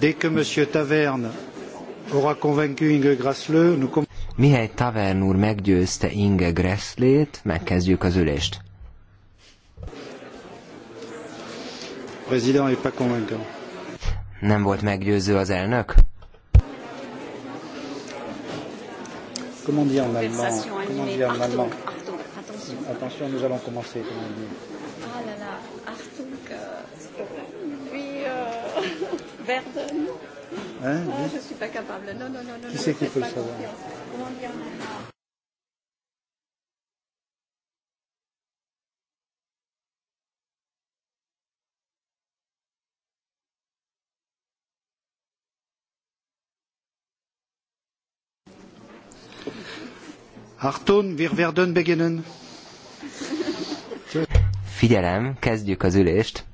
Dès que Taverne aura convaincu Inge nous... Mihely Tavern úr meggyőzte Inge Gresslét, megkezdjük az ülést. Nem volt meggyőző az elnök? Comment dire en allemand Comment dire en allemand Attention, nous allons commencer, comment dire. ah, Je ne suis pas capable. Non, non, non. Qui c'est qui peut le savoir Harton, wir werden Figyelem, kezdjük az ülést.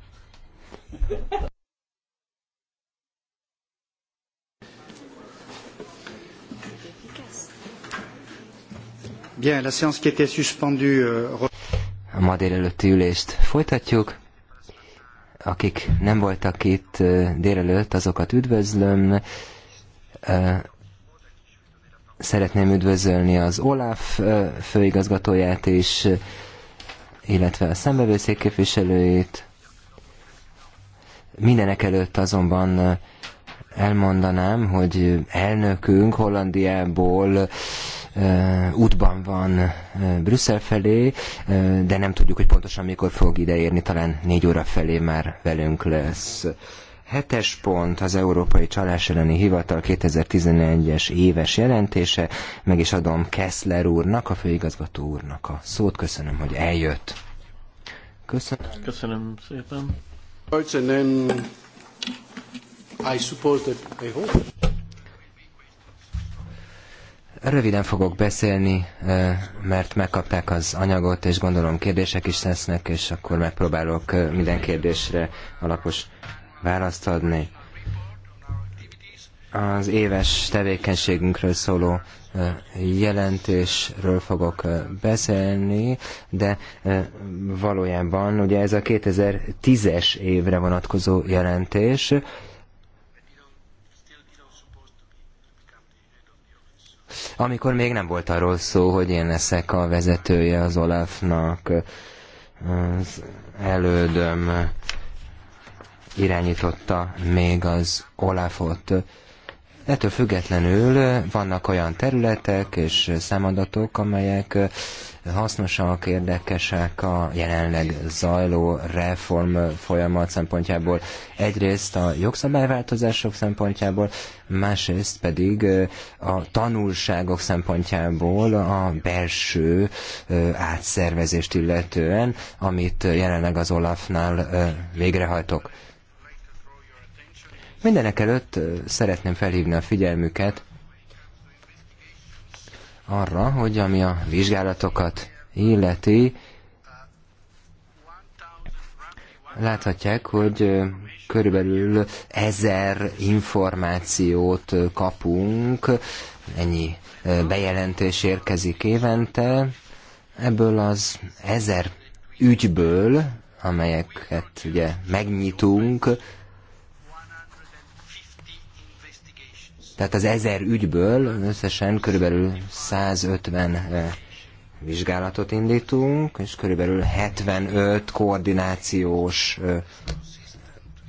Bien, la séance qui était suspendue... Euh, a ma délelőtti ülést folytatjuk. Akik nem voltak itt euh, délelőtt, azokat üdvözlöm. Euh, szeretném üdvözölni az OLAF főigazgatóját is, illetve a szembevőszék képviselőjét. Mindenek előtt azonban elmondanám, hogy elnökünk Hollandiából Eh, útban van eh, Brüsszel felé, eh, de nem tudjuk, hogy pontosan mikor fog ideérni, talán négy óra felé már velünk lesz. Hetes pont az Európai Csalás elleni Hivatal 2011-es éves jelentése. Meg is adom Kessler úrnak, a főigazgató úrnak a szót. Köszönöm, hogy eljött. Köszönöm. Köszönöm szépen. I suppose that I hope. Röviden fogok beszélni, mert megkapták az anyagot, és gondolom kérdések is lesznek, és akkor megpróbálok minden kérdésre alapos választ adni. Az éves tevékenységünkről szóló jelentésről fogok beszélni, de valójában ugye ez a 2010-es évre vonatkozó jelentés, amikor még nem volt arról szó, hogy én leszek a vezetője az Olafnak, az elődöm irányította még az Olafot. Ettől függetlenül vannak olyan területek és számadatok, amelyek hasznosak, érdekesek a jelenleg zajló reform folyamat szempontjából. Egyrészt a jogszabályváltozások szempontjából, másrészt pedig a tanulságok szempontjából a belső átszervezést illetően, amit jelenleg az Olafnál végrehajtok. Mindenek előtt szeretném felhívni a figyelmüket arra, hogy ami a vizsgálatokat illeti, láthatják, hogy körülbelül ezer információt kapunk, ennyi bejelentés érkezik évente, ebből az ezer ügyből, amelyeket ugye megnyitunk, Tehát az ezer ügyből összesen körülbelül 150 eh, vizsgálatot indítunk, és körülbelül 75 koordinációs eh,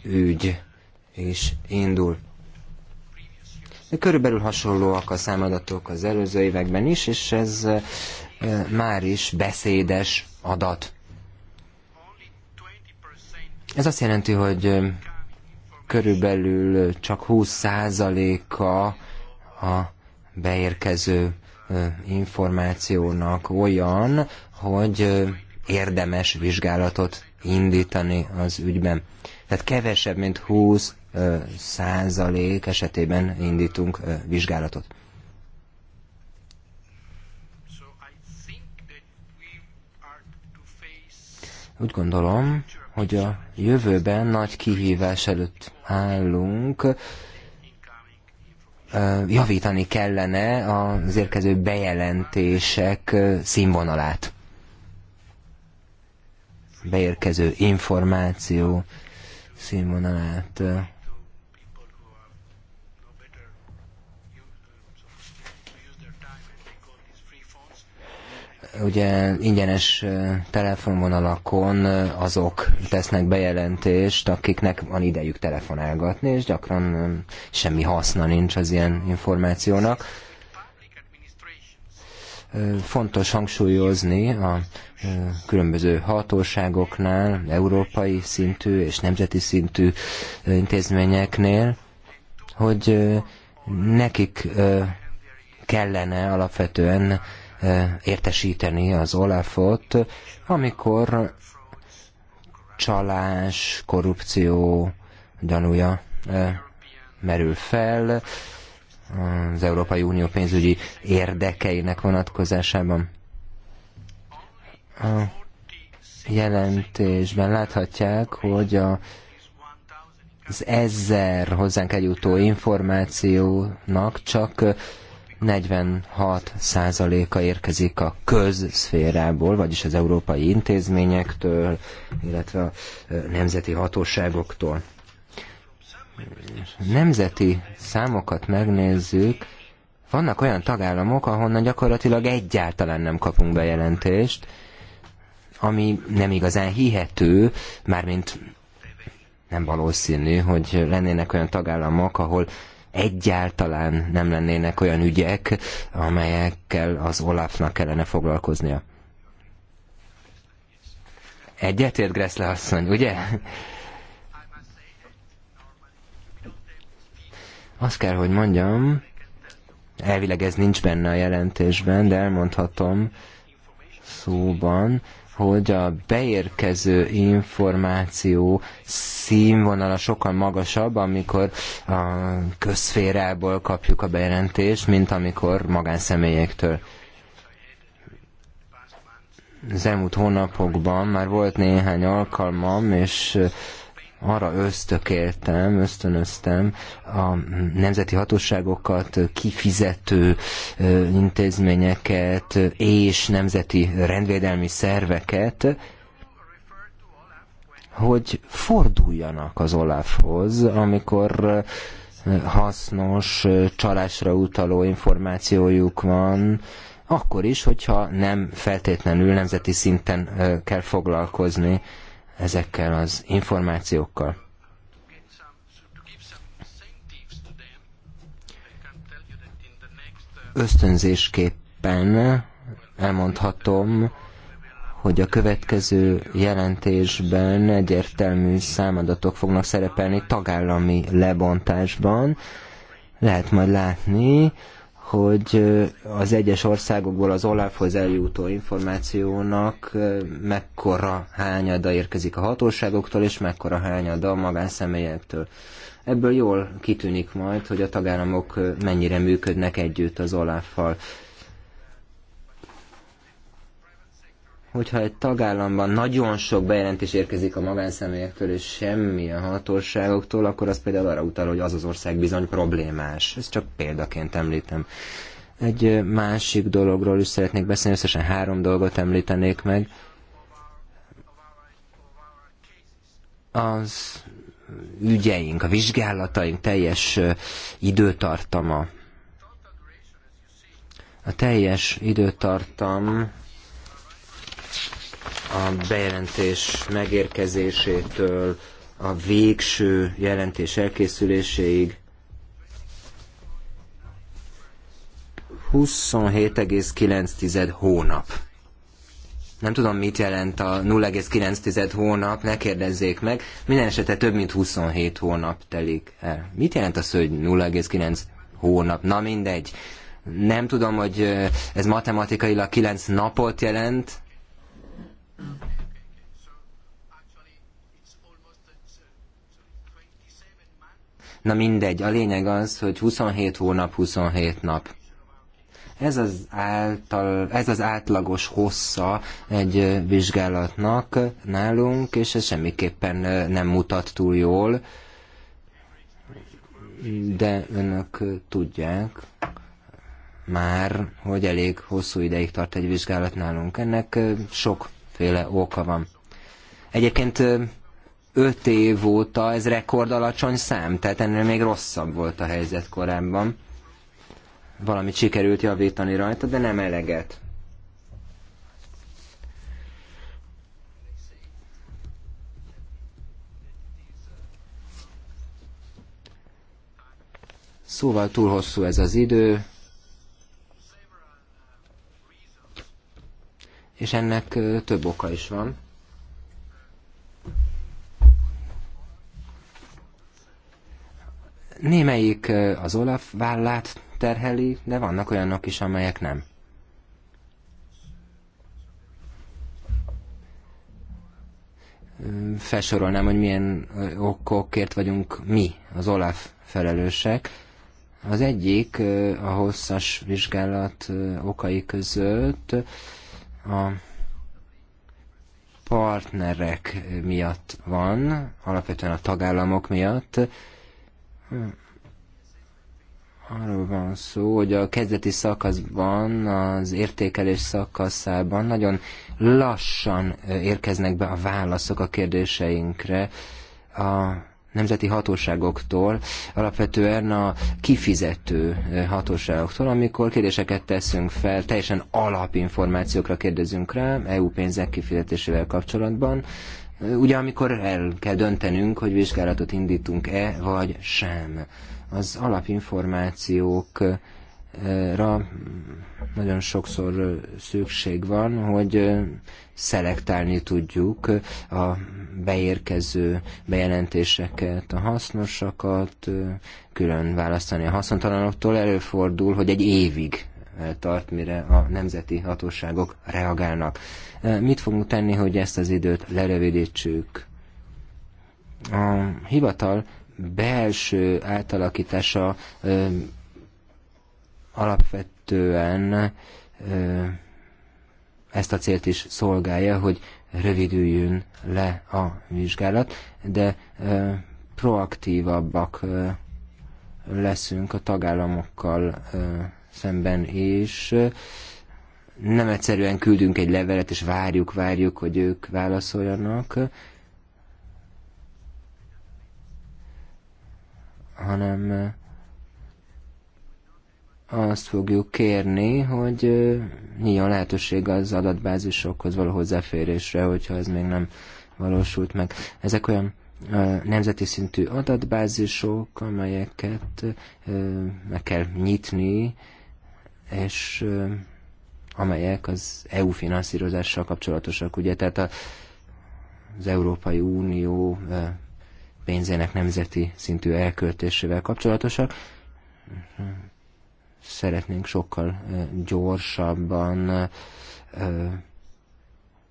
ügy is indul. De körülbelül hasonlóak a számadatok az előző években is, és ez eh, már is beszédes adat. Ez azt jelenti, hogy körülbelül csak 20%-a a beérkező információnak olyan, hogy érdemes vizsgálatot indítani az ügyben. Tehát kevesebb, mint 20 százalék esetében indítunk vizsgálatot. Úgy gondolom, hogy a jövőben nagy kihívás előtt állunk, javítani kellene az érkező bejelentések színvonalát. Beérkező információ színvonalát ugye ingyenes telefonvonalakon azok tesznek bejelentést, akiknek van idejük telefonálgatni, és gyakran semmi haszna nincs az ilyen információnak. Fontos hangsúlyozni a különböző hatóságoknál, európai szintű és nemzeti szintű intézményeknél, hogy nekik kellene alapvetően értesíteni az Olafot, amikor csalás, korrupció gyanúja merül fel az Európai Unió pénzügyi érdekeinek vonatkozásában. A jelentésben láthatják, hogy a, az ezer hozzánk eljutó információnak csak 46%-a érkezik a közszférából, vagyis az európai intézményektől, illetve a nemzeti hatóságoktól. Nemzeti számokat megnézzük, vannak olyan tagállamok, ahonnan gyakorlatilag egyáltalán nem kapunk bejelentést, ami nem igazán hihető, mármint nem valószínű, hogy lennének olyan tagállamok, ahol egyáltalán nem lennének olyan ügyek, amelyekkel az Olafnak kellene foglalkoznia. Egyetért Gressle asszony, ugye? Azt kell, hogy mondjam, elvileg ez nincs benne a jelentésben, de elmondhatom szóban, hogy a beérkező információ színvonala sokkal magasabb, amikor a közférából kapjuk a bejelentést, mint amikor magánszemélyektől. Az elmúlt hónapokban már volt néhány alkalmam, és arra ösztökéltem, ösztönöztem a nemzeti hatóságokat, kifizető intézményeket és nemzeti rendvédelmi szerveket, hogy forduljanak az Olafhoz, amikor hasznos, csalásra utaló információjuk van, akkor is, hogyha nem feltétlenül nemzeti szinten kell foglalkozni ezekkel az információkkal. Ösztönzésképpen elmondhatom, hogy a következő jelentésben egyértelmű számadatok fognak szerepelni tagállami lebontásban. Lehet majd látni, hogy az egyes országokból az Olafhoz eljutó információnak mekkora hányada érkezik a hatóságoktól, és mekkora hányada a magánszemélyektől. Ebből jól kitűnik majd, hogy a tagállamok mennyire működnek együtt az Olaffal. hogyha egy tagállamban nagyon sok bejelentés érkezik a magánszemélyektől, és semmi a hatóságoktól, akkor az például arra utal, hogy az az ország bizony problémás. Ezt csak példaként említem. Egy másik dologról is szeretnék beszélni, összesen három dolgot említenék meg. Az ügyeink, a vizsgálataink teljes időtartama. A teljes időtartam a bejelentés megérkezésétől a végső jelentés elkészüléséig 27,9 hónap. Nem tudom, mit jelent a 0,9 hónap, ne kérdezzék meg. Minden esetre több mint 27 hónap telik el. Mit jelent az, hogy 0,9 hónap? Na mindegy. Nem tudom, hogy eh, ez matematikailag 9 napot jelent, Na mindegy, a lényeg az, hogy 27 hónap, 27 nap. Ez az, által, ez az átlagos hossza egy vizsgálatnak nálunk, és ez semmiképpen nem mutat túl jól, de önök tudják már, hogy elég hosszú ideig tart egy vizsgálat nálunk. Ennek sok féle oka van. Egyébként öt év óta ez rekord alacsony szám, tehát ennél még rosszabb volt a helyzet korábban. Valamit sikerült javítani rajta, de nem eleget. Szóval túl hosszú ez az idő, és ennek több oka is van. Némelyik az Olaf vállát terheli, de vannak olyanok is, amelyek nem. Felsorolnám, hogy milyen okokért vagyunk mi, az Olaf felelősek. Az egyik a hosszas vizsgálat okai között a partnerek miatt van, alapvetően a tagállamok miatt. Arról van szó, hogy a kezdeti szakaszban, az értékelés szakaszában nagyon lassan érkeznek be a válaszok a kérdéseinkre. A nemzeti hatóságoktól, alapvetően a kifizető eh, hatóságoktól, amikor kérdéseket teszünk fel, teljesen alapinformációkra kérdezünk rá, EU pénzek kifizetésével kapcsolatban, eh, ugye amikor el kell döntenünk, hogy vizsgálatot indítunk-e vagy sem. Az alapinformációk ra eh, nagyon sokszor szükség van, hogy szelektálni tudjuk a beérkező bejelentéseket, a hasznosakat, külön választani a haszontalanoktól. Előfordul, hogy egy évig tart, mire a nemzeti hatóságok reagálnak. Mit fogunk tenni, hogy ezt az időt lerövidítsük? A hivatal belső átalakítása ö, alapvetően ö, ezt a célt is szolgálja, hogy rövidüljön le a vizsgálat, de proaktívabbak leszünk a tagállamokkal szemben is. Nem egyszerűen küldünk egy levelet, és várjuk, várjuk, hogy ők válaszoljanak, hanem azt fogjuk kérni, hogy nyíljon lehetőség az adatbázisokhoz való hozzáférésre, hogyha ez még nem valósult meg. Ezek olyan nemzeti szintű adatbázisok, amelyeket meg kell nyitni, és amelyek az EU finanszírozással kapcsolatosak, ugye, tehát a, az Európai Unió pénzének nemzeti szintű elköltésével kapcsolatosak szeretnénk sokkal gyorsabban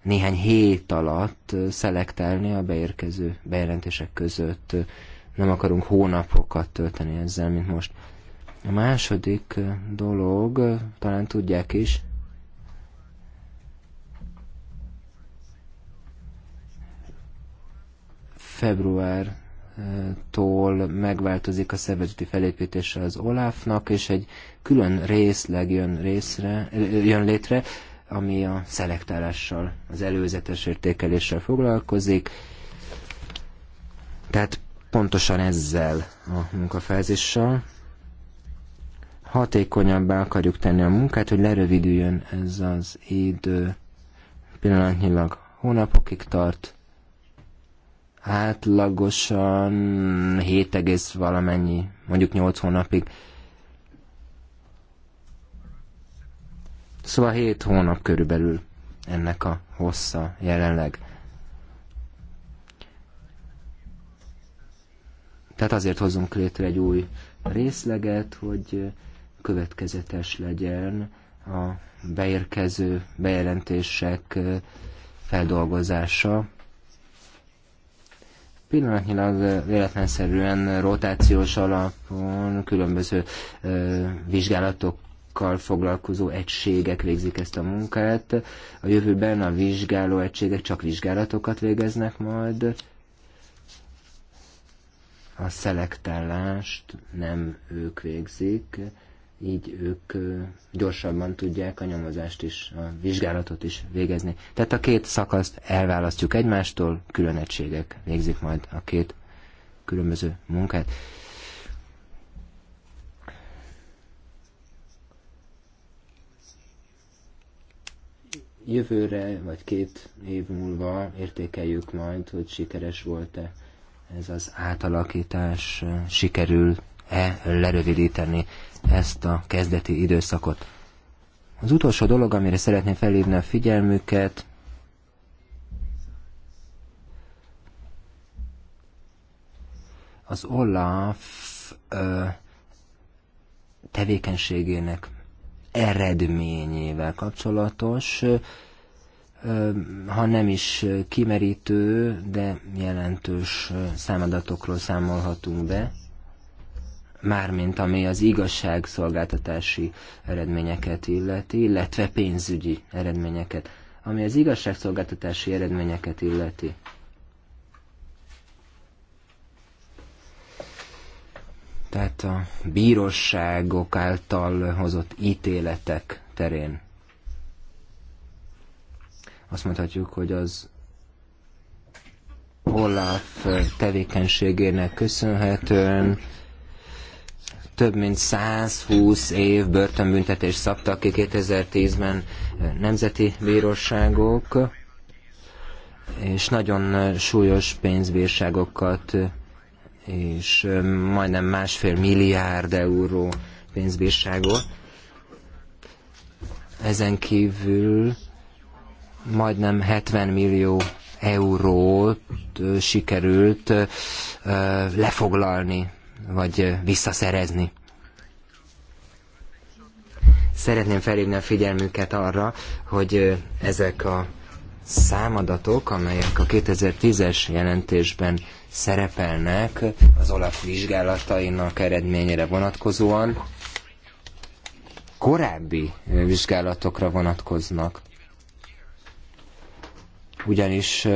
néhány hét alatt szelektálni a beérkező bejelentések között. Nem akarunk hónapokat tölteni ezzel, mint most. A második dolog, talán tudják is, február tól megváltozik a szervezeti felépítése az Olafnak, és egy külön részleg jön, részre, jön létre, ami a szelektálással, az előzetes értékeléssel foglalkozik. Tehát pontosan ezzel a munkafázissal hatékonyabbá akarjuk tenni a munkát, hogy lerövidüljön ez az idő. Pillanatnyilag hónapokig tart, átlagosan 7, egész valamennyi, mondjuk 8 hónapig. Szóval 7 hónap körülbelül ennek a hossza jelenleg. Tehát azért hozunk létre egy új részleget, hogy következetes legyen a beérkező bejelentések feldolgozása Pillanatnyilag véletlenszerűen rotációs alapon különböző vizsgálatok foglalkozó egységek végzik ezt a munkát. A jövőben a vizsgáló egységek csak vizsgálatokat végeznek majd. A szelektálást nem ők végzik így ők gyorsabban tudják a nyomozást is, a vizsgálatot is végezni. Tehát a két szakaszt elválasztjuk egymástól, külön egységek végzik majd a két különböző munkát. Jövőre, vagy két év múlva értékeljük majd, hogy sikeres volt-e ez az átalakítás, sikerül-e lerövidíteni ezt a kezdeti időszakot. Az utolsó dolog, amire szeretném felhívni a figyelmüket, az Olaf ö, tevékenységének eredményével kapcsolatos, ö, ha nem is kimerítő, de jelentős számadatokról számolhatunk be mármint ami az igazság szolgáltatási eredményeket illeti, illetve pénzügyi eredményeket, ami az igazságszolgáltatási eredményeket illeti. Tehát a bíróságok által hozott ítéletek terén. Azt mondhatjuk, hogy az Olaf tevékenységének köszönhetően több mint 120 év börtönbüntetést szabtak ki 2010-ben nemzeti bíróságok, és nagyon súlyos pénzbírságokat és majdnem másfél milliárd euró pénzbírságot. Ezen kívül majdnem 70 millió eurót sikerült lefoglalni vagy visszaszerezni. Szeretném felhívni a figyelmüket arra, hogy ezek a számadatok, amelyek a 2010-es jelentésben szerepelnek az OLAF vizsgálatainak eredményére vonatkozóan, korábbi vizsgálatokra vonatkoznak. Ugyanis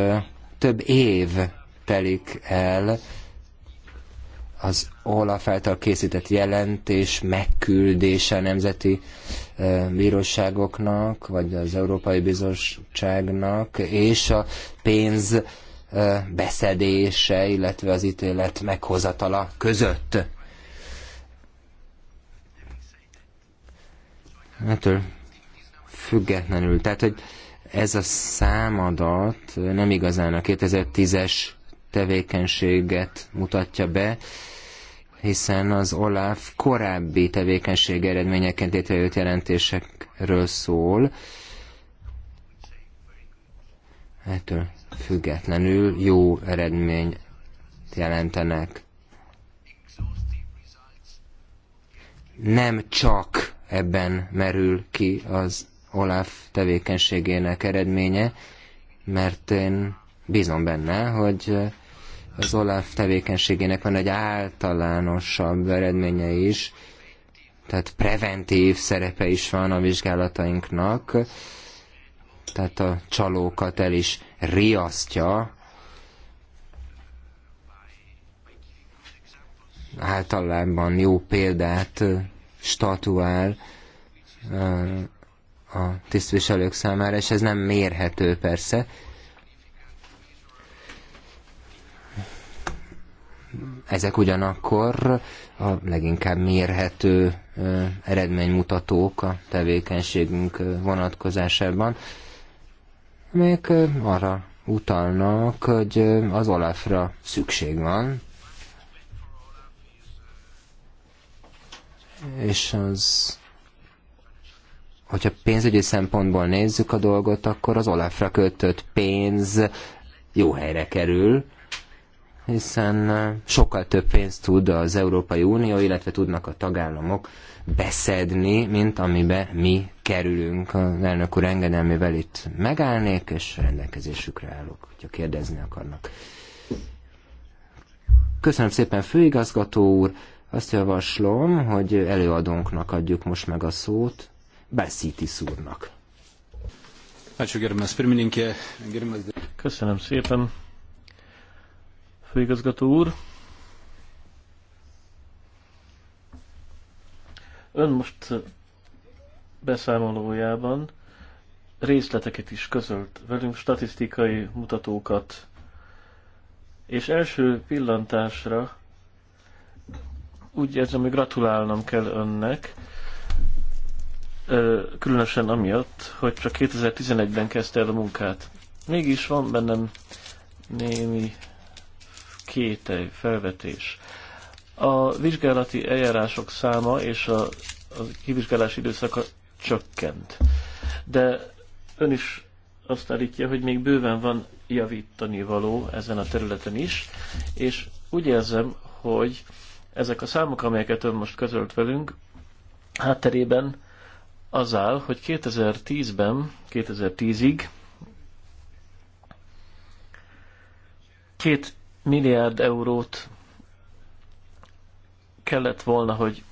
több év telik el az Olaf által készített jelentés megküldése a nemzeti bíróságoknak, vagy az Európai Bizottságnak, és a pénz beszedése, illetve az ítélet meghozatala között. Ettől függetlenül. Tehát, hogy ez a számadat nem igazán a 2010-es tevékenységet mutatja be, hiszen az OLAF korábbi tevékenység eredményeként létrejött jelentésekről szól. Ettől függetlenül jó eredményt jelentenek. Nem csak ebben merül ki az OLAF tevékenységének eredménye, mert én bízom benne, hogy az OLAF tevékenységének van egy általánosabb eredménye is, tehát preventív szerepe is van a vizsgálatainknak, tehát a csalókat el is riasztja, általában jó példát statuál a tisztviselők számára, és ez nem mérhető persze, Ezek ugyanakkor a leginkább mérhető eredménymutatók a tevékenységünk vonatkozásában, amelyek arra utalnak, hogy az Olafra szükség van, és az hogyha pénzügyi szempontból nézzük a dolgot, akkor az Olafra költött pénz jó helyre kerül, hiszen sokkal több pénzt tud az Európai Unió, illetve tudnak a tagállamok beszedni, mint amibe mi kerülünk. Az elnök úr engedelmével itt megállnék, és rendelkezésükre állok, hogyha kérdezni akarnak. Köszönöm szépen, főigazgató úr! Azt javaslom, hogy előadónknak adjuk most meg a szót, Beszíti szúrnak. Köszönöm szépen, főigazgató úr. Ön most beszámolójában részleteket is közölt velünk, statisztikai mutatókat, és első pillantásra úgy érzem, hogy gratulálnom kell önnek, különösen amiatt, hogy csak 2011-ben kezdte el a munkát. Mégis van bennem némi kételj, felvetés. A vizsgálati eljárások száma és a, a kivizsgálási időszaka csökkent. De ön is azt állítja, hogy még bőven van javítani való ezen a területen is, és úgy érzem, hogy ezek a számok, amelyeket ön most közölt velünk, hátterében az áll, hogy 2010-ben, 2010-ig két milliárd eurót kellett volna, hogy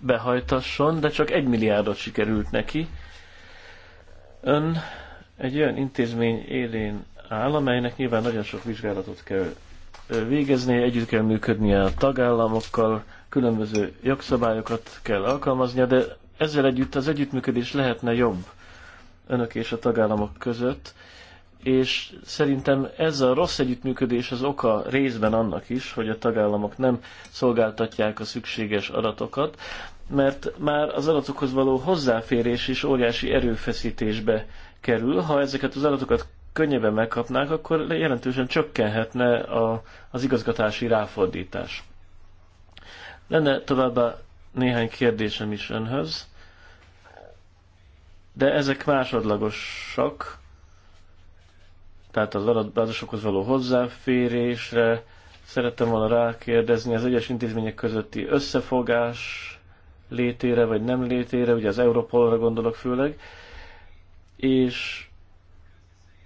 behajtasson, de csak egy milliárdot sikerült neki. Ön egy olyan intézmény élén áll, amelynek nyilván nagyon sok vizsgálatot kell végezni, együtt kell működnie a tagállamokkal, különböző jogszabályokat kell alkalmaznia, de ezzel együtt az együttműködés lehetne jobb önök és a tagállamok között, és szerintem ez a rossz együttműködés az oka részben annak is, hogy a tagállamok nem szolgáltatják a szükséges adatokat, mert már az adatokhoz való hozzáférés is óriási erőfeszítésbe kerül. Ha ezeket az adatokat könnyebben megkapnák, akkor jelentősen csökkenhetne a, az igazgatási ráfordítás. Lenne továbbá néhány kérdésem is önhöz, de ezek másodlagosak tehát az adatbázisokhoz való hozzáférésre. Szerettem volna rákérdezni az egyes intézmények közötti összefogás létére vagy nem létére, ugye az Europolra gondolok főleg, és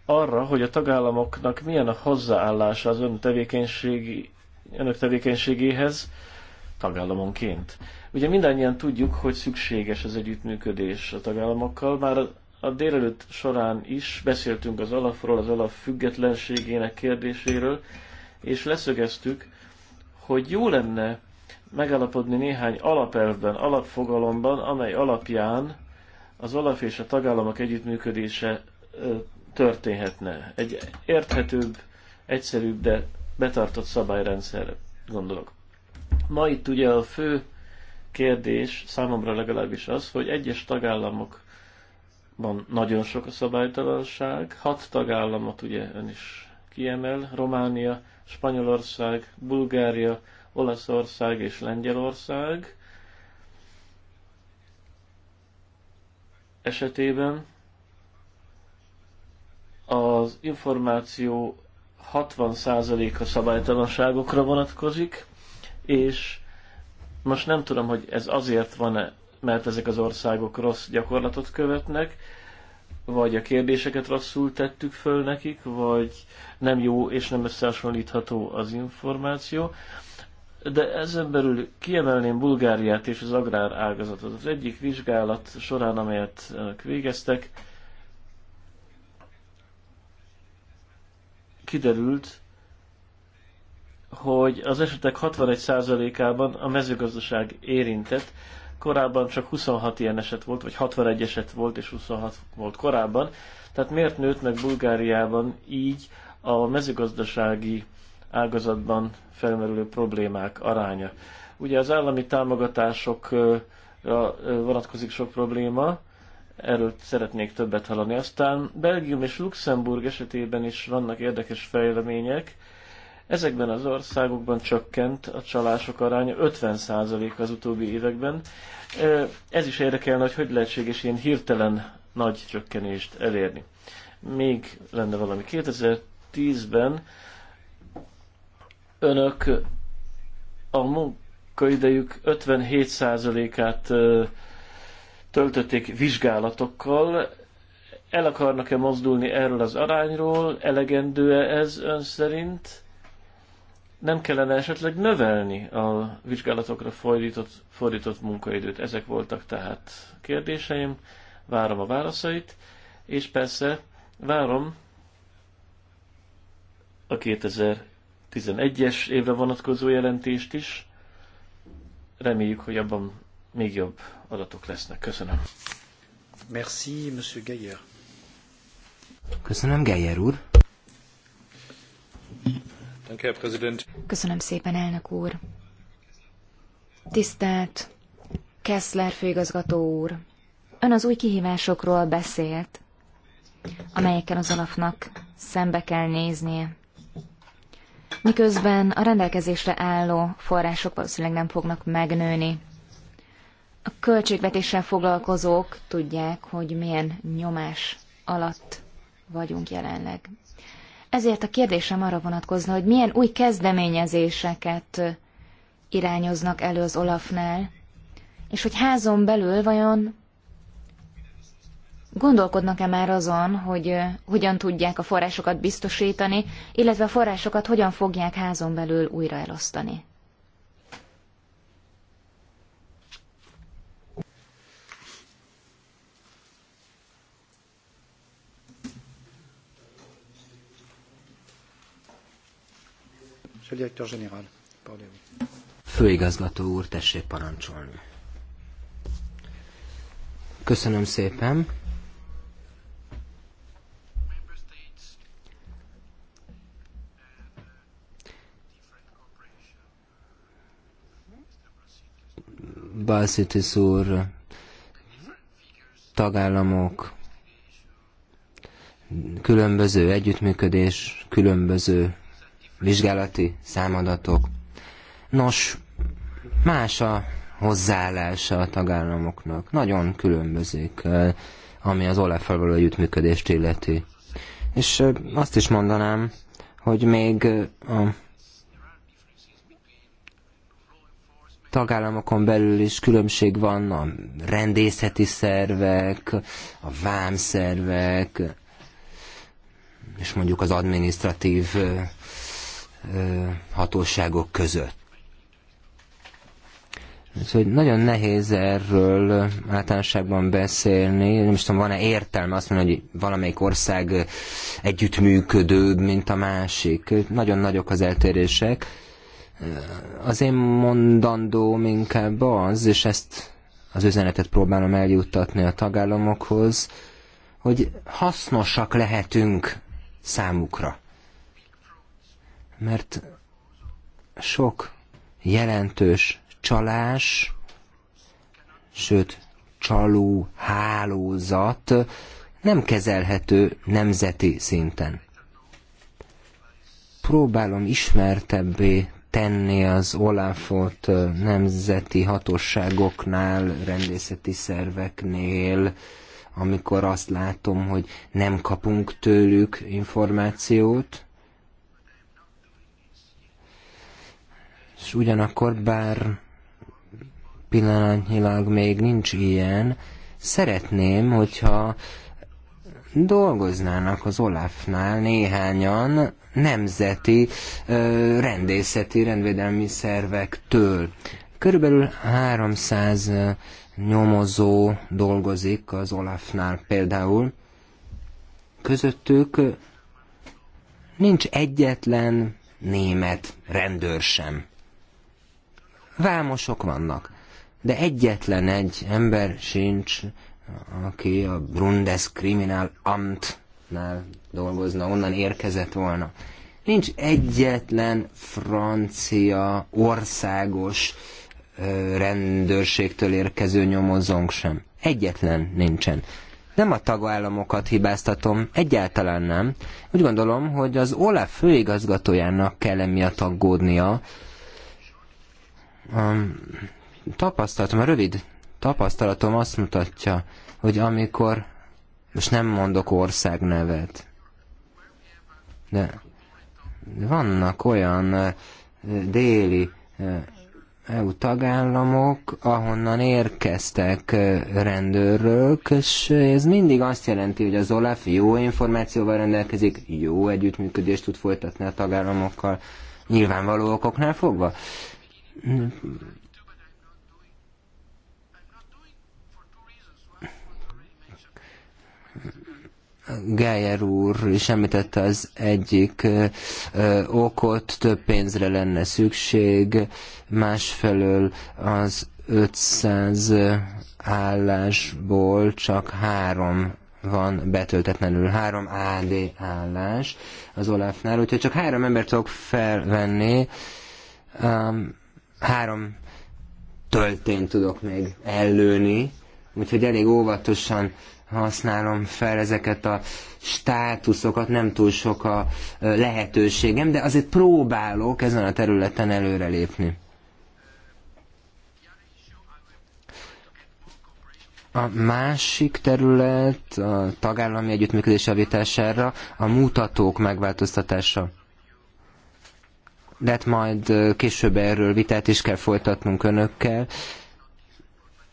arra, hogy a tagállamoknak milyen a hozzáállása az ön tevékenységi, önök tevékenységéhez tagállamonként. Ugye mindannyian tudjuk, hogy szükséges az együttműködés a tagállamokkal, már a délelőtt során is beszéltünk az alapról, az alap függetlenségének kérdéséről, és leszögeztük, hogy jó lenne megállapodni néhány alapelvben, alapfogalomban, amely alapján az alap és a tagállamok együttműködése történhetne. Egy érthetőbb, egyszerűbb, de betartott szabályrendszerre gondolok. Ma itt ugye a fő kérdés számomra legalábbis az, hogy egyes tagállamok van nagyon sok a szabálytalanság. Hat tagállamot ugye ön is kiemel, Románia, Spanyolország, Bulgária, Olaszország és Lengyelország esetében az információ 60%-a szabálytalanságokra vonatkozik, és most nem tudom, hogy ez azért van-e mert ezek az országok rossz gyakorlatot követnek, vagy a kérdéseket rosszul tettük föl nekik, vagy nem jó és nem összehasonlítható az információ. De ezen belül kiemelném Bulgáriát és az agrár ágazatot. Az egyik vizsgálat során, amelyet végeztek, kiderült, hogy az esetek 61%-ában a mezőgazdaság érintett, korábban csak 26 ilyen eset volt, vagy 61 eset volt, és 26 volt korábban. Tehát miért nőtt meg Bulgáriában így a mezőgazdasági ágazatban felmerülő problémák aránya? Ugye az állami támogatásokra vonatkozik sok probléma, erről szeretnék többet hallani. Aztán Belgium és Luxemburg esetében is vannak érdekes fejlemények, Ezekben az országokban csökkent a csalások aránya 50% az utóbbi években. Ez is érdekelne, hogy hogy lehetséges ilyen hirtelen nagy csökkenést elérni. Még lenne valami. 2010-ben önök a munkaidejük 57%-át töltötték vizsgálatokkal. El akarnak-e mozdulni erről az arányról? Elegendő-e ez ön szerint? nem kellene esetleg növelni a vizsgálatokra fordított, fordított munkaidőt? Ezek voltak tehát kérdéseim, várom a válaszait, és persze várom a 2011-es évre vonatkozó jelentést is. Reméljük, hogy abban még jobb adatok lesznek. Köszönöm. Merci, Monsieur Geyer. Köszönöm, Geyer úr. Köszönöm szépen, elnök úr. Tisztelt Kessler főigazgató úr, ön az új kihívásokról beszélt, amelyekkel az alapnak szembe kell néznie. Miközben a rendelkezésre álló források valószínűleg nem fognak megnőni. A költségvetéssel foglalkozók tudják, hogy milyen nyomás alatt vagyunk jelenleg. Ezért a kérdésem arra vonatkozna, hogy milyen új kezdeményezéseket irányoznak elő az Olafnál, és hogy házon belül vajon gondolkodnak-e már azon, hogy hogyan tudják a forrásokat biztosítani, illetve a forrásokat hogyan fogják házon belül újra elosztani. Monsieur le directeur général, Főigazgató úr, tessék parancsolni. Köszönöm szépen. Balszitis úr, tagállamok, különböző együttműködés, különböző vizsgálati számadatok. Nos, más a hozzáállása a tagállamoknak. Nagyon különbözik, ami az OLEF-el való együttműködést illeti. És azt is mondanám, hogy még a tagállamokon belül is különbség van a rendészeti szervek, a vámszervek, és mondjuk az administratív hatóságok között. Szóval nagyon nehéz erről általánosságban beszélni. Nem is tudom, van-e értelme azt mondani, hogy valamelyik ország együttműködőbb, mint a másik. Nagyon nagyok az eltérések. Az én mondandóm inkább az, és ezt az üzenetet próbálom eljuttatni a tagállamokhoz, hogy hasznosak lehetünk számukra mert sok jelentős csalás, sőt csaló hálózat nem kezelhető nemzeti szinten. Próbálom ismertebbé tenni az Olafot nemzeti hatóságoknál, rendészeti szerveknél, amikor azt látom, hogy nem kapunk tőlük információt, És ugyanakkor, bár pillanatnyilag még nincs ilyen, szeretném, hogyha dolgoznának az Olafnál néhányan nemzeti ö, rendészeti, rendvédelmi szervektől. Körülbelül 300 nyomozó dolgozik az Olafnál például. Közöttük nincs egyetlen német rendőr sem vámosok vannak. De egyetlen egy ember sincs, aki a Brundes Bundeskriminal Amtnál dolgozna, onnan érkezett volna. Nincs egyetlen francia országos rendőrségtől érkező nyomozónk sem. Egyetlen nincsen. Nem a tagállamokat hibáztatom, egyáltalán nem. Úgy gondolom, hogy az OLAF főigazgatójának kell emiatt aggódnia, a tapasztalatom, a rövid tapasztalatom azt mutatja, hogy amikor, most nem mondok országnevet, de vannak olyan eh, déli eh, EU tagállamok, ahonnan érkeztek eh, rendőrök, és ez mindig azt jelenti, hogy az OLAF jó információval rendelkezik, jó együttműködést tud folytatni a tagállamokkal, nyilvánvaló okoknál fogva. Geyer úr is említette az egyik okot, több pénzre lenne szükség, másfelől az 500 állásból csak három van betöltetlenül három AD állás az Olafnál, úgyhogy csak három embert tudok felvenni. Um, három töltényt tudok még ellőni, úgyhogy elég óvatosan használom fel ezeket a státuszokat, nem túl sok a lehetőségem, de azért próbálok ezen a területen előrelépni. A másik terület a tagállami együttműködés javítására a mutatók megváltoztatása de hát majd később erről vitát is kell folytatnunk önökkel.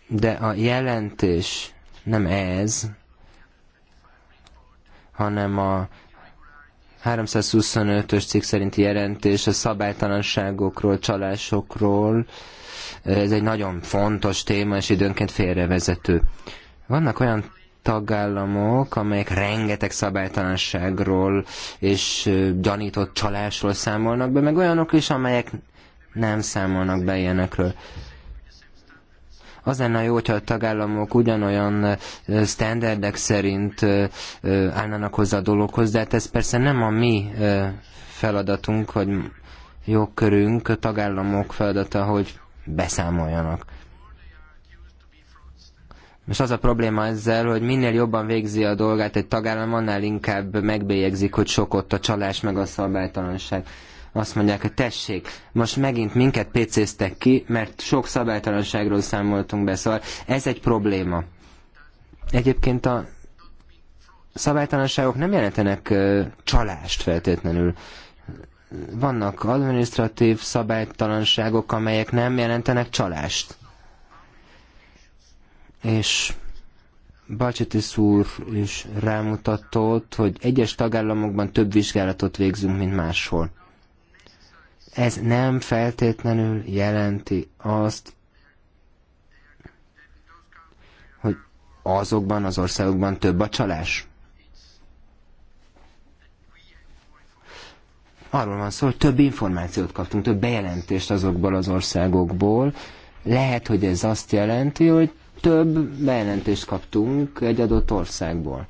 De a jelentés nem ez, hanem a 325-ös cikk szerinti jelentés a szabálytalanságokról, csalásokról. Ez egy nagyon fontos téma, és időnként félrevezető. Vannak olyan tagállamok, amelyek rengeteg szabálytalanságról és gyanított csalásról számolnak be, meg olyanok is, amelyek nem számolnak be ilyenekről az lenne jó, hogyha a tagállamok ugyanolyan standardek szerint állnának hozzá a dologhoz, de hát ez persze nem a mi feladatunk, vagy jogkörünk, a tagállamok feladata, hogy beszámoljanak és az a probléma ezzel, hogy minél jobban végzi a dolgát egy tagállam, annál inkább megbélyegzik, hogy sok ott a csalás meg a szabálytalanság. Azt mondják, hogy tessék, most megint minket pécéztek ki, mert sok szabálytalanságról számoltunk be, szóval ez egy probléma. Egyébként a szabálytalanságok nem jelentenek csalást feltétlenül. Vannak administratív szabálytalanságok, amelyek nem jelentenek csalást és Balcsitis úr is rámutatott, hogy egyes tagállamokban több vizsgálatot végzünk, mint máshol. Ez nem feltétlenül jelenti azt, hogy azokban az országokban több a csalás. Arról van szó, hogy több információt kaptunk, több bejelentést azokból az országokból. Lehet, hogy ez azt jelenti, hogy több bejelentést kaptunk egy adott országból.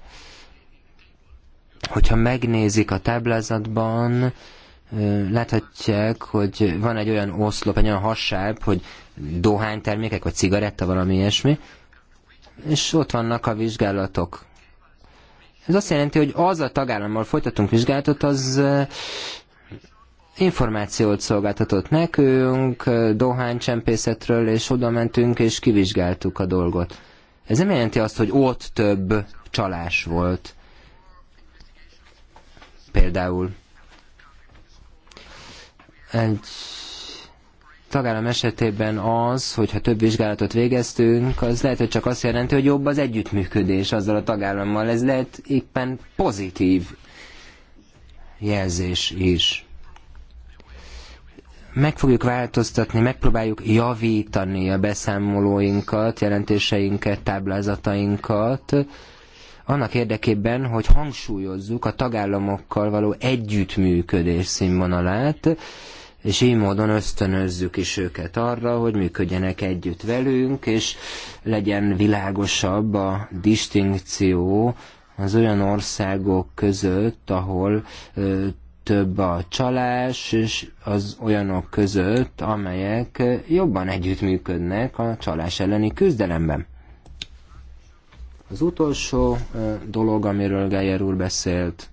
Hogyha megnézik a táblázatban, láthatják, hogy van egy olyan oszlop, egy olyan hasáb, hogy dohánytermékek, vagy cigaretta, valami ilyesmi, és ott vannak a vizsgálatok. Ez azt jelenti, hogy az a tagállammal folytatunk vizsgálatot, az információt szolgáltatott nekünk dohánycsempészetről, és oda mentünk, és kivizsgáltuk a dolgot. Ez nem jelenti azt, hogy ott több csalás volt. Például egy tagállam esetében az, hogyha több vizsgálatot végeztünk, az lehet, hogy csak azt jelenti, hogy jobb az együttműködés azzal a tagállammal. Ez lehet éppen pozitív jelzés is. Meg fogjuk változtatni, megpróbáljuk javítani a beszámolóinkat, jelentéseinket, táblázatainkat, annak érdekében, hogy hangsúlyozzuk a tagállamokkal való együttműködés színvonalát, és így módon ösztönözzük is őket arra, hogy működjenek együtt velünk, és legyen világosabb a distinkció az olyan országok között, ahol ö, több a csalás, és az olyanok között, amelyek jobban együttműködnek a csalás elleni küzdelemben. Az utolsó dolog, amiről Geyer úr beszélt,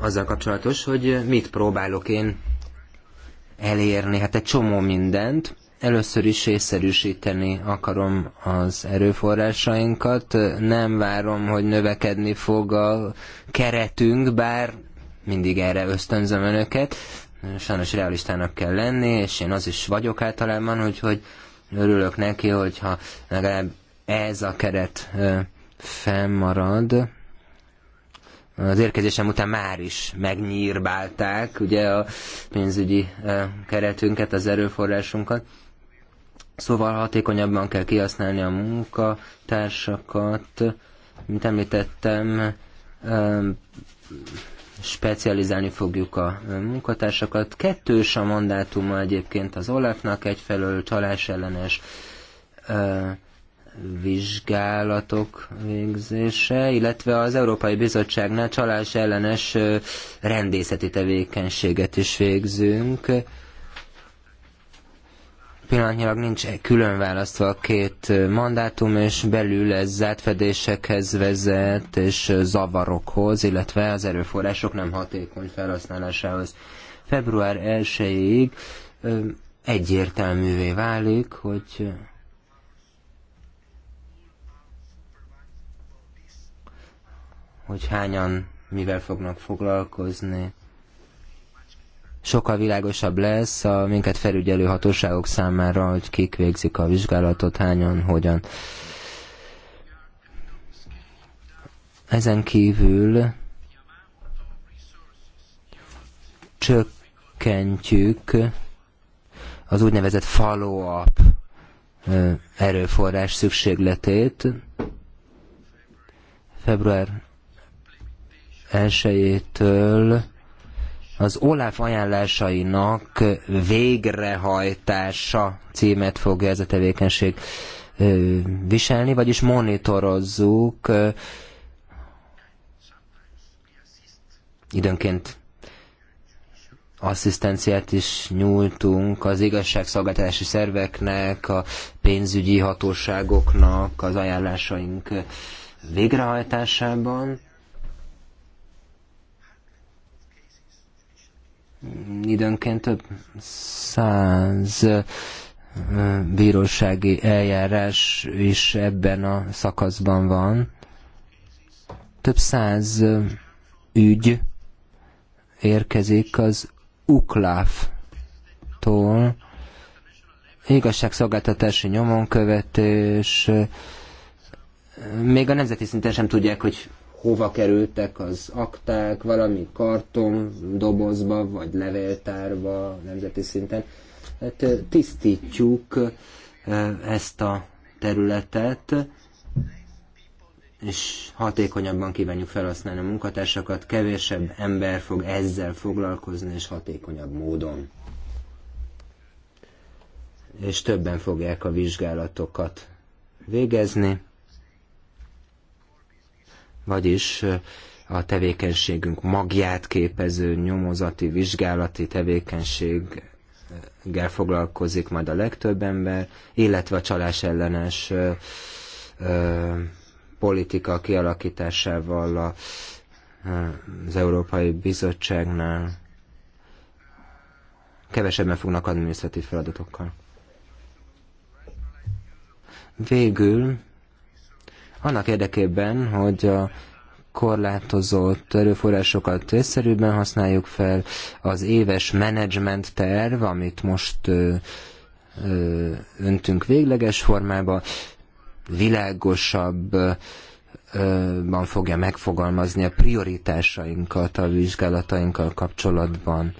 azzal kapcsolatos, hogy mit próbálok én elérni. Hát egy csomó mindent, Először is észszerűsíteni akarom az erőforrásainkat. Nem várom, hogy növekedni fog a keretünk, bár mindig erre ösztönzöm önöket. Sajnos realistának kell lenni, és én az is vagyok általában, hogy, hogy örülök neki, hogyha legalább ez a keret fennmarad. Az érkezésem után már is megnyírbálták ugye a pénzügyi keretünket, az erőforrásunkat. Szóval hatékonyabban kell kihasználni a munkatársakat. Mint említettem, specializálni fogjuk a munkatársakat. Kettős a mandátuma egyébként az Olafnak, egyfelől csalás ellenes vizsgálatok végzése, illetve az Európai Bizottságnál csalás ellenes rendészeti tevékenységet is végzünk pillanatnyilag nincs külön választva a két mandátum, és belül ez fedésekhez vezet, és zavarokhoz, illetve az erőforrások nem hatékony felhasználásához. Február 1-ig egyértelművé válik, hogy hogy hányan mivel fognak foglalkozni sokkal világosabb lesz a minket felügyelő hatóságok számára, hogy kik végzik a vizsgálatot, hányan, hogyan. Ezen kívül csökkentjük az úgynevezett follow-up erőforrás szükségletét. Február 1-től az OLAF ajánlásainak végrehajtása címet fogja ez a tevékenység viselni, vagyis monitorozzuk időnként asszisztenciát is nyújtunk az igazságszolgáltatási szerveknek, a pénzügyi hatóságoknak az ajánlásaink végrehajtásában. időnként több száz bírósági eljárás is ebben a szakaszban van. Több száz ügy érkezik az UKLAF-tól, igazságszolgáltatási nyomonkövetés, még a nemzeti szinten sem tudják, hogy hova kerültek az akták, valami karton dobozba, vagy levéltárba nemzeti szinten. Hát tisztítjuk ezt a területet, és hatékonyabban kívánjuk felhasználni a munkatársakat, kevésebb ember fog ezzel foglalkozni, és hatékonyabb módon. És többen fogják a vizsgálatokat végezni vagyis a tevékenységünk magját képező nyomozati, vizsgálati tevékenységgel foglalkozik majd a legtöbb ember, illetve a csalás ellenes ö, ö, politika kialakításával a, az Európai Bizottságnál kevesebben fognak adminisztratív feladatokkal. Végül annak érdekében, hogy a korlátozott erőforrásokat észszerűbben használjuk fel, az éves menedzsment terv, amit most ö, ö, öntünk végleges formába, világosabb ö, fogja megfogalmazni a prioritásainkat a vizsgálatainkkal kapcsolatban.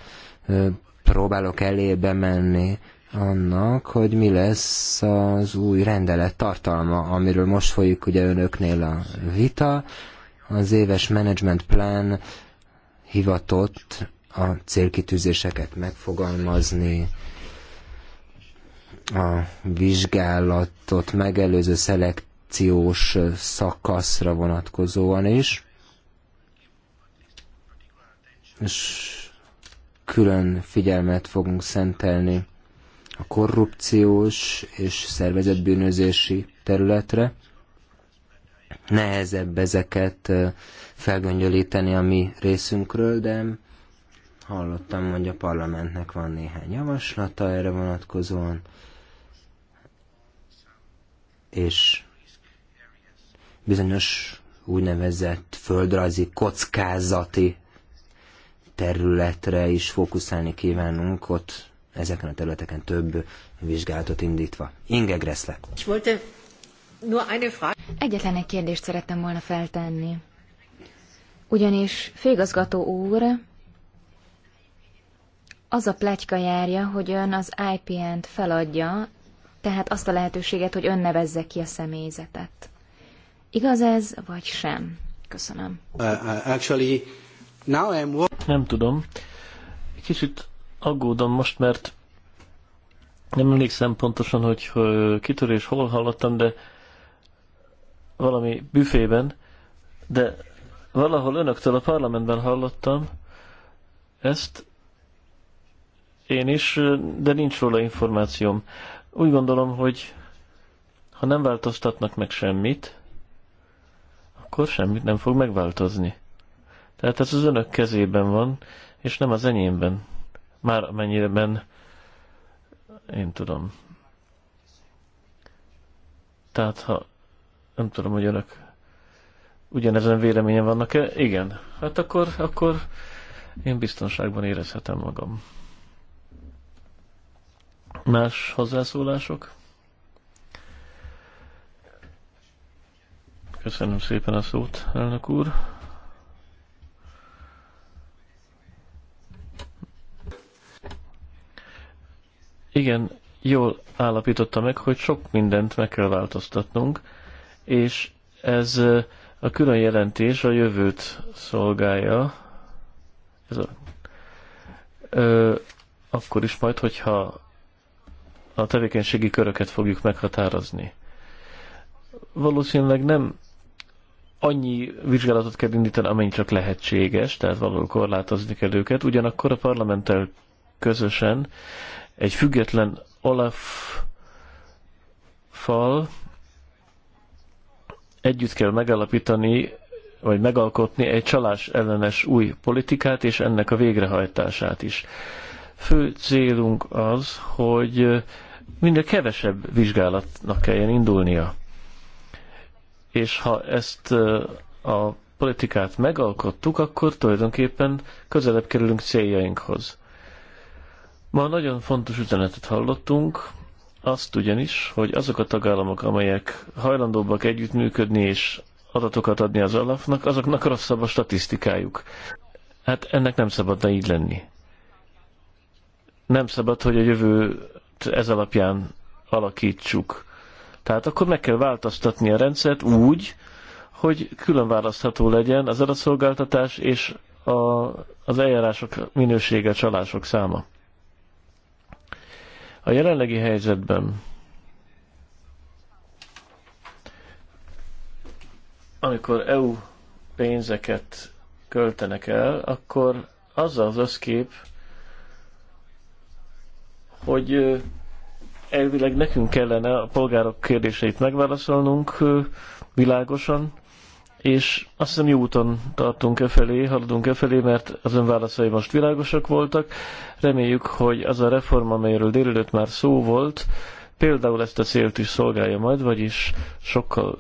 Próbálok elébe menni annak, hogy mi lesz az új rendelet tartalma, amiről most folyik ugye önöknél a vita. Az éves management plan hivatott a célkitűzéseket megfogalmazni, a vizsgálatot megelőző szelekciós szakaszra vonatkozóan is. És külön figyelmet fogunk szentelni a korrupciós és szervezetbűnözési területre. Nehezebb ezeket felgöngyölíteni a mi részünkről, de hallottam, hogy a parlamentnek van néhány javaslata erre vonatkozóan, és bizonyos úgynevezett földrajzi kockázati területre is fókuszálni kívánunk, ott ezeken a területeken több vizsgálatot indítva. Inge Gressle. Egyetlen egy kérdést szerettem volna feltenni. Ugyanis főigazgató úr az a plegyka járja, hogy ön az IPN-t feladja, tehát azt a lehetőséget, hogy ön nevezze ki a személyzetet. Igaz ez, vagy sem? Köszönöm. Uh, uh, actually, now I'm... Nem tudom. Kicsit aggódom most, mert nem emlékszem pontosan, hogy kitörés hol hallottam, de valami büfében, de valahol önöktől a parlamentben hallottam ezt, én is, de nincs róla információm. Úgy gondolom, hogy ha nem változtatnak meg semmit, akkor semmit nem fog megváltozni. Tehát ez az önök kezében van, és nem az enyémben már amennyiben én tudom. Tehát ha nem tudom, hogy önök ugyanezen véleményen vannak-e? Igen. Hát akkor, akkor én biztonságban érezhetem magam. Más hozzászólások? Köszönöm szépen a szót, elnök úr. igen, jól állapította meg, hogy sok mindent meg kell változtatnunk, és ez a külön jelentés a jövőt szolgálja. Ez a, ö, akkor is majd, hogyha a tevékenységi köröket fogjuk meghatározni. Valószínűleg nem annyi vizsgálatot kell indítani, amennyi csak lehetséges, tehát valahol korlátozni kell őket, ugyanakkor a parlamenttel közösen egy független Olaf-fal együtt kell megalapítani, vagy megalkotni egy csalás ellenes új politikát, és ennek a végrehajtását is. Fő célunk az, hogy minden kevesebb vizsgálatnak kelljen indulnia. És ha ezt eh, a politikát megalkottuk, akkor tulajdonképpen közelebb kerülünk céljainkhoz. Ma nagyon fontos üzenetet hallottunk, azt ugyanis, hogy azok a tagállamok, amelyek hajlandóbbak együttműködni és adatokat adni az alapnak, azoknak rosszabb a statisztikájuk. Hát ennek nem szabadna így lenni. Nem szabad, hogy a jövőt ez alapján alakítsuk. Tehát akkor meg kell változtatni a rendszert úgy, hogy külön választható legyen az adatszolgáltatás és a, az eljárások minősége, csalások száma. A jelenlegi helyzetben, amikor EU pénzeket költenek el, akkor az az összkép, hogy elvileg nekünk kellene a polgárok kérdéseit megválaszolnunk világosan, és azt hiszem jó úton tartunk e felé, haladunk e felé, mert az ön válaszai most világosak voltak. Reméljük, hogy az a reform, amelyről délelőtt már szó volt, például ezt a célt is szolgálja majd, vagyis sokkal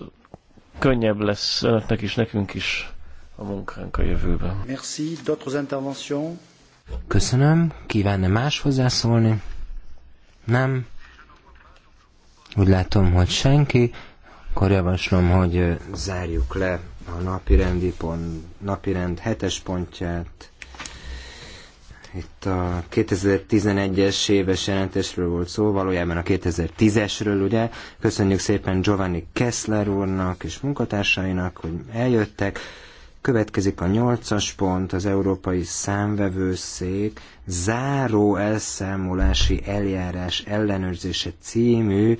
könnyebb lesz önöknek is, nekünk is a munkánk a jövőben. Merci, d'autres interventions? Köszönöm. kívánne más hozzászólni? Nem. Úgy látom, hogy senki. Akkor javaslom, hogy zárjuk le a napirendi pont, napirend hetes pontját. Itt a 2011-es éves jelentésről volt szó, valójában a 2010-esről, ugye? Köszönjük szépen Giovanni Kessler úrnak és munkatársainak, hogy eljöttek. Következik a nyolcas pont, az Európai Számvevőszék záró elszámolási eljárás ellenőrzése című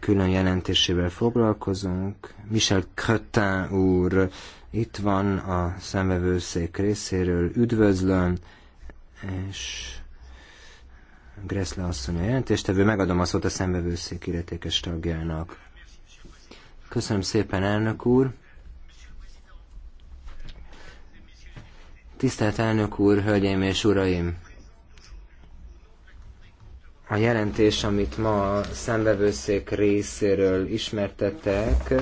külön jelentésével foglalkozunk. Michel Cretin úr itt van a szemvevőszék részéről. Üdvözlöm, és Gressle asszony a jelentéstevő. Megadom a szót a szemvevőszék illetékes tagjának. Köszönöm szépen, elnök úr! Tisztelt elnök úr, hölgyeim és uraim! A jelentés, amit ma a szembevőszék részéről ismertettek,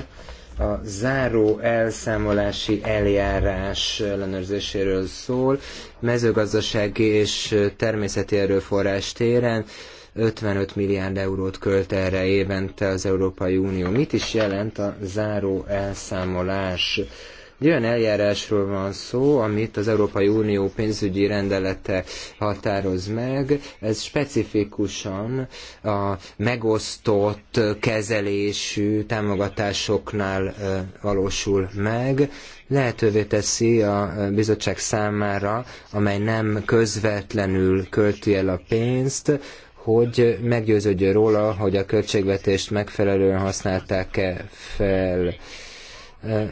a záró elszámolási eljárás ellenőrzéséről szól, mezőgazdasági és természeti erőforrás téren 55 milliárd eurót költ erre évente az Európai Unió. Mit is jelent a záró elszámolás? Egy olyan eljárásról van szó, amit az Európai Unió pénzügyi rendelete határoz meg. Ez specifikusan a megosztott kezelésű támogatásoknál valósul meg lehetővé teszi a bizottság számára, amely nem közvetlenül költi el a pénzt, hogy meggyőződjön róla, hogy a költségvetést megfelelően használták-e fel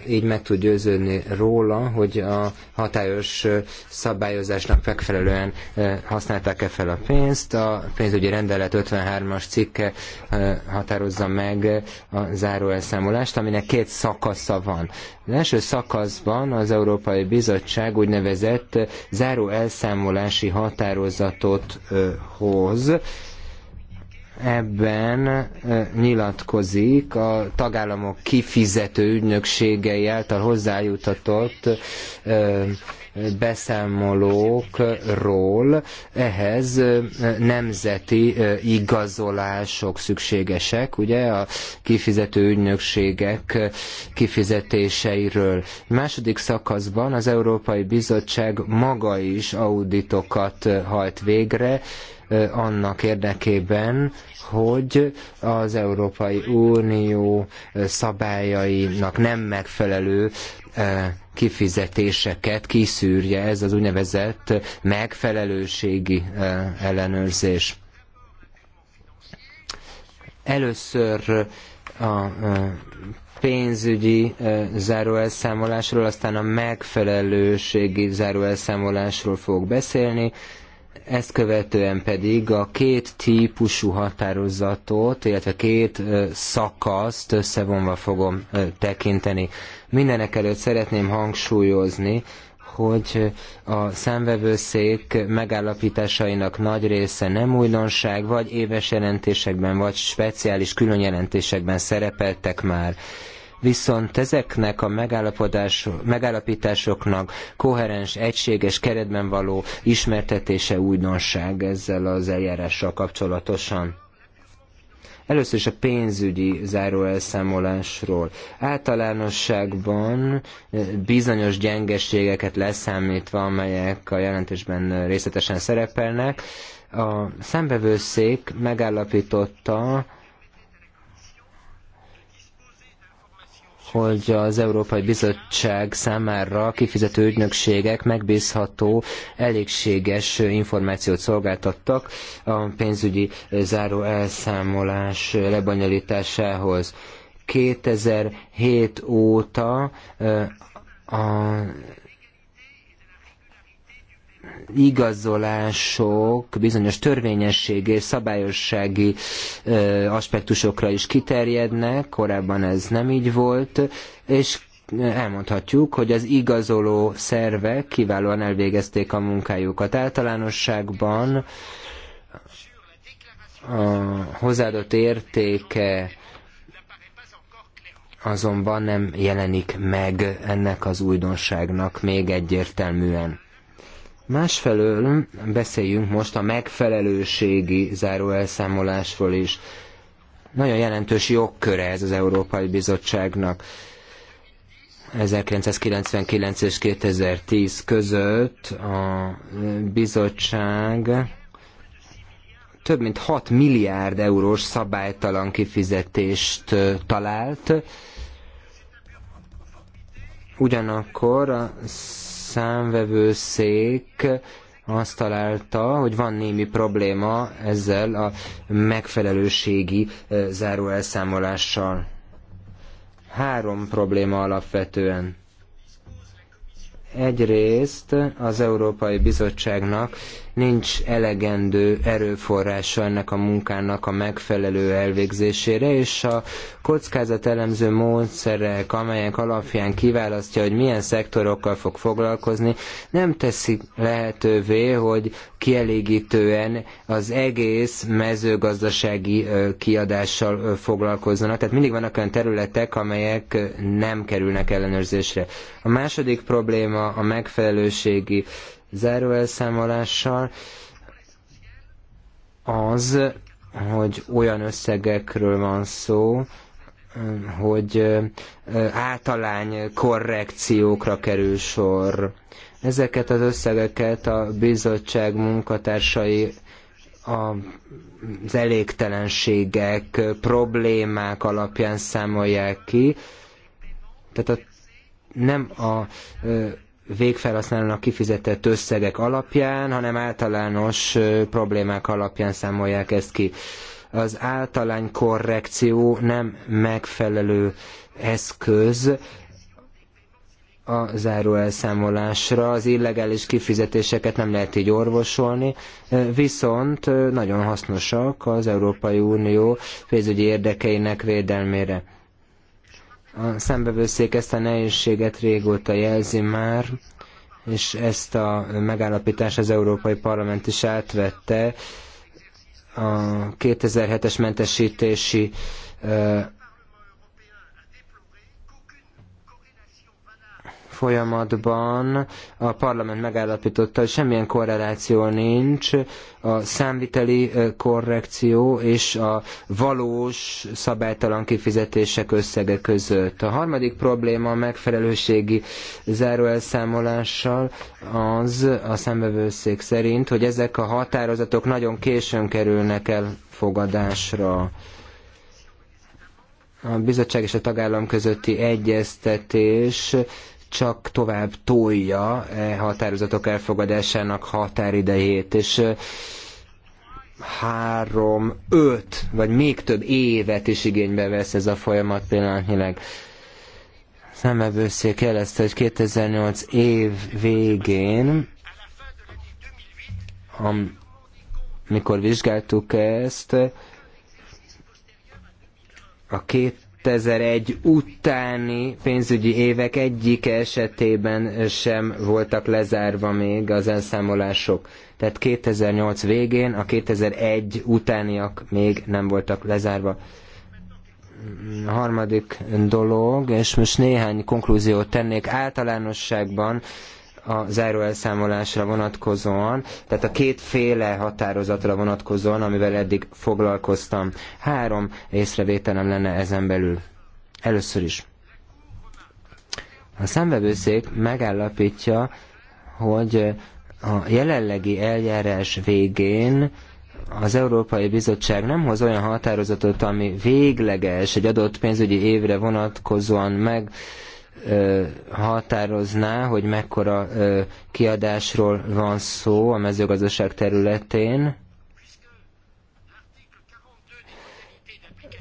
így meg tud győződni róla, hogy a hatályos szabályozásnak megfelelően használták-e fel a pénzt. A pénzügyi rendelet 53-as cikke határozza meg a záróelszámolást, aminek két szakasza van. Az első szakaszban az Európai Bizottság úgynevezett záróelszámolási határozatot hoz, Ebben nyilatkozik a tagállamok kifizető ügynökségei által hozzájutatott beszámolókról, ehhez nemzeti igazolások szükségesek, ugye a kifizető ügynökségek kifizetéseiről. Második szakaszban az Európai Bizottság maga is auditokat hajt végre, Eh, annak érdekében, hogy az Európai Unió eh, szabályainak nem megfelelő eh, kifizetéseket kiszűrje ez az úgynevezett megfelelőségi ellenőrzés. Először a pénzügyi záróelszámolásról, aztán a megfelelőségi záróelszámolásról fogok beszélni, ezt követően pedig a két típusú határozatot, illetve két szakaszt összevonva fogom tekinteni. Mindenek előtt szeretném hangsúlyozni, hogy a szemvevőszék megállapításainak nagy része nem újdonság, vagy éves jelentésekben, vagy speciális külön jelentésekben szerepeltek már viszont ezeknek a megállapításoknak koherens, egységes keretben való ismertetése újdonság ezzel az eljárással kapcsolatosan. Először is a pénzügyi záróelszámolásról. Általánosságban eh, bizonyos gyengeségeket leszámítva, amelyek a jelentésben részletesen szerepelnek, a szembevőszék megállapította, hogy az Európai Bizottság számára kifizető ügynökségek megbízható, elégséges információt szolgáltattak a pénzügyi záró elszámolás lebonyolításához. 2007 óta a igazolások bizonyos törvényességi, és szabályossági aspektusokra is kiterjednek, korábban ez nem így volt, és elmondhatjuk, hogy az igazoló szervek kiválóan elvégezték a munkájukat. Általánosságban a hozzáadott értéke azonban nem jelenik meg ennek az újdonságnak még egyértelműen. Másfelől beszéljünk most a megfelelőségi záróelszámolásról is. Nagyon jelentős jogköre ez az Európai Bizottságnak. 1999 és 2010 között a bizottság több mint 6 milliárd eurós szabálytalan kifizetést talált, ugyanakkor a szék, azt találta, hogy van némi probléma ezzel a megfelelőségi záróelszámolással. Három probléma alapvetően. Egyrészt az Európai Bizottságnak nincs elegendő erőforrása ennek a munkának a megfelelő elvégzésére, és a kockázatelemző módszerek, amelyek alapján kiválasztja, hogy milyen szektorokkal fog foglalkozni, nem teszik lehetővé, hogy kielégítően az egész mezőgazdasági kiadással foglalkozzanak. Tehát mindig vannak olyan területek, amelyek nem kerülnek ellenőrzésre. A második probléma a megfelelőségi záró elszámolással az, hogy olyan összegekről van szó, hogy általány korrekciókra kerül sor. Ezeket az összegeket a bizottság munkatársai az elégtelenségek, problémák alapján számolják ki. Tehát a, nem a végfelhasználónak kifizetett összegek alapján, hanem általános problémák alapján számolják ezt ki. Az általány korrekció nem megfelelő eszköz, a záróelszámolásra, az illegális kifizetéseket nem lehet így orvosolni, viszont nagyon hasznosak az Európai Unió pénzügyi érdekeinek védelmére. A szembevőszék ezt a nehézséget régóta jelzi már, és ezt a megállapítást az Európai Parlament is átvette. A 2007-es mentesítési folyamatban a parlament megállapította, hogy semmilyen korreláció nincs a számviteli korrekció és a valós szabálytalan kifizetések összege között. A harmadik probléma a megfelelőségi záróelszámolással az a szembevőszék szerint, hogy ezek a határozatok nagyon későn kerülnek el fogadásra a bizottság és a tagállam közötti egyeztetés csak tovább tolja e határozatok elfogadásának határidejét, és három, öt, vagy még több évet is igénybe vesz ez a folyamat pillanatnyilag. Szemebőszék jelezte, hogy 2008 év végén, amikor vizsgáltuk ezt, a két 2001 utáni pénzügyi évek egyik esetében sem voltak lezárva még az elszámolások. Tehát 2008 végén, a 2001 utániak még nem voltak lezárva. A harmadik dolog, és most néhány konklúziót tennék általánosságban, a záróelszámolásra vonatkozóan, tehát a kétféle határozatra vonatkozóan, amivel eddig foglalkoztam. Három észrevételem lenne ezen belül. Először is. A szemvevőszék megállapítja, hogy a jelenlegi eljárás végén az Európai Bizottság nem hoz olyan határozatot, ami végleges egy adott pénzügyi évre vonatkozóan meg határozná, hogy mekkora kiadásról van szó a mezőgazdaság területén.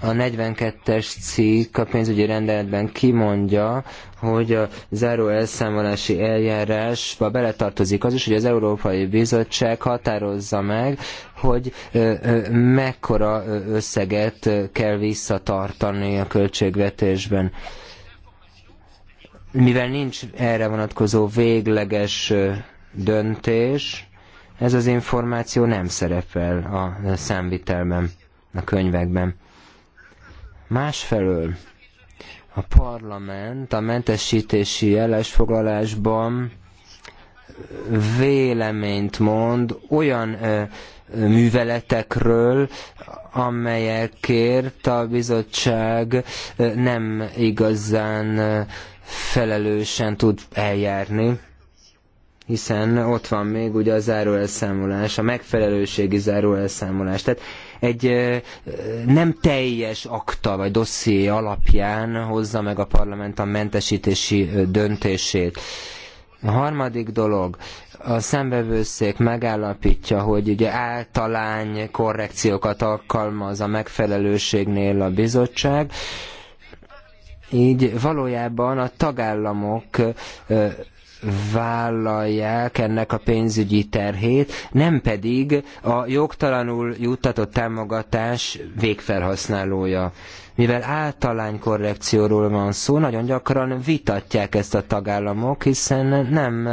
A 42-es cikk a pénzügyi rendeletben kimondja, hogy a záró elszámolási eljárásba beletartozik az is, hogy az Európai Bizottság határozza meg, hogy mekkora összeget kell visszatartani a költségvetésben mivel nincs erre vonatkozó végleges döntés, ez az információ nem szerepel a számvitelben, a könyvekben. Másfelől a parlament a mentesítési jelesfoglalásban véleményt mond olyan ö, műveletekről, amelyekért a bizottság nem igazán felelősen tud eljárni, hiszen ott van még ugye a záróelszámolás, a megfelelőségi záróelszámolás. Tehát egy nem teljes akta vagy dosszié alapján hozza meg a parlament a mentesítési döntését. A harmadik dolog, a szembevőszék megállapítja, hogy ugye általány korrekciókat alkalmaz a megfelelőségnél a bizottság, így valójában a tagállamok vállalják ennek a pénzügyi terhét, nem pedig a jogtalanul juttatott támogatás végfelhasználója. Mivel általány korrekcióról van szó, nagyon gyakran vitatják ezt a tagállamok, hiszen nem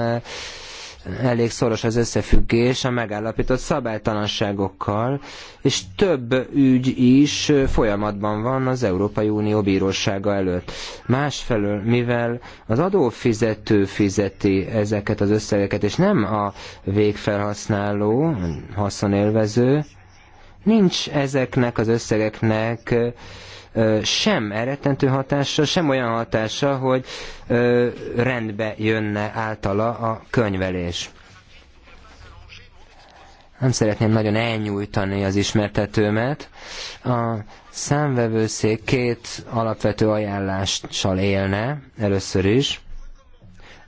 elég szoros az összefüggés a megállapított szabálytalanságokkal, és több ügy is folyamatban van az Európai Unió bírósága előtt. Másfelől, mivel az adófizető fizeti ezeket az összegeket, és nem a végfelhasználó, haszonélvező, nincs ezeknek az összegeknek sem elrettentő hatása, sem olyan hatása, hogy rendbe jönne általa a könyvelés. Nem szeretném nagyon elnyújtani az ismertetőmet. A számvevőszék két alapvető ajánlással élne először is.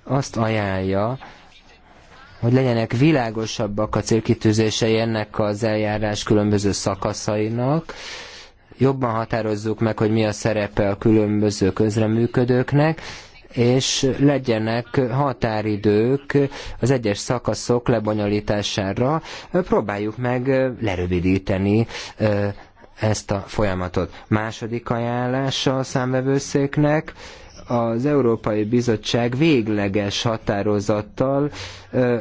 Azt ajánlja, hogy legyenek világosabbak a célkitűzései ennek az eljárás különböző szakaszainak, jobban határozzuk meg, hogy mi a szerepe a különböző közreműködőknek, és legyenek határidők az egyes szakaszok lebonyolítására. Próbáljuk meg lerövidíteni ezt a folyamatot. Második ajánlása a számvevőszéknek, az Európai Bizottság végleges határozattal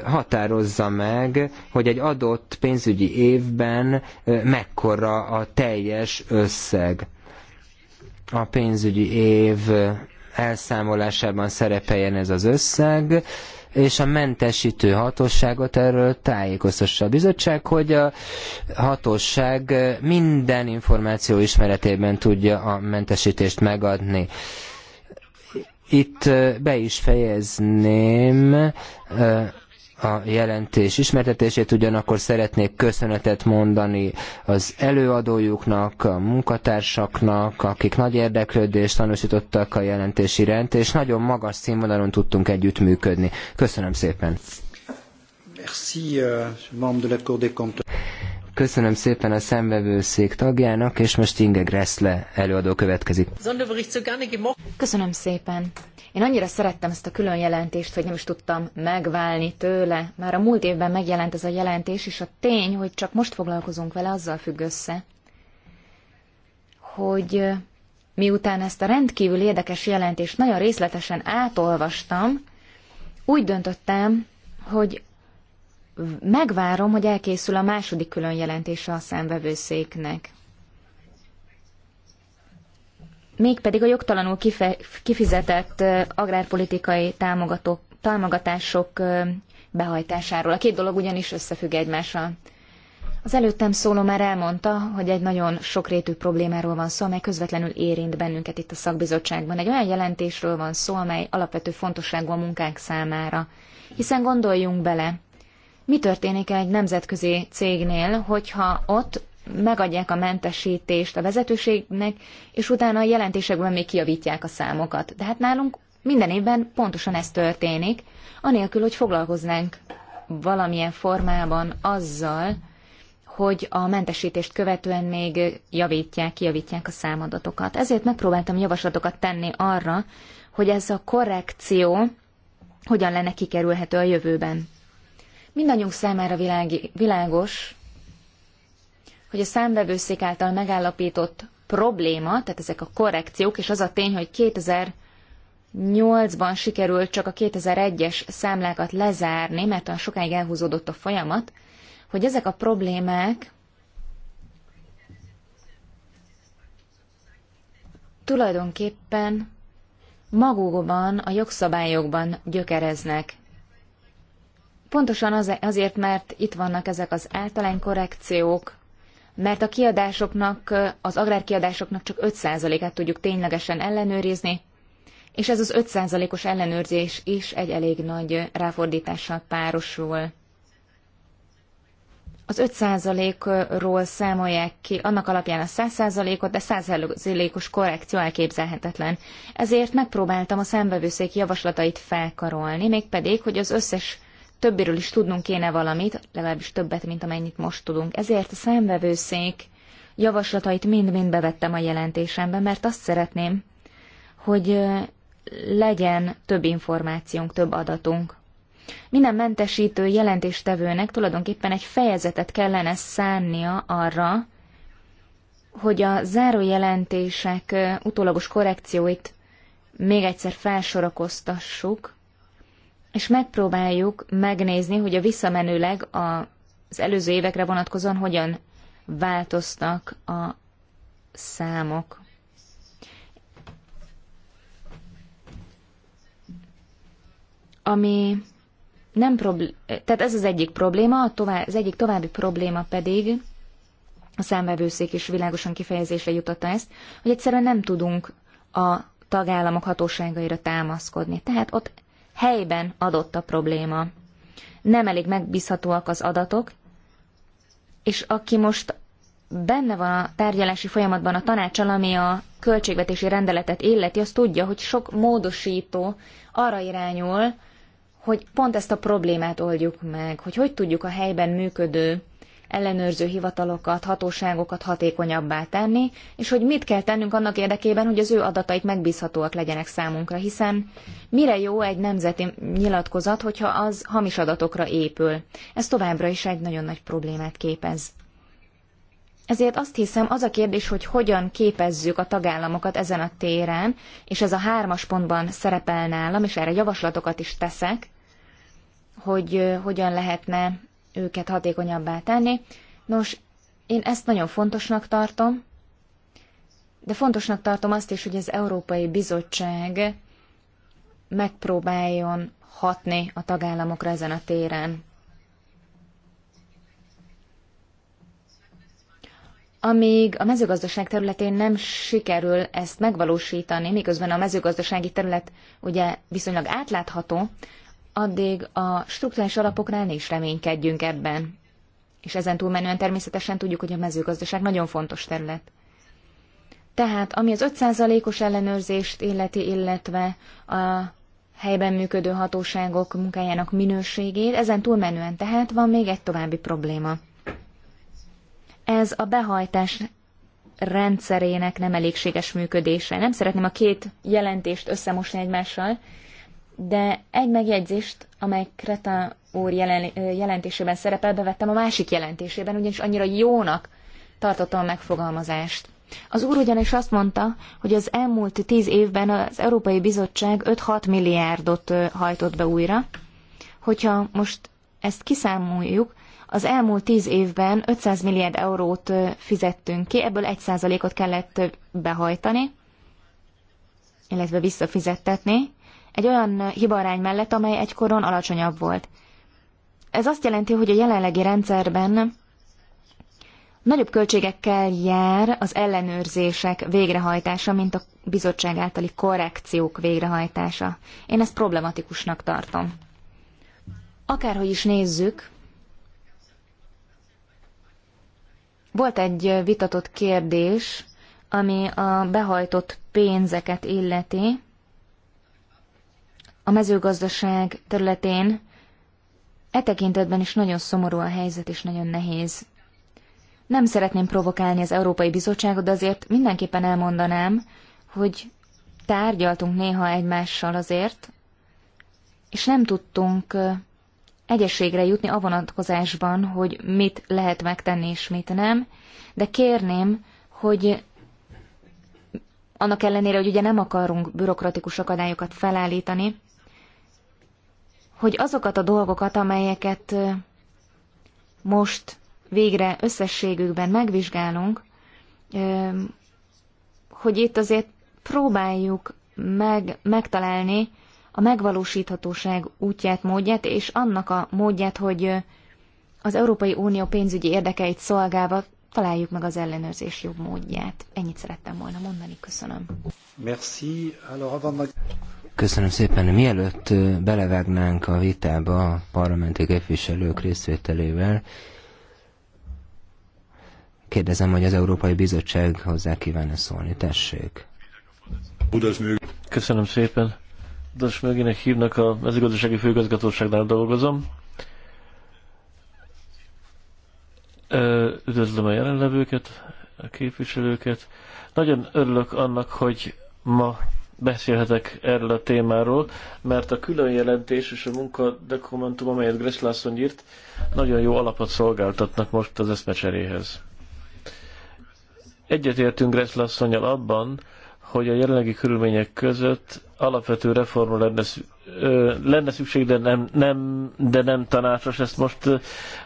határozza meg, hogy egy adott pénzügyi évben mekkora a teljes összeg. A pénzügyi év elszámolásában szerepeljen ez az összeg, és a mentesítő hatóságot erről tájékoztassa a bizottság, hogy a hatóság minden információ ismeretében tudja a mentesítést megadni. Itt be is fejezném a jelentés ismertetését, ugyanakkor szeretnék köszönetet mondani az előadójuknak, a munkatársaknak, akik nagy érdeklődést tanúsítottak a jelentés iránt, és nagyon magas színvonalon tudtunk együttműködni. Köszönöm szépen! Merci, uh, Köszönöm szépen a szembevőszék tagjának, és most Inge Gressle előadó következik. Köszönöm szépen. Én annyira szerettem ezt a külön jelentést, hogy nem is tudtam megválni tőle. Már a múlt évben megjelent ez a jelentés, és a tény, hogy csak most foglalkozunk vele, azzal függ össze, hogy miután ezt a rendkívül érdekes jelentést nagyon részletesen átolvastam, úgy döntöttem, hogy megvárom, hogy elkészül a második külön jelentése a szemvevőszéknek. Mégpedig a jogtalanul kifizetett agrárpolitikai támogatók, támogatások behajtásáról. A két dolog ugyanis összefügg egymással. Az előttem szóló már elmondta, hogy egy nagyon sokrétű problémáról van szó, amely közvetlenül érint bennünket itt a szakbizottságban. Egy olyan jelentésről van szó, amely alapvető fontosságú a munkánk számára. Hiszen gondoljunk bele, mi történik egy nemzetközi cégnél, hogyha ott megadják a mentesítést a vezetőségnek, és utána a jelentésekben még kiavítják a számokat. De hát nálunk minden évben pontosan ez történik, anélkül, hogy foglalkoznánk valamilyen formában azzal, hogy a mentesítést követően még javítják, kiavítják a számadatokat. Ezért megpróbáltam javaslatokat tenni arra, hogy ez a korrekció hogyan lenne kikerülhető a jövőben. Mindannyiunk számára világi, világos, hogy a számvevőszék által megállapított probléma, tehát ezek a korrekciók, és az a tény, hogy 2008-ban sikerült csak a 2001-es számlákat lezárni, mert olyan sokáig elhúzódott a folyamat, hogy ezek a problémák tulajdonképpen magukban, a jogszabályokban gyökereznek. Pontosan azért, mert itt vannak ezek az általány korrekciók, mert a kiadásoknak, az agrárkiadásoknak csak 5%-át tudjuk ténylegesen ellenőrizni, és ez az 5%-os ellenőrzés is egy elég nagy ráfordítással párosul. Az 5%-ról számolják ki, annak alapján a 100%-ot, de 100%-os korrekció elképzelhetetlen. Ezért megpróbáltam a számbevőszék javaslatait felkarolni, mégpedig, hogy az összes többiről is tudnunk kéne valamit, legalábbis többet, mint amennyit most tudunk. Ezért a szemvevőszék javaslatait mind-mind bevettem a jelentésembe, mert azt szeretném, hogy legyen több információnk, több adatunk. Minden mentesítő jelentéstevőnek tulajdonképpen egy fejezetet kellene szánnia arra, hogy a zárójelentések utólagos korrekcióit még egyszer felsorakoztassuk, és megpróbáljuk megnézni, hogy a visszamenőleg a, az előző évekre vonatkozóan hogyan változtak a számok. Ami nem problé- tehát ez az egyik probléma, a tovább, az egyik további probléma pedig, a számvevőszék is világosan kifejezésre jutotta ezt, hogy egyszerűen nem tudunk a tagállamok hatóságaira támaszkodni. Tehát ott helyben adott a probléma. Nem elég megbízhatóak az adatok, és aki most benne van a tárgyalási folyamatban a tanácsal, ami a költségvetési rendeletet illeti, az tudja, hogy sok módosító arra irányul, hogy pont ezt a problémát oldjuk meg, hogy hogy tudjuk a helyben működő ellenőrző hivatalokat, hatóságokat hatékonyabbá tenni, és hogy mit kell tennünk annak érdekében, hogy az ő adataik megbízhatóak legyenek számunkra, hiszen mire jó egy nemzeti nyilatkozat, hogyha az hamis adatokra épül. Ez továbbra is egy nagyon nagy problémát képez. Ezért azt hiszem, az a kérdés, hogy hogyan képezzük a tagállamokat ezen a téren, és ez a hármas pontban szerepel nálam, és erre javaslatokat is teszek, hogy eh, hogyan lehetne őket hatékonyabbá tenni. Nos, én ezt nagyon fontosnak tartom, de fontosnak tartom azt is, hogy az Európai Bizottság megpróbáljon hatni a tagállamokra ezen a téren. Amíg a mezőgazdaság területén nem sikerül ezt megvalósítani, miközben a mezőgazdasági terület ugye viszonylag átlátható, addig a struktúrális alapoknál ne is reménykedjünk ebben. És ezen túlmenően természetesen tudjuk, hogy a mezőgazdaság nagyon fontos terület. Tehát, ami az 5%-os ellenőrzést illeti, illetve a helyben működő hatóságok munkájának minőségét, ezen túlmenően tehát van még egy további probléma. Ez a behajtás rendszerének nem elégséges működése. Nem szeretném a két jelentést összemosni egymással, de egy megjegyzést, amely Kreta úr jelen, jelentésében szerepel, bevettem a másik jelentésében, ugyanis annyira jónak tartottam a megfogalmazást. Az úr ugyanis azt mondta, hogy az elmúlt tíz évben az Európai Bizottság 5-6 milliárdot hajtott be újra. Hogyha most ezt kiszámoljuk, az elmúlt tíz évben 500 milliárd eurót fizettünk ki, ebből 1%-ot kellett behajtani, illetve visszafizettetni egy olyan hibarány mellett, amely egykoron alacsonyabb volt. Ez azt jelenti, hogy a jelenlegi rendszerben nagyobb költségekkel jár az ellenőrzések végrehajtása, mint a bizottság általi korrekciók végrehajtása. Én ezt problematikusnak tartom. Akárhogy is nézzük, volt egy vitatott kérdés, ami a behajtott pénzeket illeti, a mezőgazdaság területén e tekintetben is nagyon szomorú a helyzet, és nagyon nehéz. Nem szeretném provokálni az Európai Bizottságot, de azért mindenképpen elmondanám, hogy tárgyaltunk néha egymással azért, és nem tudtunk egyességre jutni a vonatkozásban, hogy mit lehet megtenni és mit nem, de kérném, hogy annak ellenére, hogy ugye nem akarunk bürokratikus akadályokat felállítani, hogy azokat a dolgokat, amelyeket most végre összességükben megvizsgálunk, hogy itt azért próbáljuk meg, megtalálni a megvalósíthatóság útját, módját, és annak a módját, hogy az Európai Unió pénzügyi érdekeit szolgálva találjuk meg az ellenőrzés jobb módját. Ennyit szerettem volna mondani. Köszönöm. Merci. Alors, avant... Köszönöm szépen. Mielőtt belevágnánk a vitába a parlamenti képviselők részvételével, kérdezem, hogy az Európai Bizottság hozzá kíván-e szólni. Tessék. Köszönöm szépen. Budas Mögének hívnak, a mezőgazdasági főgazgatóságnál dolgozom. Üdvözlöm a jelenlevőket, a képviselőket. Nagyon örülök annak, hogy ma beszélhetek erről a témáról, mert a külön jelentés és a munkadokumentum, amelyet Greslászon írt, nagyon jó alapot szolgáltatnak most az eszmecseréhez. Egyetértünk Greslászonnyal abban, hogy a jelenlegi körülmények között alapvető reformra lenne, lenne szükség, de nem, nem, de nem tanácsos ezt most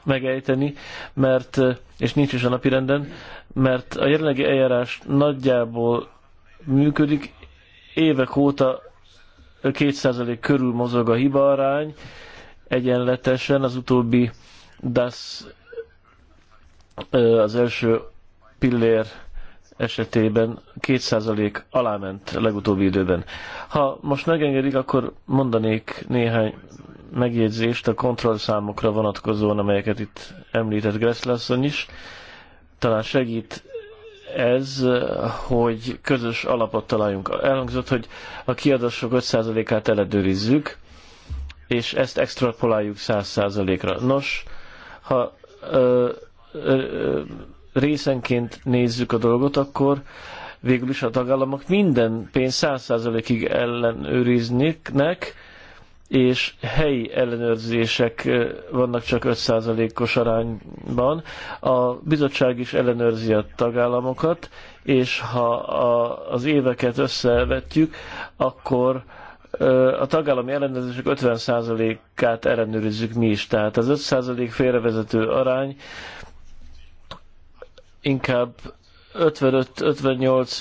megejteni, mert, és nincs is a napirenden, mert a jelenlegi eljárás nagyjából működik, évek óta 2% körül mozog a hibaarány, egyenletesen az utóbbi DAS az első pillér esetében 2% alá ment a legutóbbi időben. Ha most megengedik, akkor mondanék néhány megjegyzést a kontrollszámokra vonatkozóan, amelyeket itt említett Gressler is. Talán segít ez, hogy közös alapot találjunk. Elhangzott, hogy a kiadások 5%-át eledőrizzük, és ezt extrapoláljuk 100%-ra. Nos, ha ö, ö, részenként nézzük a dolgot, akkor végül is a tagállamok minden pénz 100%-ig ellenőriznek, és helyi ellenőrzések vannak csak 5%-os arányban. A bizottság is ellenőrzi a tagállamokat, és ha a, az éveket összevetjük, akkor a tagállami ellenőrzések 50%-át ellenőrizzük mi is. Tehát az 5% félrevezető arány inkább 55-58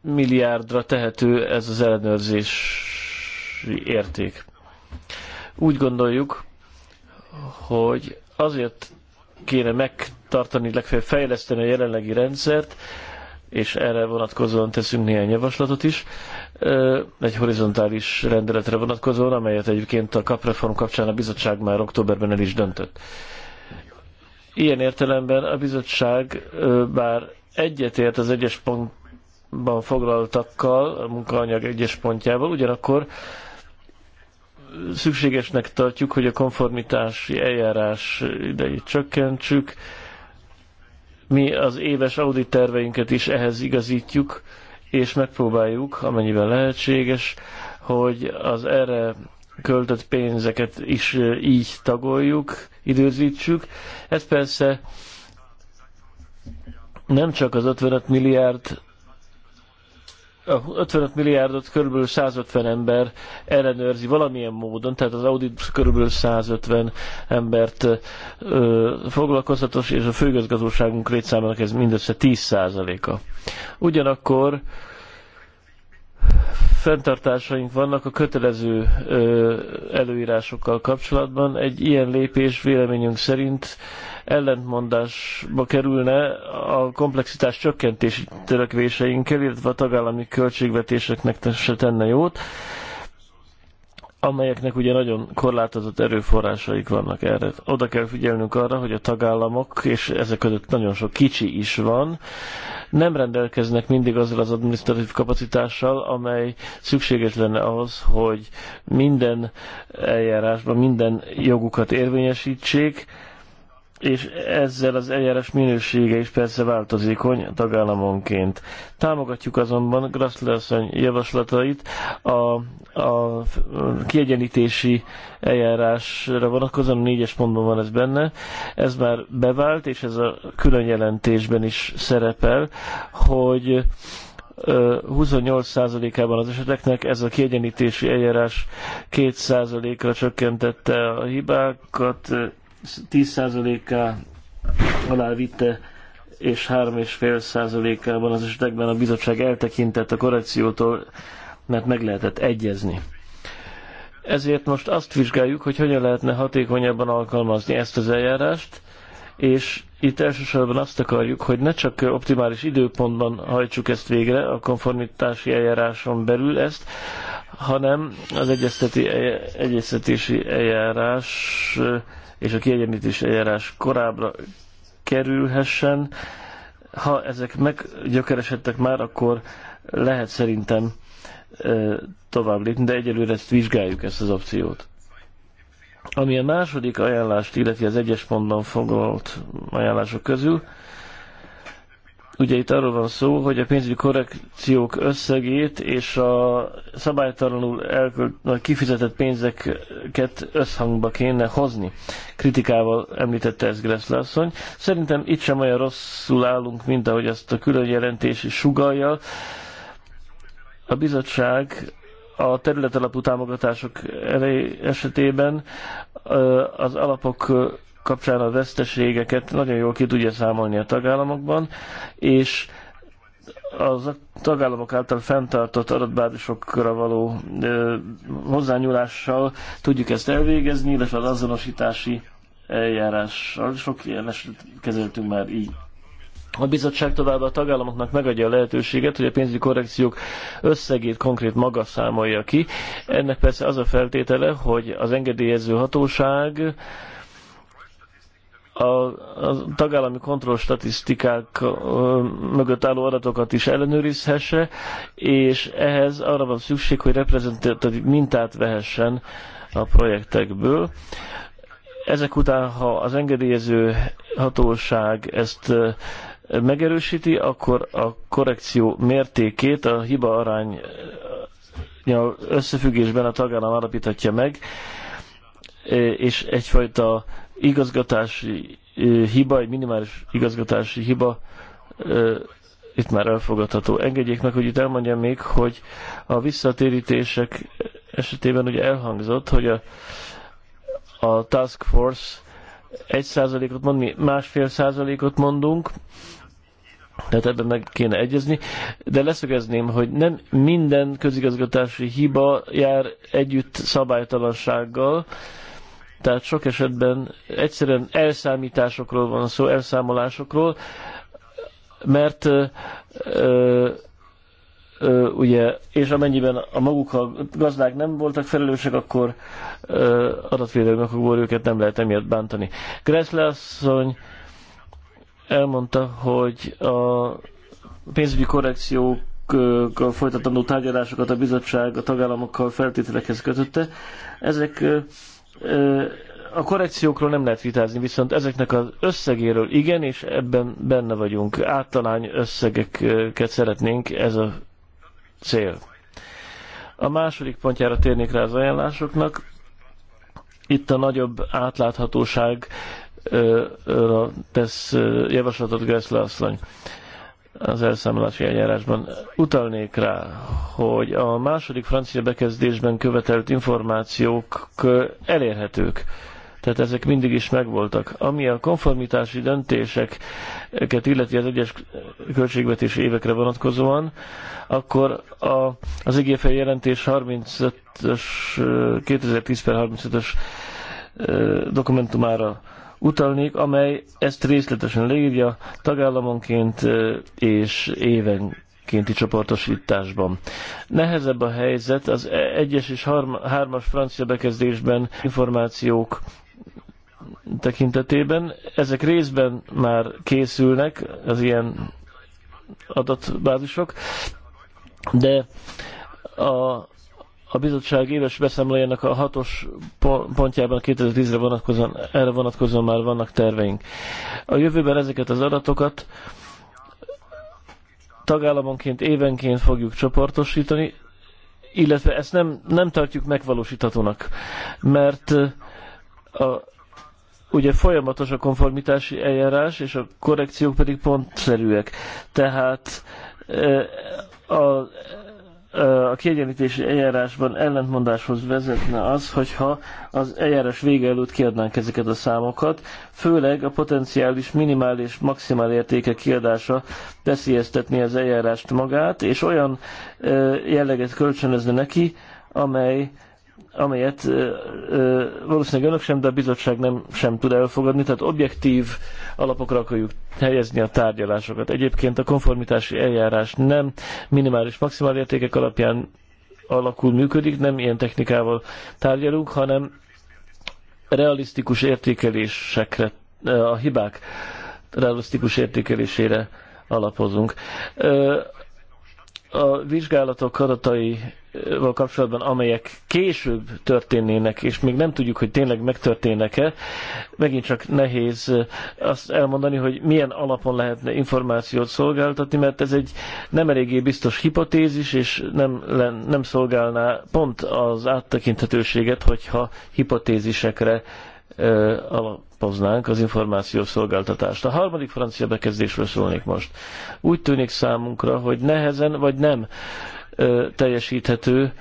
milliárdra tehető ez az ellenőrzés érték. Úgy gondoljuk, hogy azért kéne megtartani, legfeljebb fejleszteni a jelenlegi rendszert, és erre vonatkozóan teszünk néhány javaslatot is, egy horizontális rendeletre vonatkozóan, amelyet egyébként a kapreform kapcsán a bizottság már októberben el is döntött. Ilyen értelemben a bizottság bár egyetért az egyes pontban foglaltakkal, a munkaanyag egyes pontjával, ugyanakkor szükségesnek tartjuk, hogy a konformitási eljárás idejét csökkentsük. Mi az éves audit terveinket is ehhez igazítjuk, és megpróbáljuk, amennyiben lehetséges, hogy az erre költött pénzeket is így tagoljuk, időzítsük. Ez persze nem csak az 55 milliárd 55 milliárdot körülbelül 150 ember ellenőrzi valamilyen módon, tehát az audit körülbelül 150 embert foglalkoztatos, és a főgazgatóságunk létszámának ez mindössze 10%-a. Ugyanakkor fenntartásaink vannak a kötelező ö, előírásokkal kapcsolatban. Egy ilyen lépés véleményünk szerint ö, ellentmondásba kerülne a komplexitás csökkentési törekvéseinkkel, illetve a tagállami költségvetéseknek se tenne jót, amelyeknek ugye nagyon korlátozott erőforrásaik vannak erre. Oda kell figyelnünk arra, hogy a tagállamok, és ezek között nagyon sok kicsi is van, nem rendelkeznek mindig azzal az administratív kapacitással, amely szükséges lenne ahhoz, hogy minden eljárásban minden jogukat érvényesítsék, és ezzel az eljárás minősége is persze változékony tagállamonként. Támogatjuk azonban Grasslerszony javaslatait a, a kiegyenítési eljárásra vonatkozóan, négyes pontban van ez benne. Ez már bevált, és ez a külön jelentésben is szerepel, hogy 28%-ában az eseteknek ez a kiegyenítési eljárás 2%-ra csökkentette a hibákat, 10%-á alá vitte, és 3,5%-ában az esetekben a bizottság eltekintett a korrekciótól, mert meg lehetett egyezni. Ezért most azt vizsgáljuk, hogy hogyan lehetne hatékonyabban alkalmazni ezt az eljárást, és itt elsősorban azt akarjuk, hogy ne csak optimális időpontban hajtsuk ezt végre a konformitási eljáráson belül ezt, hanem az egyezteti, egyeztetési eljárás és a kiegyenlítési eljárás korábbra kerülhessen. Ha ezek meggyökeresedtek már, akkor lehet szerintem tovább lépni, de egyelőre ezt vizsgáljuk, ezt az opciót. Ami a második ajánlást illeti az egyes pontban foglalt ajánlások közül, Ugye itt arról van szó, hogy a pénzügyi korrekciók összegét és a szabálytalanul elkölt, kifizetett pénzeket összhangba kéne hozni. Kritikával említette ez Gressler asszony. Szerintem itt sem olyan rosszul állunk, mint ahogy ezt a külön jelentés is sugalja. A bizottság a területalapú támogatások esetében az alapok kapcsán a veszteségeket nagyon jól ki tudja számolni a tagállamokban, és az a tagállamok által fenntartott adatbázisokra való ö, hozzányúlással tudjuk ezt elvégezni, illetve az azonosítási eljárással. Sok ilyen eset kezeltünk már így. A bizottság továbbá a tagállamoknak megadja a lehetőséget, hogy a pénzügyi korrekciók összegét konkrét maga számolja ki. Ennek persze az a feltétele, hogy az engedélyező hatóság a, a tagállami kontrollstatisztikák mögött álló adatokat is ellenőrizhesse, és ehhez arra van szükség, hogy reprezentatív mintát vehessen a projektekből. Ezek után, ha az engedélyező hatóság ezt megerősíti, akkor a korrekció mértékét a hiba arány összefüggésben a tagállam alapíthatja meg, és egyfajta igazgatási hiba, egy minimális igazgatási hiba itt már elfogadható. Engedjék meg, hogy itt elmondjam még, hogy a visszatérítések esetében ugye elhangzott, hogy a, a Task Force egy százalékot mond, mi másfél százalékot mondunk, tehát ebben meg kéne egyezni, de leszögezném, hogy nem minden közigazgatási hiba jár együtt szabálytalansággal, tehát sok esetben egyszerűen elszámításokról van szó, elszámolásokról, mert ö, ö, ö, ugye, és amennyiben a maguk a gazdák nem voltak felelősek, akkor adatvédelmi okokból őket nem lehet emiatt bántani. Gressle asszony elmondta, hogy a pénzügyi korrekciók a folytatandó tárgyalásokat a bizottság a tagállamokkal feltételekhez kötötte. Ezek a korrekciókról nem lehet vitázni, viszont ezeknek az összegéről igen, és ebben benne vagyunk. Általány összegeket szeretnénk, ez a cél. A második pontjára térnék rá az ajánlásoknak. Itt a nagyobb átláthatóság tesz javaslatot Geszle asszony az elszámolási eljárásban. Utalnék rá, hogy a második francia bekezdésben követelt információk elérhetők. Tehát ezek mindig is megvoltak. Ami a konformitási döntéseket illeti az egyes költségvetési évekre vonatkozóan, akkor a, az IGF jelentés 35-ös, 2010 35-ös dokumentumára utalnék, amely ezt részletesen leírja tagállamonként és éven kénti csoportosításban. Nehezebb a helyzet, az e- egyes és hármas francia bekezdésben információk tekintetében. Ezek részben már készülnek, az ilyen adatbázisok, de a a bizottság éves beszámolójának a hatos pontjában 2010-re vonatkozóan, erre vonatkozóan már vannak terveink. A jövőben ezeket az adatokat tagállamonként, évenként fogjuk csoportosítani, illetve ezt nem, nem tartjuk megvalósíthatónak, mert a, ugye folyamatos a konformitási eljárás, és a korrekciók pedig pontszerűek. Tehát e, a a kiegyenlítési eljárásban ellentmondáshoz vezetne az, hogyha az eljárás vége előtt kiadnánk ezeket a számokat, főleg a potenciális minimál és maximál értéke kiadása veszélyeztetni az eljárást magát, és olyan jelleget kölcsönözne neki, amely amelyet ö, ö, valószínűleg önök sem, de a bizottság nem sem tud elfogadni, tehát objektív alapokra akarjuk helyezni a tárgyalásokat. Egyébként a konformitási eljárás nem minimális maximál értékek alapján alakul, működik, nem ilyen technikával tárgyalunk, hanem realisztikus értékelésekre, a hibák realisztikus értékelésére alapozunk. A vizsgálatok adatai kapcsolatban, amelyek később történnének, és még nem tudjuk, hogy tényleg megtörténnek-e, megint csak nehéz azt elmondani, hogy milyen alapon lehetne információt szolgáltatni, mert ez egy nem eléggé biztos hipotézis, és nem, nem szolgálná pont az áttekinthetőséget, hogyha hipotézisekre ö, alapoznánk az információ szolgáltatást. A harmadik francia bekezdésről szólnék most. Úgy tűnik számunkra, hogy nehezen vagy nem teljesíthető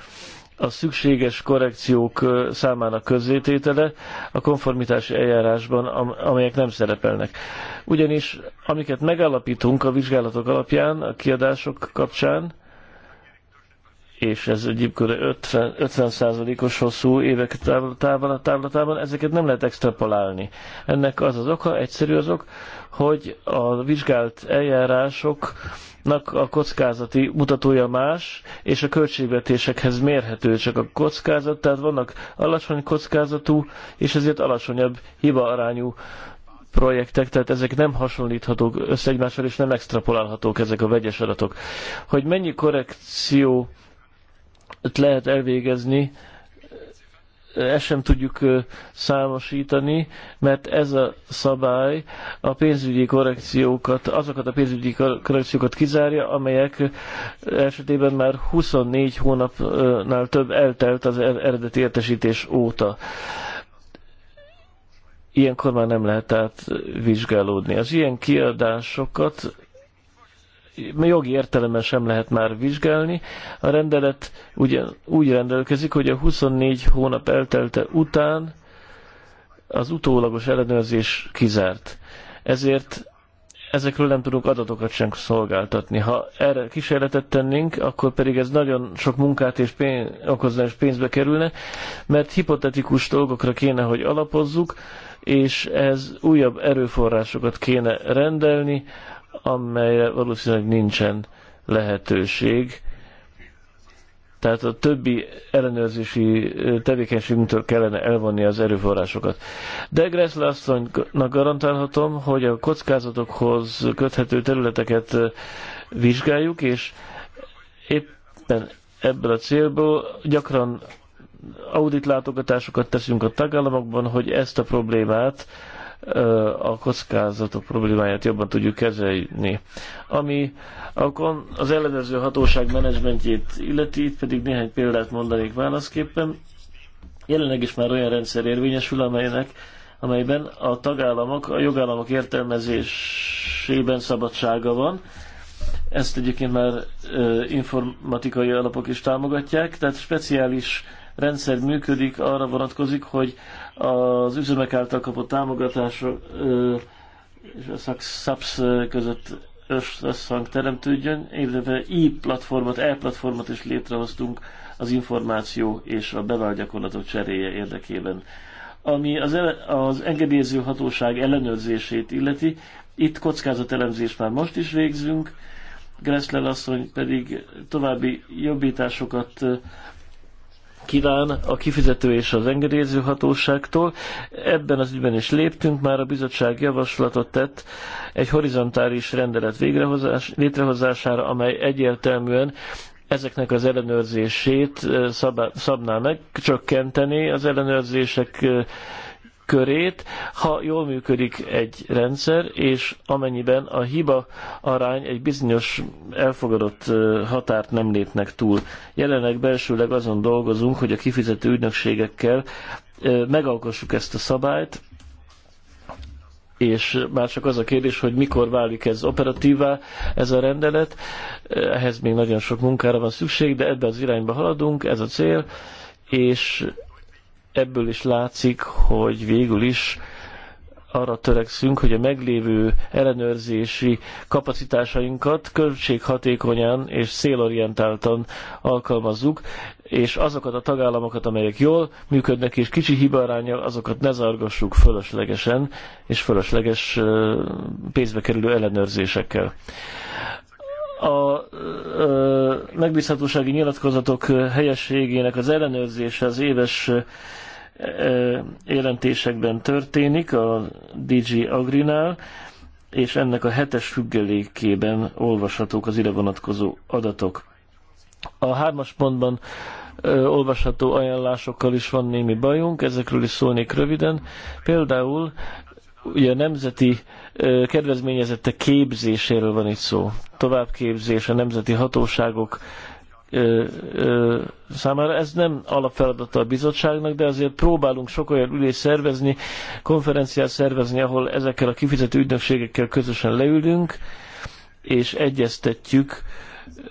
a szükséges korrekciók számának közzététele a konformitási eljárásban, amelyek nem szerepelnek. Ugyanis amiket megállapítunk a vizsgálatok alapján, a kiadások kapcsán, és ez egyébként 50, 50%-os hosszú évek távlatában, távlatában, ezeket nem lehet extrapolálni. Ennek az az oka, egyszerű az ok, hogy a vizsgált eljárások a kockázati mutatója más, és a költségvetésekhez mérhető csak a kockázat, tehát vannak alacsony kockázatú, és ezért alacsonyabb hibaarányú projektek, tehát ezek nem hasonlíthatók össze egymással, és nem extrapolálhatók ezek a vegyes adatok. Hogy mennyi korrekció lehet elvégezni ezt sem tudjuk számosítani, mert ez a szabály a pénzügyi korrekciókat, azokat a pénzügyi korrekciókat kizárja, amelyek esetében már 24 hónapnál több eltelt az er- eredeti értesítés óta. Ilyenkor már nem lehet vizsgálódni. Az ilyen kiadásokat jogi értelemben sem lehet már vizsgálni. A rendelet ugye úgy rendelkezik, hogy a 24 hónap eltelte után az utólagos ellenőrzés kizárt. Ezért ezekről nem tudunk adatokat sem szolgáltatni. Ha erre kísérletet tennénk, akkor pedig ez nagyon sok munkát és pénz, okozna és pénzbe kerülne, mert hipotetikus dolgokra kéne, hogy alapozzuk, és ez újabb erőforrásokat kéne rendelni amelyre valószínűleg nincsen lehetőség. Tehát a többi ellenőrzési tevékenységünktől kellene elvonni az erőforrásokat. De Gressle asszonynak garantálhatom, hogy a kockázatokhoz köthető területeket vizsgáljuk, és éppen ebből a célból gyakran auditlátogatásokat teszünk a tagállamokban, hogy ezt a problémát a kockázatok problémáját jobban tudjuk kezelni. Ami akkor az ellenőrző hatóság menedzsmentjét illeti, itt pedig néhány példát mondanék válaszképpen. Jelenleg is már olyan rendszer érvényesül, amelynek amelyben a tagállamok, a jogállamok értelmezésében szabadsága van. Ezt egyébként már informatikai alapok is támogatják, tehát speciális rendszer működik, arra vonatkozik, hogy az üzemek által kapott támogatások és a SAPS között összhang teremtődjön, illetve e-platformot, e-platformot is létrehoztunk az információ és a bevált gyakorlatok cseréje érdekében. Ami az, ele- az engedélyező hatóság ellenőrzését illeti, itt kockázatelemzést már most is végzünk, Gressler asszony pedig további jobbításokat kíván a kifizető és az engedélyező hatóságtól. Ebben az ügyben is léptünk, már a bizottság javaslatot tett egy horizontális rendelet végrehozás, létrehozására, amely egyértelműen ezeknek az ellenőrzését szabná meg, csökkenteni az ellenőrzések körét, ha jól működik egy rendszer, és amennyiben a hiba arány egy bizonyos elfogadott határt nem lépnek túl. Jelenleg belsőleg azon dolgozunk, hogy a kifizető ügynökségekkel megalkossuk ezt a szabályt, és már csak az a kérdés, hogy mikor válik ez operatívá, ez a rendelet. Ehhez még nagyon sok munkára van szükség, de ebbe az irányba haladunk, ez a cél, és ebből is látszik, hogy végül is arra törekszünk, hogy a meglévő ellenőrzési kapacitásainkat költséghatékonyan és célorientáltan alkalmazzuk, és azokat a tagállamokat, amelyek jól működnek, és kicsi hibarányjal, azokat ne zargassuk fölöslegesen és fölösleges pénzbe kerülő ellenőrzésekkel. A megbízhatósági nyilatkozatok helyességének az ellenőrzése az éves jelentésekben történik a DG Agrinál, és ennek a hetes függelékében olvashatók az ide vonatkozó adatok. A hármas pontban ö, olvasható ajánlásokkal is van némi bajunk, ezekről is szólnék röviden. Például ugye a nemzeti ö, kedvezményezettek képzéséről van itt szó. Továbbképzés a nemzeti hatóságok ö, ö, számára. Ez nem alapfeladata a bizottságnak, de azért próbálunk sok olyan ülést szervezni, konferenciát szervezni, ahol ezekkel a kifizető ügynökségekkel közösen leülünk, és egyeztetjük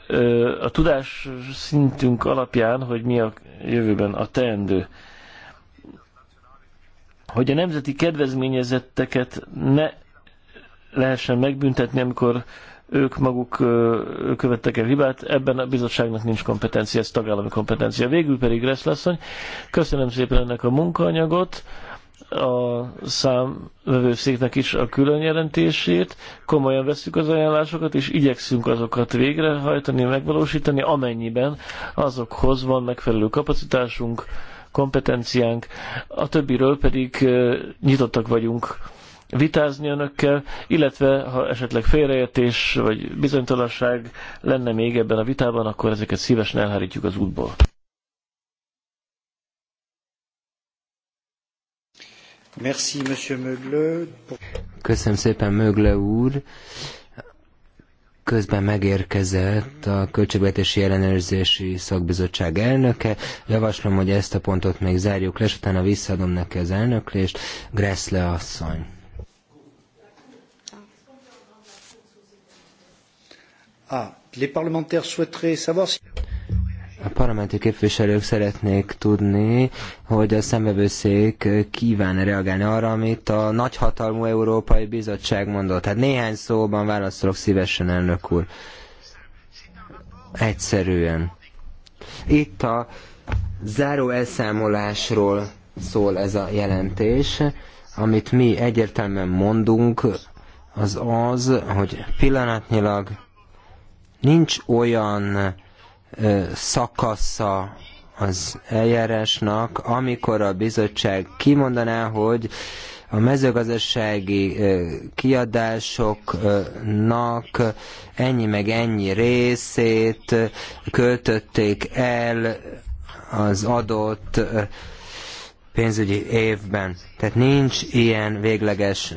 ö, a tudás szintünk alapján, hogy mi a jövőben a teendő. Hogy a nemzeti kedvezményezetteket ne lehessen megbüntetni, amikor ők maguk követtek el hibát, ebben a bizottságnak nincs kompetencia, ez tagállami kompetencia. Végül pedig lesz Reszlasszony, köszönöm szépen ennek a munkaanyagot, a számvevőszéknek is a külön jelentését, komolyan vesszük az ajánlásokat, és igyekszünk azokat végrehajtani, megvalósítani, amennyiben azokhoz van megfelelő kapacitásunk, kompetenciánk, a többiről pedig nyitottak vagyunk vitázni önökkel, illetve ha esetleg félreértés vagy bizonytalanság lenne még ebben a vitában, akkor ezeket szívesen elhárítjuk az útból. Merci, Monsieur Mögle. Köszönöm szépen, Mögle úr. Közben megérkezett a Költségvetési Ellenőrzési Szakbizottság elnöke. Javaslom, hogy ezt a pontot még zárjuk le, és utána visszaadom neki az elnöklést. Gressle asszony. Ah, a parlamenti képviselők szeretnék tudni, hogy a szembevőszék kíván reagálni arra, amit a nagyhatalmú Európai Bizottság mondott. Hát néhány szóban válaszolok szívesen, elnök úr. Egyszerűen. Itt a záró elszámolásról szól ez a jelentés. Amit mi egyértelműen mondunk, az az, hogy pillanatnyilag Nincs olyan szakasza az eljárásnak, amikor a bizottság kimondaná, hogy a mezőgazdasági kiadásoknak ennyi meg ennyi részét költötték el az adott pénzügyi évben. Tehát nincs ilyen végleges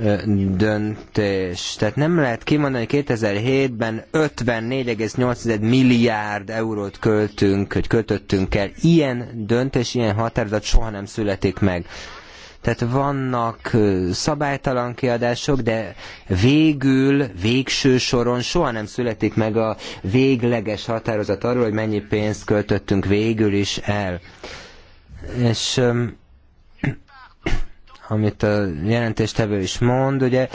döntés. Tehát nem lehet kimondani, hogy 2007-ben 54,8 milliárd eurót költünk, hogy kötöttünk el. Ilyen döntés, ilyen határozat soha nem születik meg. Tehát vannak szabálytalan kiadások, de végül, végső soron soha nem születik meg a végleges határozat arról, hogy mennyi pénzt költöttünk végül is el. És amit a jelentéstevő is mond, ugye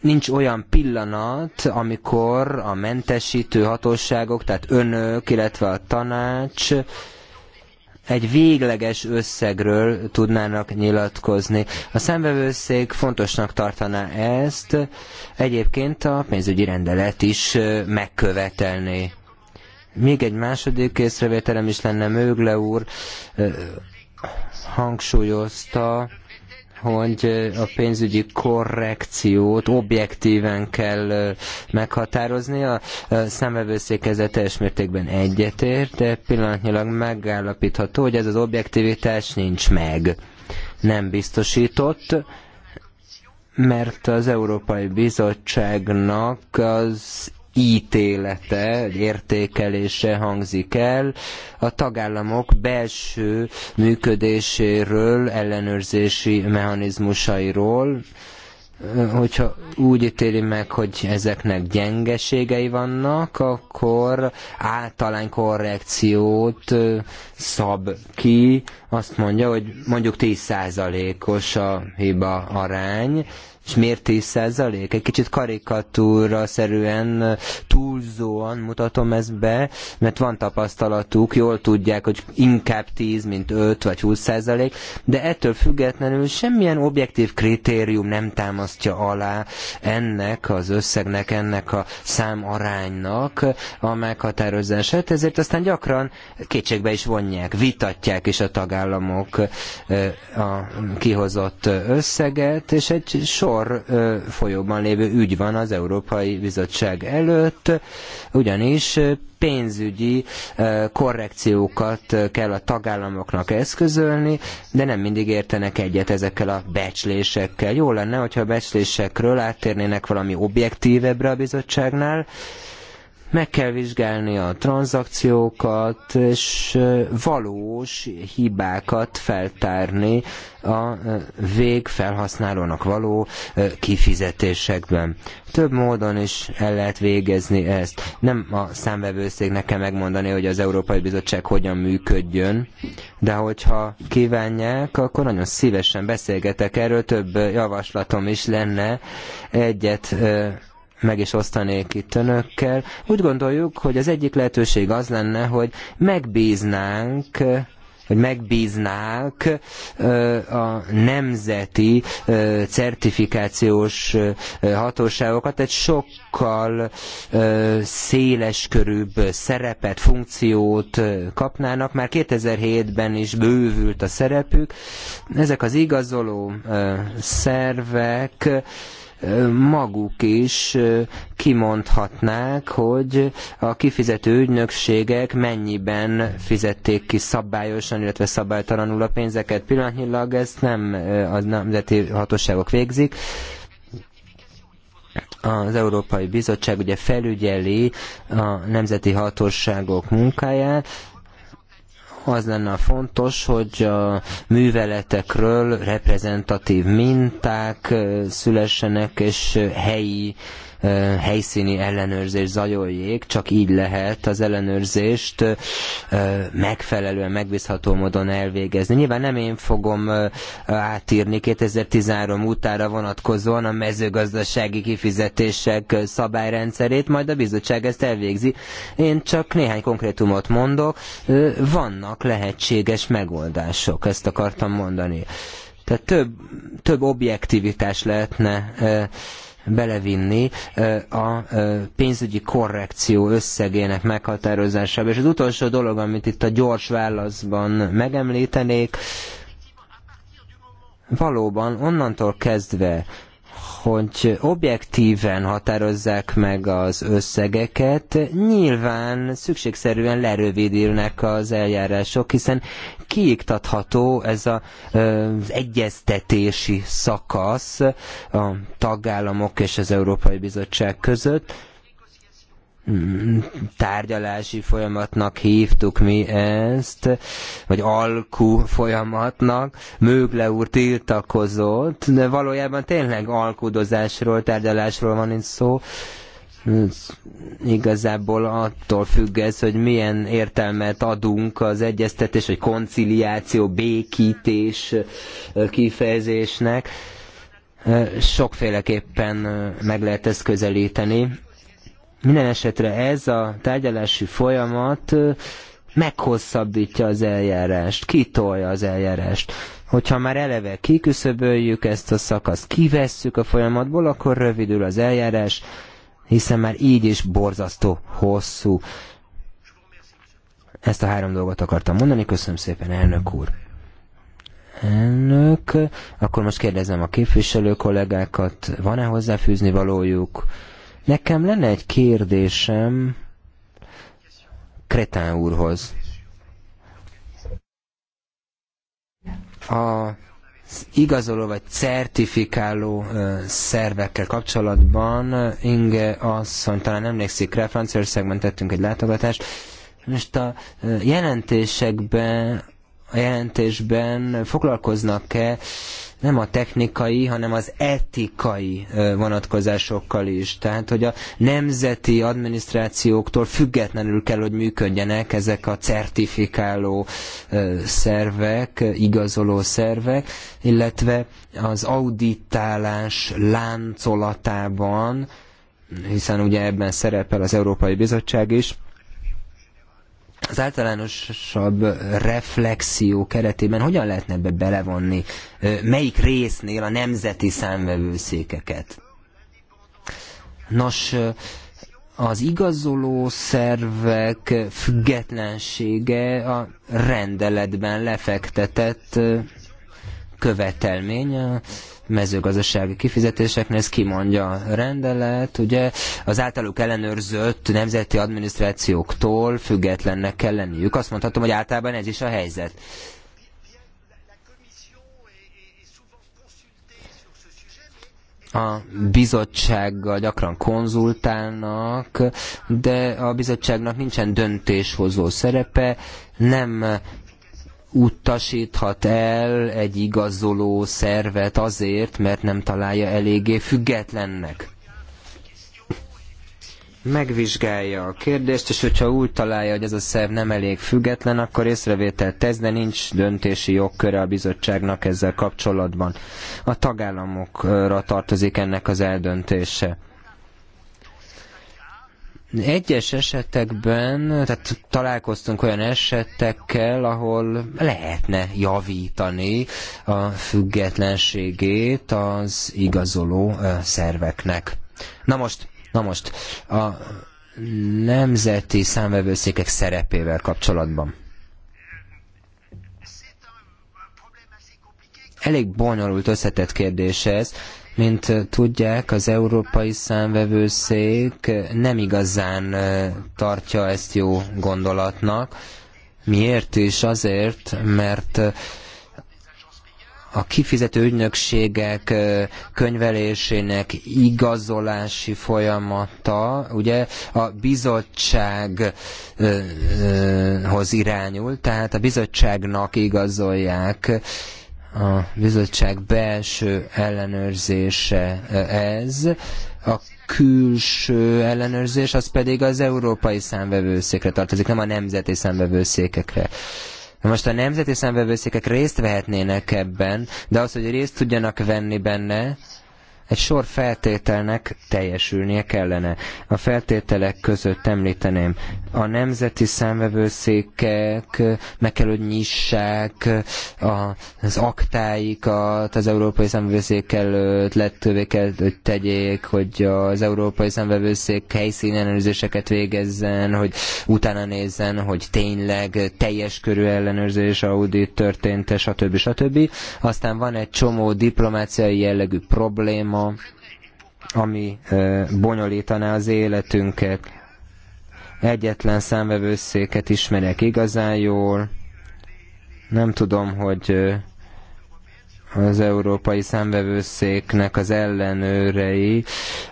nincs olyan pillanat, amikor a mentesítő hatóságok, tehát önök, illetve a tanács egy végleges összegről tudnának nyilatkozni. A szembevőszék fontosnak tartaná ezt, egyébként a pénzügyi rendelet is megkövetelné. Még egy második észrevételem is lenne Mögle úr, hangsúlyozta, hogy a pénzügyi korrekciót objektíven kell meghatározni. A számvevőszék ezzel teljes mértékben egyetért, de pillanatnyilag megállapítható, hogy ez az objektivitás nincs meg. Nem biztosított, mert az Európai Bizottságnak az ítélete, értékelése hangzik el, a tagállamok belső működéséről, ellenőrzési mechanizmusairól, hogyha úgy ítéli meg, hogy ezeknek gyengeségei vannak, akkor általány korrekciót szab ki, azt mondja, hogy mondjuk 10%-os a hiba arány, és miért 10 százalék? Egy kicsit karikatúra szerűen túlzóan mutatom ezt be, mert van tapasztalatuk, jól tudják, hogy inkább 10, mint 5 vagy 20 százalék, de ettől függetlenül semmilyen objektív kritérium nem támasztja alá ennek az összegnek, ennek a szám aránynak a meghatározását, ezért aztán gyakran kétségbe is vonják, vitatják is a tagállamok eh, a kihozott összeget, és egy sor sor folyóban lévő ügy van az Európai Bizottság előtt, ugyanis pénzügyi korrekciókat kell a tagállamoknak eszközölni, de nem mindig értenek egyet ezekkel a becslésekkel. Jó lenne, hogyha a becslésekről áttérnének valami objektívebbre a bizottságnál, meg kell vizsgálni a tranzakciókat, és valós hibákat feltárni a végfelhasználónak való kifizetésekben. Több módon is el lehet végezni ezt. Nem a számvevőszéknek kell megmondani, hogy az Európai Bizottság hogyan működjön, de hogyha kívánják, akkor nagyon szívesen beszélgetek erről, több javaslatom is lenne. Egyet meg is osztanék itt önökkel. Úgy gondoljuk, hogy az egyik lehetőség az lenne, hogy megbíznánk hogy megbíznák a nemzeti certifikációs hatóságokat egy sokkal széleskörűbb szerepet, funkciót kapnának. Már 2007-ben is bővült a szerepük. Ezek az igazoló szervek maguk is kimondhatnák, hogy a kifizető ügynökségek mennyiben fizették ki szabályosan, illetve szabálytalanul a pénzeket. Pillanatnyilag ezt nem a nemzeti hatóságok végzik, az Európai Bizottság ugye felügyeli a nemzeti hatóságok munkáját, az lenne a fontos, hogy a műveletekről reprezentatív minták szülessenek, és helyi helyszíni ellenőrzés zajoljék, csak így lehet az ellenőrzést megfelelően, megbízható módon elvégezni. Nyilván nem én fogom átírni 2013 utára vonatkozóan a mezőgazdasági kifizetések szabályrendszerét, majd a bizottság ezt elvégzi. Én csak néhány konkrétumot mondok, vannak lehetséges megoldások, ezt akartam mondani. Tehát több, több objektivitás lehetne belevinni a pénzügyi korrekció összegének meghatározásába. És az utolsó dolog, amit itt a gyors válaszban megemlítenék, valóban onnantól kezdve, hogy objektíven határozzák meg az összegeket, nyilván szükségszerűen lerövidülnek az eljárások, hiszen kiiktatható ez a, az egyeztetési szakasz a tagállamok és az Európai Bizottság között mm, tárgyalási folyamatnak hívtuk mi ezt, vagy alkú folyamatnak. Mögle úr tiltakozott, de valójában tényleg alkudozásról, tárgyalásról van itt szó. Igazából attól függ ez, hogy milyen értelmet adunk az egyeztetés, vagy konciliáció, békítés kifejezésnek. Sokféleképpen meg lehet ezt közelíteni. Minden esetre ez a tárgyalási folyamat meghosszabbítja az eljárást, kitolja az eljárást. Hogyha már eleve kiküszöböljük ezt a szakaszt, kivesszük a folyamatból, akkor rövidül az eljárás, hiszen már így is borzasztó hosszú. Ezt a három dolgot akartam mondani, köszönöm szépen, elnök úr. Elnök, akkor most kérdezem a képviselő kollégákat, van-e hozzáfűzni valójuk? Nekem lenne egy kérdésem Kretán úrhoz. A igazoló vagy certifikáló szervekkel kapcsolatban Inge asszony talán emlékszik rá, Franciaországban tettünk egy látogatást, most a jelentésekben a jelentésben foglalkoznak-e nem a technikai, hanem az etikai vonatkozásokkal is. Tehát, hogy a nemzeti adminisztrációktól függetlenül kell, hogy működjenek ezek a certifikáló szervek, igazoló szervek, illetve az auditálás láncolatában, hiszen ugye ebben szerepel az Európai Bizottság is, az általánosabb reflexió keretében hogyan lehetne ebbe belevonni, melyik résznél a nemzeti számvevőszékeket? Nos, az igazoló szervek függetlensége a rendeletben lefektetett követelmény mezőgazdasági kifizetéseknél, ez kimondja a rendelet, ugye az általuk ellenőrzött nemzeti adminisztrációktól függetlennek kell lenniük. Azt mondhatom, hogy általában ez is a helyzet. a bizottsággal gyakran konzultálnak, de a bizottságnak nincsen döntéshozó szerepe, nem utasíthat el egy igazoló szervet azért, mert nem találja eléggé függetlennek. Megvizsgálja a kérdést, és hogyha úgy találja, hogy ez a szerv nem elég független, akkor észrevételt tesz, de nincs döntési jogköre a bizottságnak ezzel kapcsolatban. A tagállamokra tartozik ennek az eldöntése egyes esetekben, tehát találkoztunk olyan esetekkel, ahol lehetne javítani a függetlenségét az igazoló szerveknek. Na most, na most, a nemzeti számvevőszékek szerepével kapcsolatban. Elég bonyolult összetett kérdés ez, mint tudják, az Európai Számvevőszék nem igazán tartja ezt jó gondolatnak. Miért is? Azért, mert a kifizető ügynökségek könyvelésének igazolási folyamata ugye a bizottsághoz irányul, tehát a bizottságnak igazolják a bizottság belső ellenőrzése e, ez, a külső ellenőrzés az pedig az európai számvevőszékre tartozik, nem a nemzeti számvevőszékekre. Most a nemzeti számvevőszékek részt vehetnének ebben, de az, hogy részt tudjanak venni benne, egy sor feltételnek teljesülnie kellene. A feltételek között említeném a nemzeti számvevőszékek, meg kell, hogy nyissák az aktáikat az európai számvevőszék előtt, lehetővé kell, hogy tegyék, hogy az európai számvevőszék helyszínellenőrzéseket végezzen, hogy utána nézzen, hogy tényleg teljes körű ellenőrzés, audit történt, stb. stb. Aztán van egy csomó diplomáciai jellegű probléma, probléma, ami bonyolítaná az életünket. Egyetlen számvevőszéket ismerek igazán jól. Nem tudom, hogy az Európai Számvevőszéknek az ellenőrei,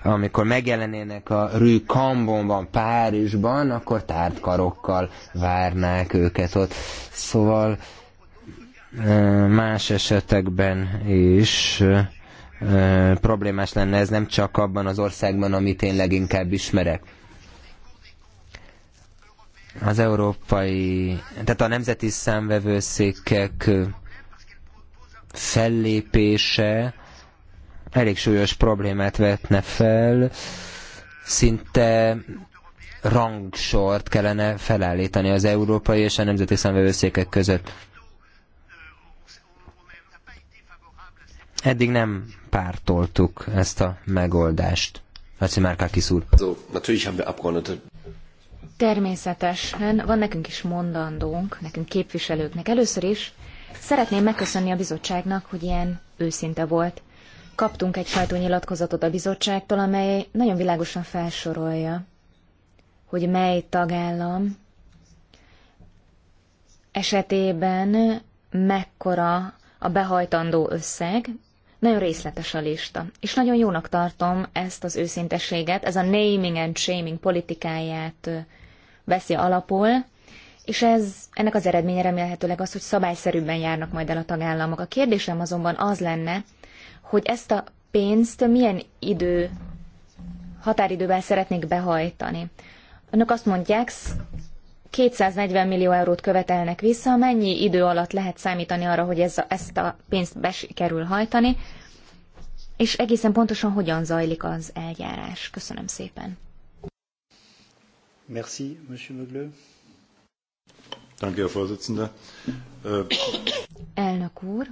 amikor megjelenének a Rue Cambonban, Párizsban, akkor tárt karokkal várnák őket ott. Szóval más esetekben is problémás lenne ez nem csak abban az országban, amit én leginkább ismerek az európai, tehát a nemzeti számvevőszékek fellépése elég súlyos problémát vetne fel, szinte rangsort kellene felállítani az európai és a nemzeti számvevőszékek között. Eddig nem pártoltuk ezt a megoldást. Laci Márkákis úr. Természetesen van nekünk is mondandónk, nekünk képviselőknek. Először is szeretném megköszönni a bizottságnak, hogy ilyen őszinte volt. Kaptunk egy sajtónyilatkozatot a bizottságtól, amely nagyon világosan felsorolja, hogy mely tagállam esetében mekkora a behajtandó összeg, nagyon részletes a lista, és nagyon jónak tartom ezt az őszintességet, ez a naming and shaming politikáját veszi alapul, és ez, ennek az eredménye remélhetőleg az, hogy szabályszerűbben járnak majd el a tagállamok. A kérdésem azonban az lenne, hogy ezt a pénzt milyen idő, határidőben szeretnék behajtani. Önök azt mondják, 240 millió eurót követelnek vissza, mennyi idő alatt lehet számítani arra, hogy ez a, ezt a pénzt besikerül hajtani, és egészen pontosan hogyan zajlik az eljárás. Köszönöm szépen. Merci, Monsieur Möglő. Danke, Herr Vorsitzender. Äh, Elnök úr,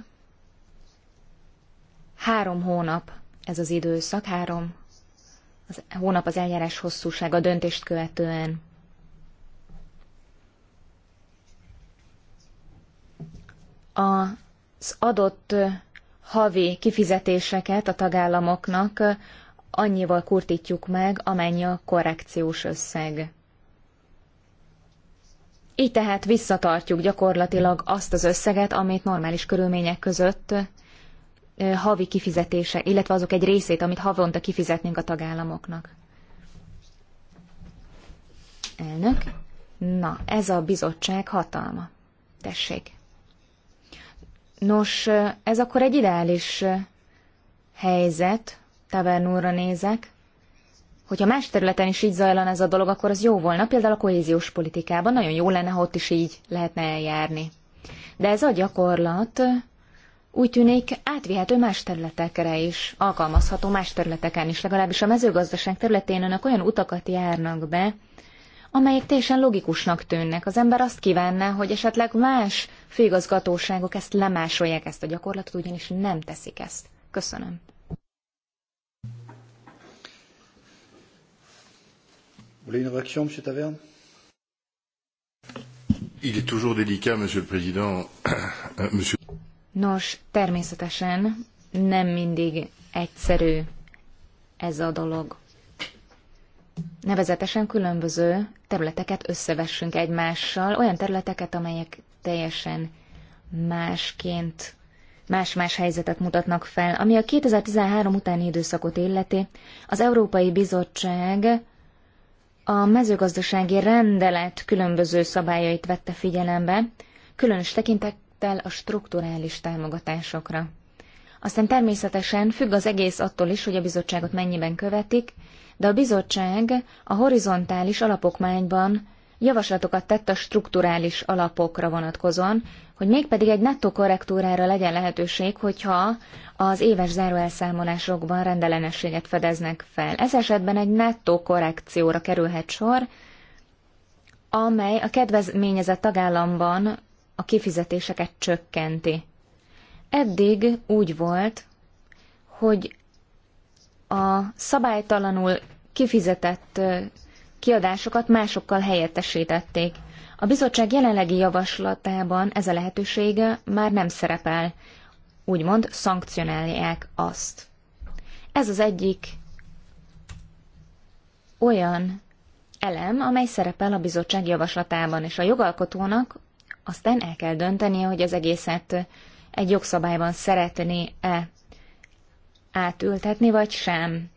három hónap ez az időszak, három az hónap az eljárás hosszúsága döntést követően. az adott havi kifizetéseket a tagállamoknak annyival kurtítjuk meg, amennyi a korrekciós összeg. Így tehát visszatartjuk gyakorlatilag azt az összeget, amit normális körülmények között havi kifizetése, illetve azok egy részét, amit havonta kifizetnénk a tagállamoknak. Elnök, na ez a bizottság hatalma. Tessék. Nos, ez akkor egy ideális helyzet, tavernúra nézek. Hogyha más területen is így zajlan ez a dolog, akkor az jó volna, például a kohéziós politikában nagyon jó lenne, ha ott is így lehetne eljárni. De ez a gyakorlat úgy tűnik átvihető más területekre is, alkalmazható más területeken is, legalábbis a mezőgazdaság területén önök olyan utakat járnak be, amelyek teljesen logikusnak tűnnek. Az ember azt kívánná, hogy esetleg más főigazgatóságok ezt lemásolják, ezt a gyakorlatot, ugyanis nem teszik ezt. Köszönöm. Il est toujours délicat, Monsieur le Président. Euh, Monsieur... Nos, természetesen nem mindig egyszerű ez a dolog nevezetesen különböző területeket összevessünk egymással, olyan területeket, amelyek teljesen másként más-más helyzetet mutatnak fel. Ami a 2013 utáni időszakot illeti, az Európai Bizottság a mezőgazdasági rendelet különböző szabályait vette figyelembe, különös tekintettel a strukturális támogatásokra. Aztán természetesen függ az egész attól is, hogy a bizottságot mennyiben követik, de a bizottság a horizontális alapokmányban javaslatokat tett a strukturális alapokra vonatkozóan, hogy mégpedig egy nettó korrektúrára legyen lehetőség, hogyha az éves záróelszámolásokban rendellenességet fedeznek fel. Ez esetben egy nettó korrekcióra kerülhet sor, amely a kedvezményezett tagállamban a kifizetéseket csökkenti. Eddig úgy volt, hogy a szabálytalanul kifizetett kiadásokat másokkal helyettesítették. A bizottság jelenlegi javaslatában ez a lehetőség már nem szerepel, úgymond szankcionálják azt. Ez az egyik olyan elem, amely szerepel a bizottság javaslatában, és a jogalkotónak aztán el kell döntenie, hogy az egészet egy jogszabályban szeretné-e átültetni, vagy sem.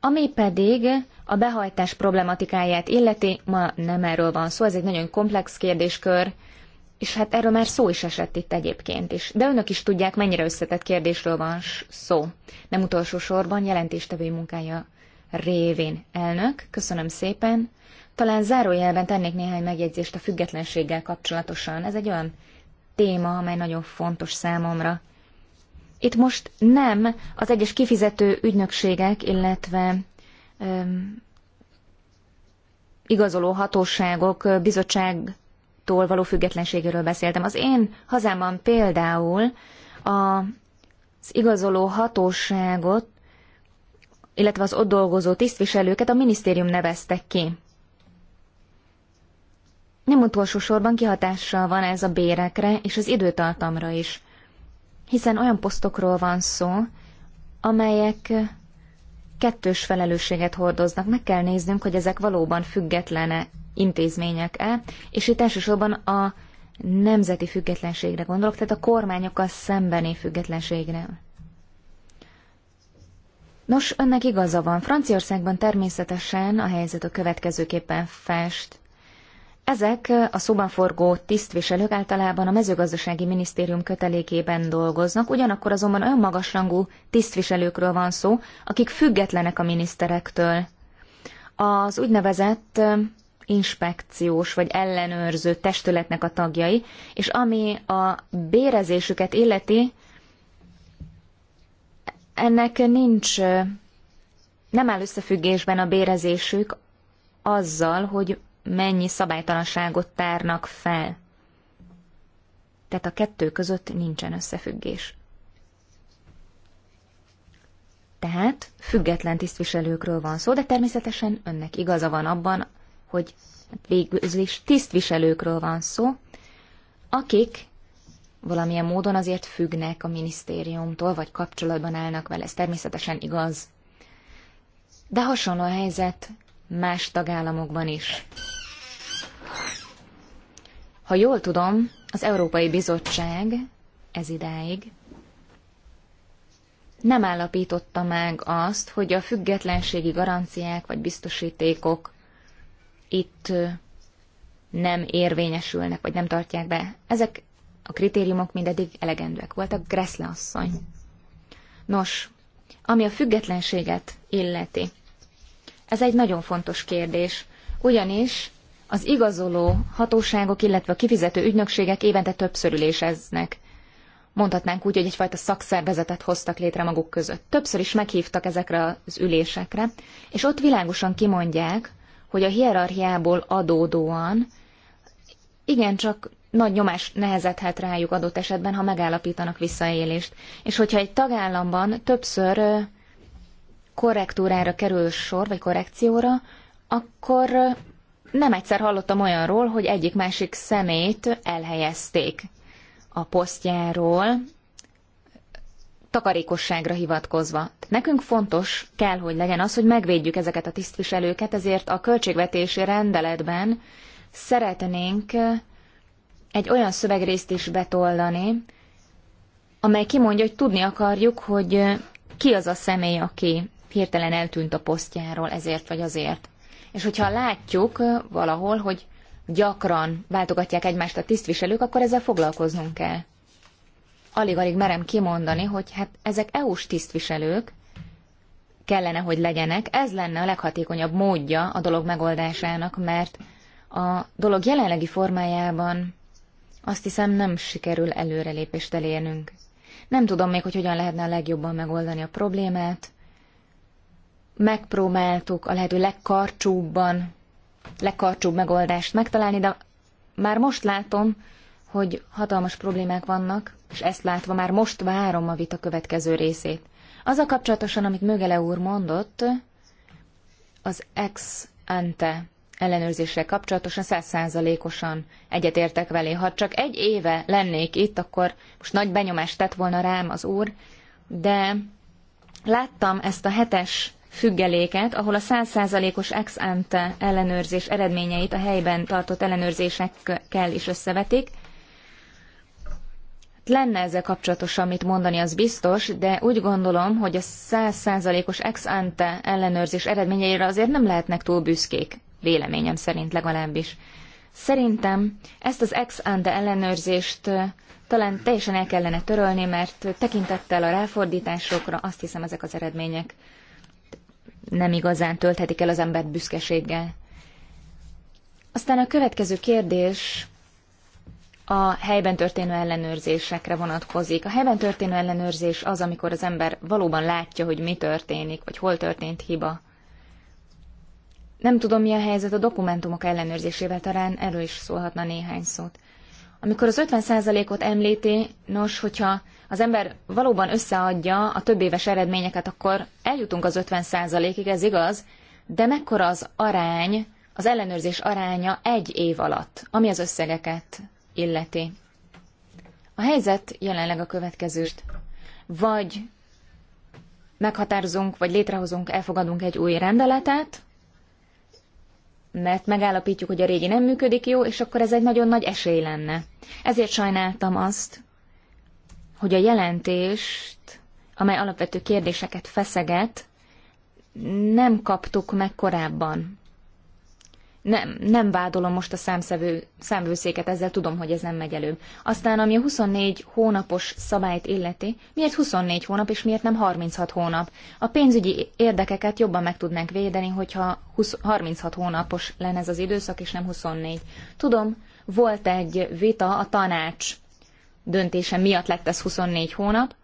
Ami pedig a behajtás problematikáját illeti, ma nem erről van szó, ez egy nagyon komplex kérdéskör, és hát erről már szó is esett itt egyébként is. De önök is tudják, mennyire összetett kérdésről van szó. Nem utolsó sorban jelentéstevő munkája révén. Elnök, köszönöm szépen. Talán zárójelben tennék néhány megjegyzést a függetlenséggel kapcsolatosan. Ez egy olyan téma, amely nagyon fontos számomra. Itt most nem az egyes kifizető ügynökségek, illetve um, igazoló hatóságok bizottságtól való függetlenségéről beszéltem. Az én hazámban például a, az igazoló hatóságot, illetve az ott dolgozó tisztviselőket a minisztérium nevezte ki. Nem utolsó sorban kihatással van ez a bérekre és az időtartamra is hiszen olyan posztokról van szó, amelyek kettős felelősséget hordoznak. Meg kell néznünk, hogy ezek valóban függetlene intézmények-e, és itt elsősorban a nemzeti függetlenségre gondolok, tehát a kormányokkal szembeni függetlenségre. Nos, önnek igaza van. Franciaországban természetesen a helyzet a következőképpen fest. Ezek a szóban forgó tisztviselők általában a mezőgazdasági minisztérium kötelékében dolgoznak, ugyanakkor azonban olyan magasrangú tisztviselőkről van szó, akik függetlenek a miniszterektől. Az úgynevezett inspekciós vagy ellenőrző testületnek a tagjai, és ami a bérezésüket illeti, ennek nincs, nem áll összefüggésben a bérezésük azzal, hogy mennyi szabálytalanságot tárnak fel. Tehát a kettő között nincsen összefüggés. Tehát független tisztviselőkről van szó, de természetesen önnek igaza van abban, hogy végül is tisztviselőkről van szó, akik valamilyen módon azért függnek a minisztériumtól, vagy kapcsolatban állnak vele, ez természetesen igaz. De hasonló a helyzet más tagállamokban is. Ha jól tudom, az Európai Bizottság ez idáig nem állapította meg azt, hogy a függetlenségi garanciák vagy biztosítékok itt nem érvényesülnek, vagy nem tartják be. Ezek a kritériumok mindeddig elegendőek voltak, Gressle asszony. Nos, ami a függetlenséget illeti, ez egy nagyon fontos kérdés, ugyanis az igazoló hatóságok, illetve a kifizető ügynökségek évente többször üléseznek. Mondhatnánk úgy, hogy egyfajta szakszervezetet hoztak létre maguk között. Többször is meghívtak ezekre az ülésekre, és ott világosan kimondják, hogy a hierarchiából adódóan igencsak nagy nyomás nehezedhet rájuk adott esetben, ha megállapítanak visszaélést. És hogyha egy tagállamban többször korrektúrára kerül sor, vagy korrekcióra, akkor nem egyszer hallottam olyanról, hogy egyik-másik szemét elhelyezték a posztjáról, takarékosságra hivatkozva. nekünk fontos kell, hogy legyen az, hogy megvédjük ezeket a tisztviselőket, ezért a költségvetési rendeletben szeretnénk egy olyan szövegrészt is betoldani, amely kimondja, hogy tudni akarjuk, hogy ki az a személy, aki hirtelen eltűnt a posztjáról ezért vagy azért. És hogyha látjuk valahol, hogy gyakran váltogatják egymást a tisztviselők, akkor ezzel foglalkoznunk kell. Alig-alig merem kimondani, hogy hát ezek EU-s tisztviselők kellene, hogy legyenek. Ez lenne a leghatékonyabb módja a dolog megoldásának, mert a dolog jelenlegi formájában azt hiszem nem sikerül előrelépést elérnünk. Nem tudom még, hogy hogyan lehetne a legjobban megoldani a problémát, megpróbáltuk a lehető legkarcsúbban, legkarcsúbb megoldást megtalálni, de már most látom, hogy hatalmas problémák vannak, és ezt látva már most várom a vita következő részét. Az a kapcsolatosan, amit Mögele úr mondott, az ex ante ellenőrzésre kapcsolatosan százszázalékosan egyetértek velé. Ha csak egy éve lennék itt, akkor most nagy benyomást tett volna rám az úr, de láttam ezt a hetes függeléket, ahol a 100%-os ex ante ellenőrzés eredményeit a helyben tartott ellenőrzésekkel is összevetik. Hát lenne ezzel kapcsolatosan mit mondani, az biztos, de úgy gondolom, hogy a 100%-os ex ante ellenőrzés eredményeire azért nem lehetnek túl büszkék, véleményem szerint legalábbis. Szerintem ezt az ex ante ellenőrzést talán teljesen el kellene törölni, mert tekintettel a ráfordításokra azt hiszem ezek az eredmények nem igazán tölthetik el az embert büszkeséggel. Aztán a következő kérdés a helyben történő ellenőrzésekre vonatkozik. A helyben történő ellenőrzés az, amikor az ember valóban látja, hogy mi történik, vagy hol történt hiba. Nem tudom, mi a helyzet a dokumentumok ellenőrzésével, talán erről is szólhatna néhány szót. Amikor az 50%-ot említi, nos, hogyha az ember valóban összeadja a több éves eredményeket, akkor eljutunk az 50%-ig, ez igaz, de mekkora az arány, az ellenőrzés aránya egy év alatt, ami az összegeket illeti. A helyzet jelenleg a következőst. Vagy meghatározunk, vagy létrehozunk, elfogadunk egy új rendeletet, mert megállapítjuk, hogy a régi nem működik jó, és akkor ez egy nagyon nagy esély lenne. Ezért sajnáltam azt, hogy a jelentést, amely alapvető kérdéseket feszeget, nem kaptuk meg korábban. Nem, nem vádolom most a számszevő, számvőszéket, ezzel tudom, hogy ez nem megy előbb. Aztán, ami a 24 hónapos szabályt illeti, miért 24 hónap, és miért nem 36 hónap? A pénzügyi érdekeket jobban meg tudnánk védeni, hogyha 20, 36 hónapos lenne ez az időszak, és nem 24. Tudom, volt egy vita a tanács döntése miatt lett ez 24 hónap,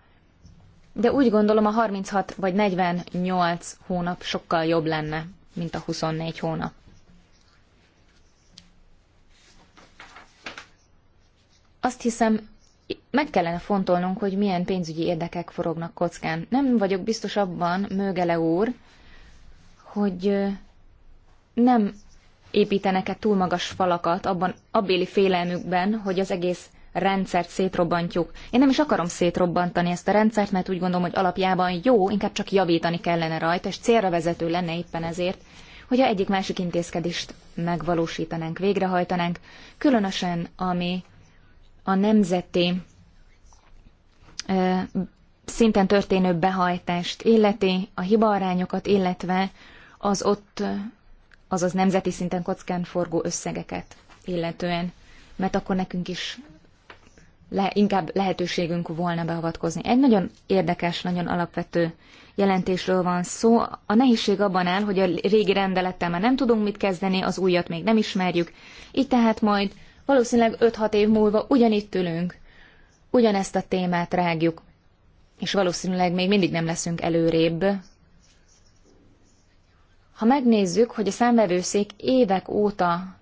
de úgy gondolom a 36 vagy 48 hónap sokkal jobb lenne, mint a 24 hónap. Azt hiszem, meg kellene fontolnunk, hogy milyen pénzügyi érdekek forognak kockán. Nem vagyok biztos abban, Mögele úr, hogy nem építenek-e túl magas falakat abban abbéli félelmükben, hogy az egész rendszert szétrobbantjuk. Én nem is akarom szétrobbantani ezt a rendszert, mert úgy gondolom, hogy alapjában jó, inkább csak javítani kellene rajta, és célra vezető lenne éppen ezért, hogyha egyik-másik intézkedést megvalósítanánk, végrehajtanánk, különösen ami a nemzeti szinten történő behajtást illeti, a hibaarányokat, illetve az ott, azaz nemzeti szinten kockán forgó összegeket illetően, mert akkor nekünk is le, inkább lehetőségünk volna beavatkozni. Egy nagyon érdekes, nagyon alapvető jelentésről van szó. A nehézség abban áll, hogy a régi rendelettel már nem tudunk mit kezdeni, az újat még nem ismerjük. Így tehát majd valószínűleg 5-6 év múlva ugyanitt ülünk, ugyanezt a témát rágjuk, és valószínűleg még mindig nem leszünk előrébb. Ha megnézzük, hogy a számvevőszék évek óta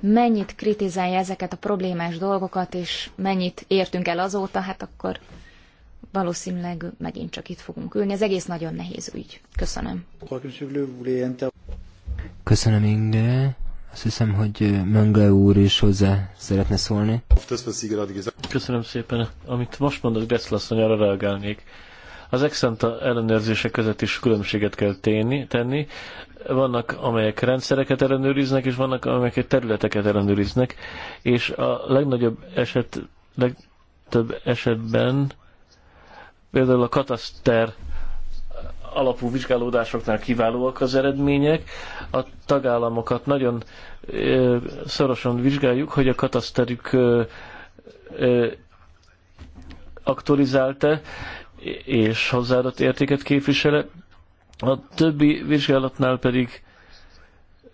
mennyit kritizálja ezeket a problémás dolgokat, és mennyit értünk el azóta, hát akkor valószínűleg megint csak itt fogunk ülni. Ez egész nagyon nehéz ügy. Köszönöm. Köszönöm, Inge. Azt hiszem, hogy Menge úr is hozzá szeretne szólni. Köszönöm szépen. Amit most mondott Gessler arra reagálnék az exanta ellenőrzése között is különbséget kell tenni, tenni. Vannak, amelyek rendszereket ellenőriznek, és vannak, amelyek területeket ellenőriznek, és a legnagyobb eset, legtöbb esetben például a kataszter alapú vizsgálódásoknál kiválóak az eredmények. A tagállamokat nagyon ö, szorosan vizsgáljuk, hogy a kataszterük ö, ö, aktualizálta, és hozzáadott értéket képvisele. A többi vizsgálatnál pedig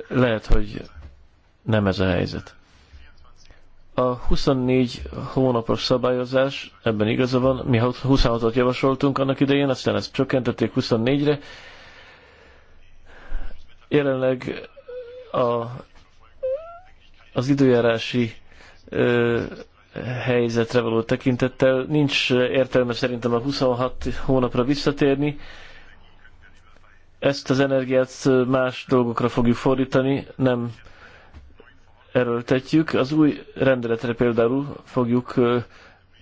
lehet, hogy nem ez a helyzet. A 24 hónapos szabályozás, ebben igaza van, mi 26-ot javasoltunk annak idején, aztán ezt csökkentették 24-re. Jelenleg a, az időjárási ö, helyzetre való tekintettel. Nincs értelme szerintem a 26 hónapra visszatérni. Ezt az energiát más dolgokra fogjuk fordítani, nem erőltetjük. Az új rendeletre például fogjuk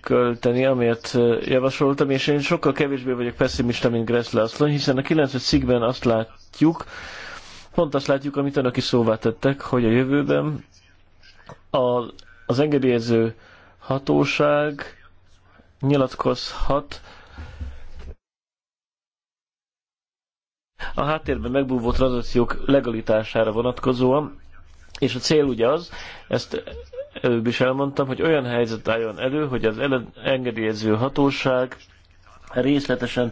költeni, amért javasoltam, és én sokkal kevésbé vagyok pessimista, mint Gressle asszony, hiszen a 9. szigben azt látjuk, pont azt látjuk, amit önök is szóvá tettek, hogy a jövőben a, az engedélyező hatóság nyilatkozhat a háttérben megbúvó tranzakciók legalitására vonatkozóan, és a cél ugye az, ezt előbb is elmondtam, hogy olyan helyzet álljon elő, hogy az engedélyező hatóság részletesen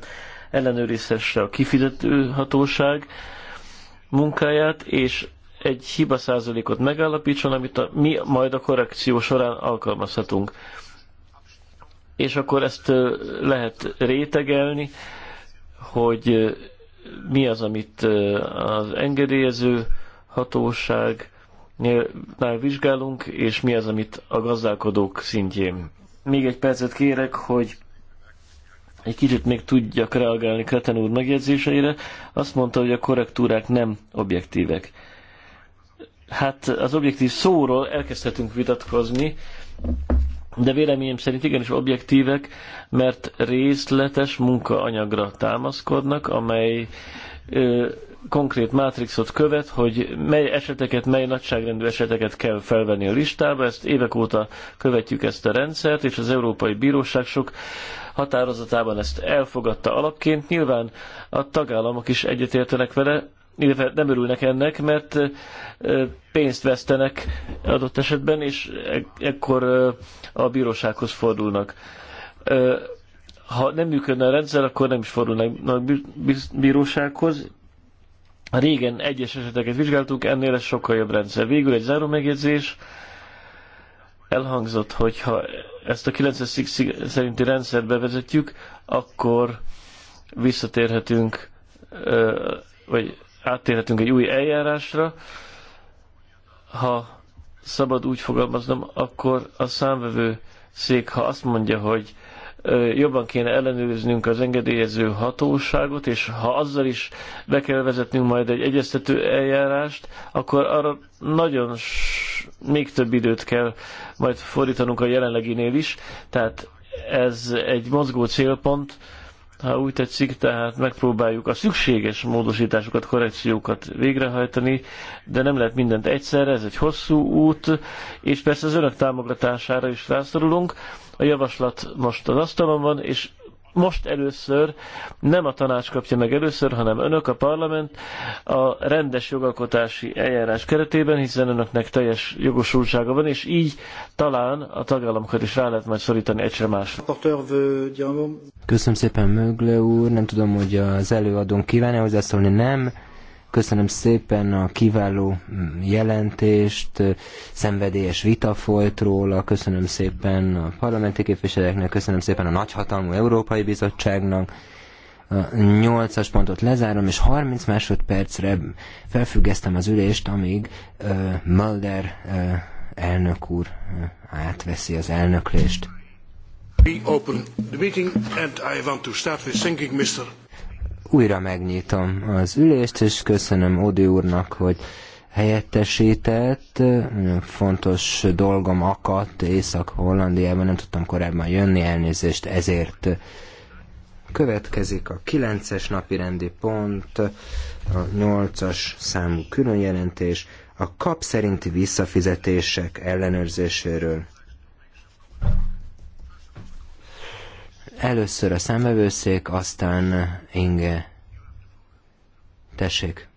ellenőrizhesse a kifizető hatóság munkáját, és egy hiba százalékot megállapítson, amit a, mi majd a korrekció során alkalmazhatunk. És akkor ezt lehet rétegelni, hogy mi az, amit az engedélyező hatóság vizsgálunk, és mi az, amit a gazdálkodók szintjén. Még egy percet kérek, hogy egy kicsit még tudjak reagálni Kreten úr megjegyzéseire. Azt mondta, hogy a korrektúrák nem objektívek hát az objektív szóról elkezdhetünk vitatkozni, de véleményem szerint igenis objektívek, mert részletes munkaanyagra támaszkodnak, amely ö, konkrét mátrixot követ, hogy mely eseteket, mely nagyságrendű eseteket kell felvenni a listába. Ezt évek óta követjük ezt a rendszert, és az Európai Bíróság sok határozatában ezt elfogadta alapként. Nyilván a tagállamok is egyetértenek vele, illetve nem örülnek ennek, mert pénzt vesztenek adott esetben, és e-, ekkor a bírósághoz fordulnak. Ha nem működne a rendszer, akkor nem is fordulnak bírósághoz. Régen egyes eseteket vizsgáltuk, ennél ez sokkal jobb rendszer. Végül egy záró megjegyzés. Elhangzott, hogy ha ezt a 9 szerinti rendszert bevezetjük, akkor visszatérhetünk vagy áttérhetünk egy új eljárásra. Ha szabad úgy fogalmaznom, akkor a számvevő szék, ha azt mondja, hogy jobban kéne ellenőriznünk az engedélyező hatóságot, és ha azzal is be kell vezetnünk majd egy egyeztető eljárást, akkor arra nagyon még több időt kell majd fordítanunk a jelenleginél is. Tehát ez egy mozgó célpont, ha úgy tetszik, tehát megpróbáljuk a szükséges módosításokat, korrekciókat végrehajtani, de nem lehet mindent egyszerre, ez egy hosszú út, és persze az önök támogatására is rászorulunk. A javaslat most az asztalon van, és most először nem a tanács kapja meg először, hanem önök, a parlament a rendes jogalkotási eljárás keretében, hiszen önöknek teljes jogosultsága van, és így talán a tagállamokat is rá lehet majd szorítani sem másra. Köszönöm szépen, Mögle úr. Nem tudom, hogy az előadón kíván-e hozzászólni, nem. Köszönöm szépen a kiváló mm, jelentést, szenvedélyes vita folyt róla, köszönöm szépen a parlamenti képviselőknek, köszönöm szépen a nagyhatalmú Európai Bizottságnak. A 8-as pontot lezárom, és 30 másodpercre felfüggesztem az ülést, amíg uh, Mulder uh, elnök úr uh, átveszi az elnöklést. We open the meeting and I want to start with thanking Mr. Újra megnyitom az ülést, és köszönöm Odi úrnak, hogy helyettesített. Nagyon fontos dolgom akadt Észak-Hollandiában, nem tudtam korábban jönni, elnézést ezért. Következik a 9-es napi rendi pont, a 8-as számú különjelentés, a kap szerinti visszafizetések ellenőrzéséről. Először a szemvevőszék, aztán Inge. Tessék.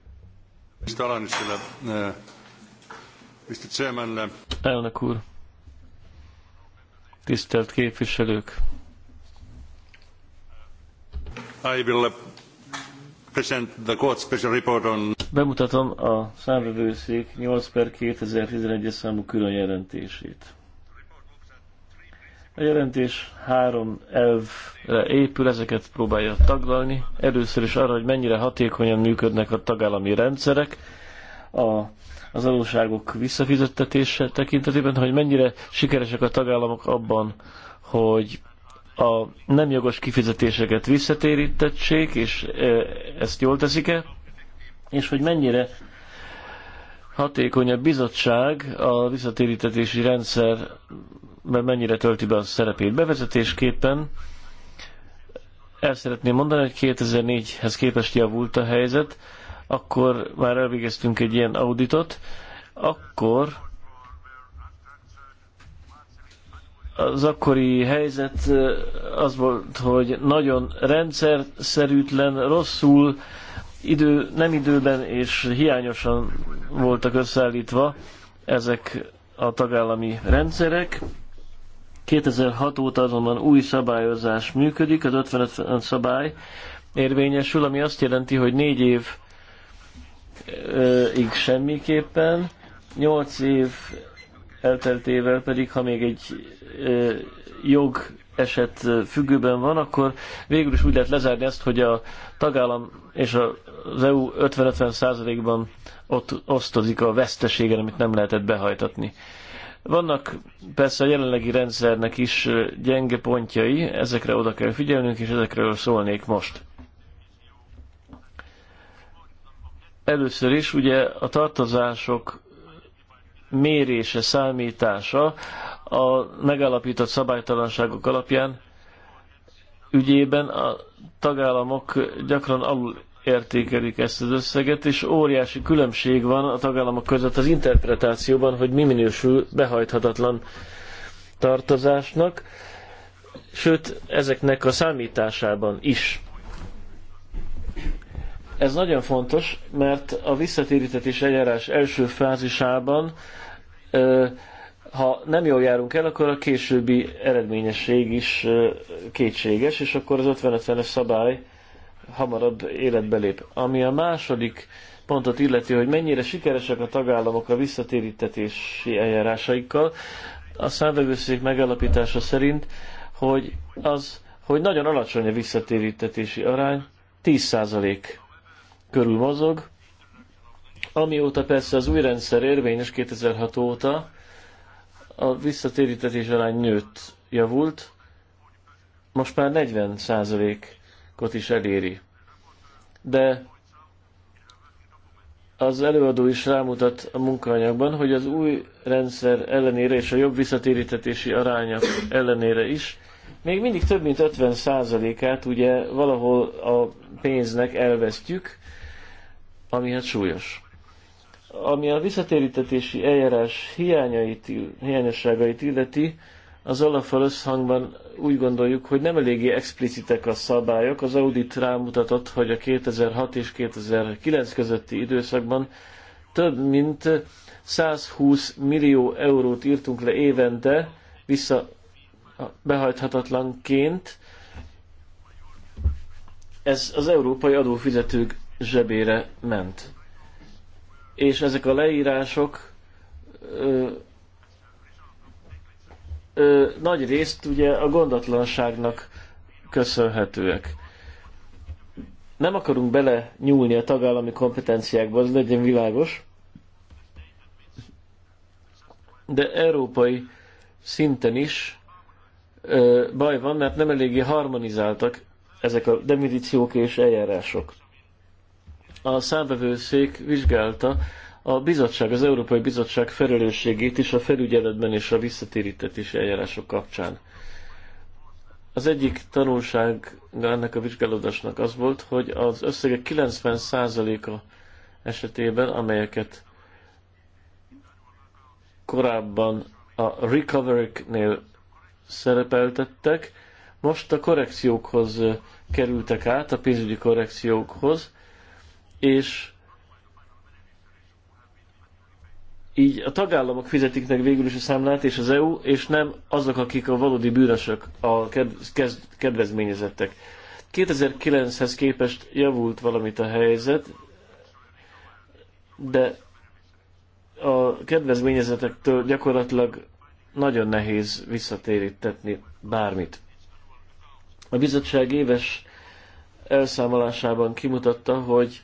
Elnök úr, tisztelt képviselők! I will uh, present the court special report on... Bemutatom a számvevőszék 8 per 2011-es számú külön jelentését. A jelentés három elvre épül, ezeket próbálja taglalni. Először is arra, hogy mennyire hatékonyan működnek a tagállami rendszerek, a, az adóságok visszafizettetése tekintetében, hogy mennyire sikeresek a tagállamok abban, hogy a nem jogos kifizetéseket visszatérítettsék, és e, ezt jól teszik-e, és hogy mennyire hatékony a bizottság a visszatérítetési rendszer mennyire tölti be a szerepét. Bevezetésképpen el szeretném mondani, hogy 2004-hez képest javult a helyzet, akkor már elvégeztünk egy ilyen auditot, akkor az akkori helyzet eh, az volt, hogy nagyon rendszer szerűtlen, rosszul, idő, nem időben és hiányosan voltak összeállítva ezek a tagállami rendszerek. 2006 óta azonban új szabályozás működik, az 50 szabály érvényesül, ami azt jelenti, hogy négy év ig semmiképpen, nyolc év elteltével pedig, ha még egy ö, jog eset függőben van, akkor végül is úgy lehet lezárni ezt, hogy a tagállam és az EU 50-50 százalékban -50 ott osztozik a veszteségen, amit nem lehetett behajtatni. Vannak persze a jelenlegi rendszernek is gyenge pontjai, ezekre oda kell figyelnünk, és ezekről szólnék most. Először is ugye a tartozások mérése, számítása a megállapított szabálytalanságok alapján ügyében a tagállamok gyakran alul értékelik ezt az összeget, és óriási különbség van a tagállamok között az interpretációban, hogy mi minősül behajthatatlan tartozásnak, sőt, ezeknek a számításában is. Ez nagyon fontos, mert a visszatérítetés eljárás első fázisában, ha nem jól járunk el, akkor a későbbi eredményesség is kétséges, és akkor az 50-50-es szabály hamarabb életbe lép. Ami a második pontot illeti, hogy mennyire sikeresek a tagállamok a visszatérítetési eljárásaikkal, a számvevőszék megalapítása szerint, hogy az, hogy nagyon alacsony a visszatérítetési arány, 10% körül mozog, amióta persze az új rendszer érvényes 2006 óta, a visszatérítetés arány nőtt, javult, most már 40 százalék ot is eléri. De az előadó is rámutat a munkaanyagban, hogy az új rendszer ellenére és a jobb visszatérítetési aránya ellenére is még mindig több mint 50%-át ugye valahol a pénznek elvesztjük, ami hát súlyos. Ami a visszatérítetési eljárás hiányait, hiányosságait illeti, az alapfal összhangban úgy gondoljuk, hogy nem eléggé explicitek a szabályok. Az audit rámutatott, hogy a 2006 és 2009 közötti időszakban több mint 120 millió eurót írtunk le évente vissza behajthatatlanként. Ez az európai adófizetők zsebére ment. És ezek a leírások ö, nagy részt ugye a gondatlanságnak köszönhetőek. Nem akarunk bele nyúlni a tagállami kompetenciákba, az legyen világos, de európai szinten is ö, baj van, mert nem eléggé harmonizáltak ezek a demidíciók és eljárások. A számbevőszék vizsgálta a bizottság, az Európai Bizottság felelősségét is a felügyeletben és a visszatérítetési eljárások kapcsán. Az egyik tanulság ennek a vizsgálódásnak az volt, hogy az összegek 90%-a esetében, amelyeket korábban a recovery-nél szerepeltettek, most a korrekciókhoz kerültek át, a pénzügyi korrekciókhoz, és így a tagállamok fizetik meg végül is a számlát, és az EU, és nem azok, akik a valódi bűnösök, a kedvezményezettek. 2009-hez képest javult valamit a helyzet, de a kedvezményezetektől gyakorlatilag nagyon nehéz visszatérítetni bármit. A bizottság éves elszámolásában kimutatta, hogy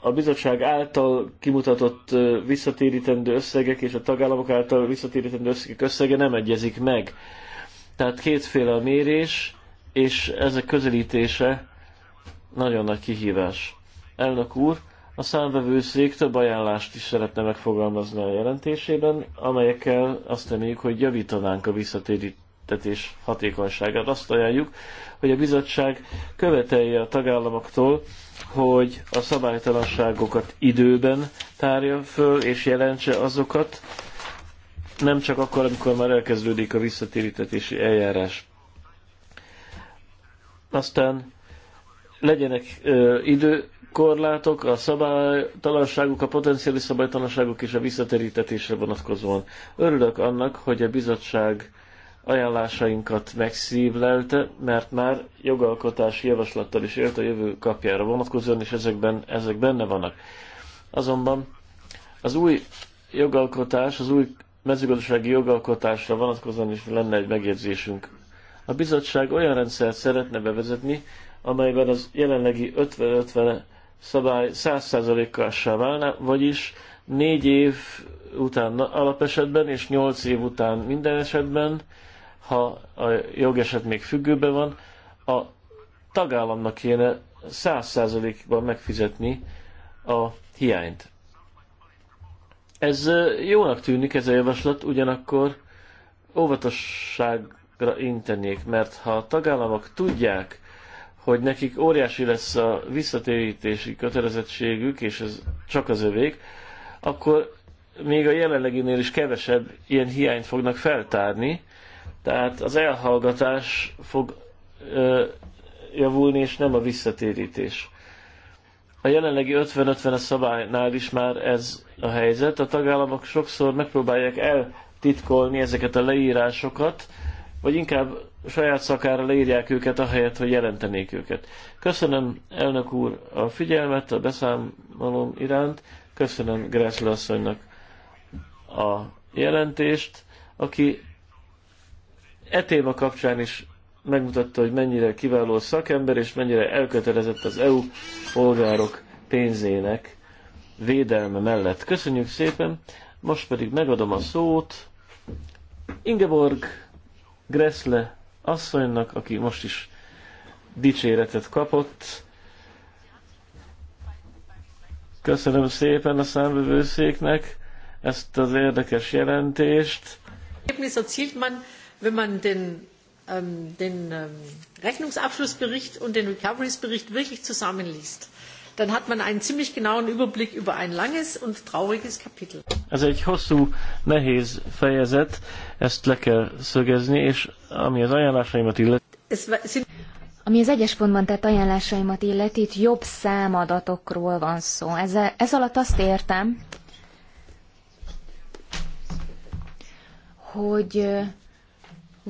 a bizottság által kimutatott visszatérítendő összegek és a tagállamok által visszatérítendő összegek összege nem egyezik meg. Tehát kétféle a mérés, és ezek közelítése nagyon nagy kihívás. Elnök úr, a számvevőszék több ajánlást is szeretne megfogalmazni a jelentésében, amelyekkel azt reméljük, hogy javítanánk a visszatérítendő befektetés hatékonyságát. Azt ajánljuk, hogy a bizottság követelje a tagállamoktól, hogy a szabálytalanságokat időben tárja föl és jelentse azokat, nem csak akkor, amikor már elkezdődik a visszatérítetési eljárás. Aztán legyenek ö, időkorlátok, a szabálytalanságok, a potenciális szabálytalanságok és a visszaterítetésre vonatkozóan. Örülök annak, hogy a bizottság ajánlásainkat megszívlelte, mert már jogalkotási javaslattal is élt a jövő kapjára vonatkozóan, és ezekben, ezek benne vannak. Azonban az új jogalkotás, az új mezőgazdasági jogalkotásra vonatkozóan is lenne egy megjegyzésünk. A bizottság olyan rendszert szeretne bevezetni, amelyben az jelenlegi 50-50 szabály 100%-kal válna, vagyis négy év után alapesetben és nyolc év után minden esetben ha a jogeset még függőben van, a tagállamnak kéne 100%-ban megfizetni a hiányt. Ez jónak tűnik, ez a javaslat, ugyanakkor óvatosságra intenék, mert ha a tagállamok tudják, hogy nekik óriási lesz a visszatérítési kötelezettségük, és ez csak az övék, akkor még a jelenleginél is kevesebb ilyen hiányt fognak feltárni, tehát az elhallgatás fog ö, javulni, és nem a visszatérítés. A jelenlegi 50-50 szabálynál is már ez a helyzet. A tagállamok sokszor megpróbálják eltitkolni ezeket a leírásokat, vagy inkább saját szakára leírják őket, ahelyett, hogy jelentenék őket. Köszönöm, elnök úr, a figyelmet a beszámolom iránt, köszönöm Gressle asszonynak a jelentést, aki e téma kapcsán is megmutatta, hogy mennyire kiváló szakember, és mennyire elkötelezett az EU polgárok pénzének védelme mellett. Köszönjük szépen, most pedig megadom a szót Ingeborg Gressle asszonynak, aki most is dicséretet kapott. Köszönöm szépen a számvevőszéknek ezt az érdekes jelentést wenn man den, ähm, den ähm, Rechnungsabschlussbericht und den Recoveries-Bericht wirklich zusammenliest, dann hat man einen ziemlich genauen Überblick über ein langes und trauriges Kapitel. Ez egy hosszú, nehéz fejezet, ezt le kell szögezni, és ami az ajánlásaimat illeti. Ami az egyes pontban tett ajánlásaimat illeti, itt jobb számadatokról van szó. Ez, ez alatt azt értem, hogy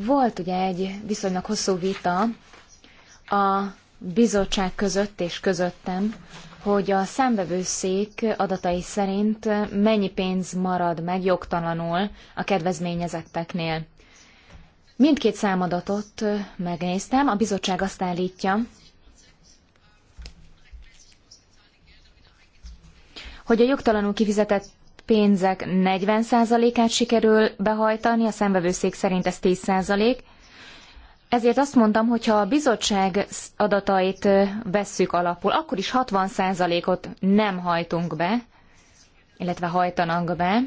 volt ugye egy viszonylag hosszú vita a bizottság között és közöttem, hogy a számbevőszék adatai szerint mennyi pénz marad meg jogtalanul a kedvezményezetteknél. Mindkét számadatot megnéztem, a bizottság azt állítja, hogy a jogtalanul kifizetett pénzek 40%-át sikerül behajtani, a szembevőszék szerint ez 10%. Ezért azt mondtam, hogy ha a bizottság adatait vesszük alapul, akkor is 60%-ot nem hajtunk be, illetve hajtanak be.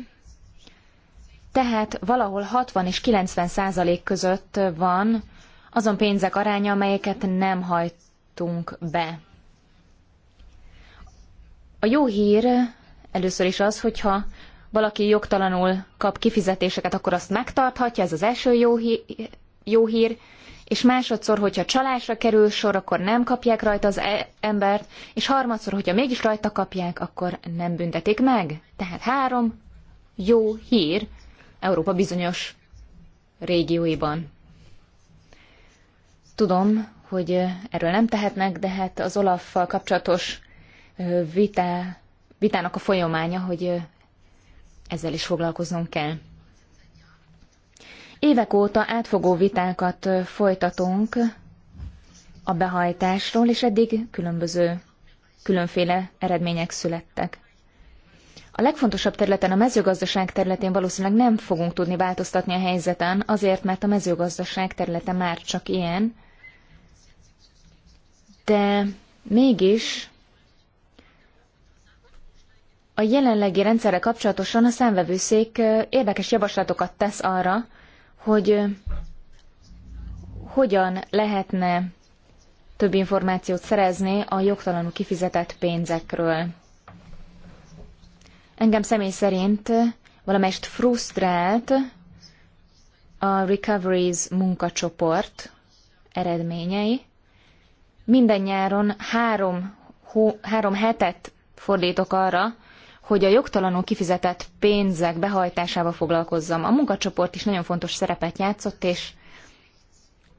Tehát valahol 60 és 90 százalék között van azon pénzek aránya, amelyeket nem hajtunk be. A jó hír Először is az, hogyha valaki jogtalanul kap kifizetéseket, akkor azt megtarthatja, ez az első jó, hí- jó hír, és másodszor, hogyha csalásra kerül sor, akkor nem kapják rajta az e-, embert, és harmadszor, hogyha mégis rajta kapják, akkor nem büntetik meg. Tehát három jó hír Európa bizonyos régióiban. Tudom, hogy erről nem tehetnek, de hát az Olaffal kapcsolatos vita vitának a folyamánya, hogy ezzel is foglalkoznunk kell. Évek óta átfogó vitákat folytatunk a behajtásról, és eddig különböző, különféle eredmények születtek. A legfontosabb területen, a mezőgazdaság területén valószínűleg nem fogunk tudni változtatni a helyzeten, azért, mert a mezőgazdaság területe már csak ilyen, de mégis a jelenlegi rendszerre kapcsolatosan a számvevőszék érdekes javaslatokat tesz arra, hogy hogyan lehetne több információt szerezni a jogtalanul kifizetett pénzekről. Engem személy szerint valamelyest frusztrált a Recoveries munkacsoport eredményei. Minden nyáron három, hó, három hetet fordítok arra, hogy a jogtalanul kifizetett pénzek behajtásával foglalkozzam. A munkacsoport is nagyon fontos szerepet játszott, és,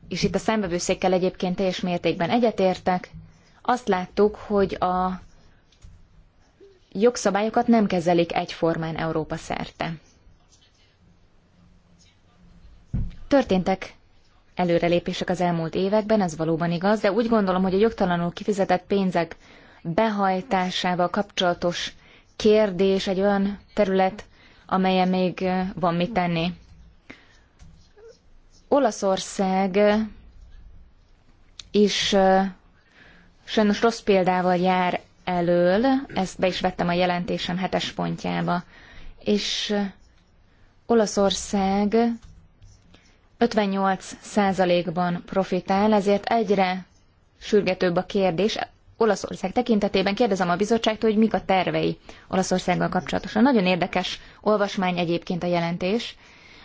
és itt a szembevőszékkel egyébként teljes mértékben egyetértek. Azt láttuk, hogy a jogszabályokat nem kezelik egyformán Európa szerte. Történtek előrelépések az elmúlt években, ez valóban igaz, de úgy gondolom, hogy a jogtalanul kifizetett pénzek behajtásával kapcsolatos kérdés, egy olyan terület, amelyen még van mit tenni. Olaszország is sajnos rossz példával jár elől, ezt be is vettem a jelentésem hetes pontjába, és Olaszország 58 százalékban profitál, ezért egyre sürgetőbb a kérdés, Olaszország tekintetében kérdezem a bizottságtól, hogy mik a tervei Olaszországgal kapcsolatosan. Nagyon érdekes olvasmány egyébként a jelentés.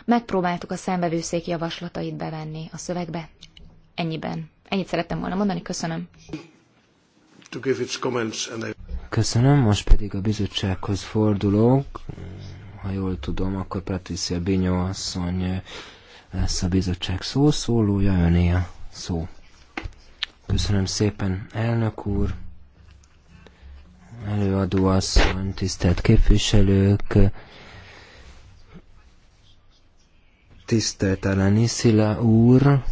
Megpróbáltuk a számbevőszék javaslatait bevenni a szövegbe. Ennyiben. Ennyit szerettem volna mondani. Köszönöm. Köszönöm, most pedig a bizottsághoz fordulok. Ha jól tudom, akkor Patricia Binyó asszony lesz a bizottság szószólója, jön a szó. Köszönöm szépen, elnök úr, előadó asszony, tisztelt képviselők, tisztelt Alani Szila úr,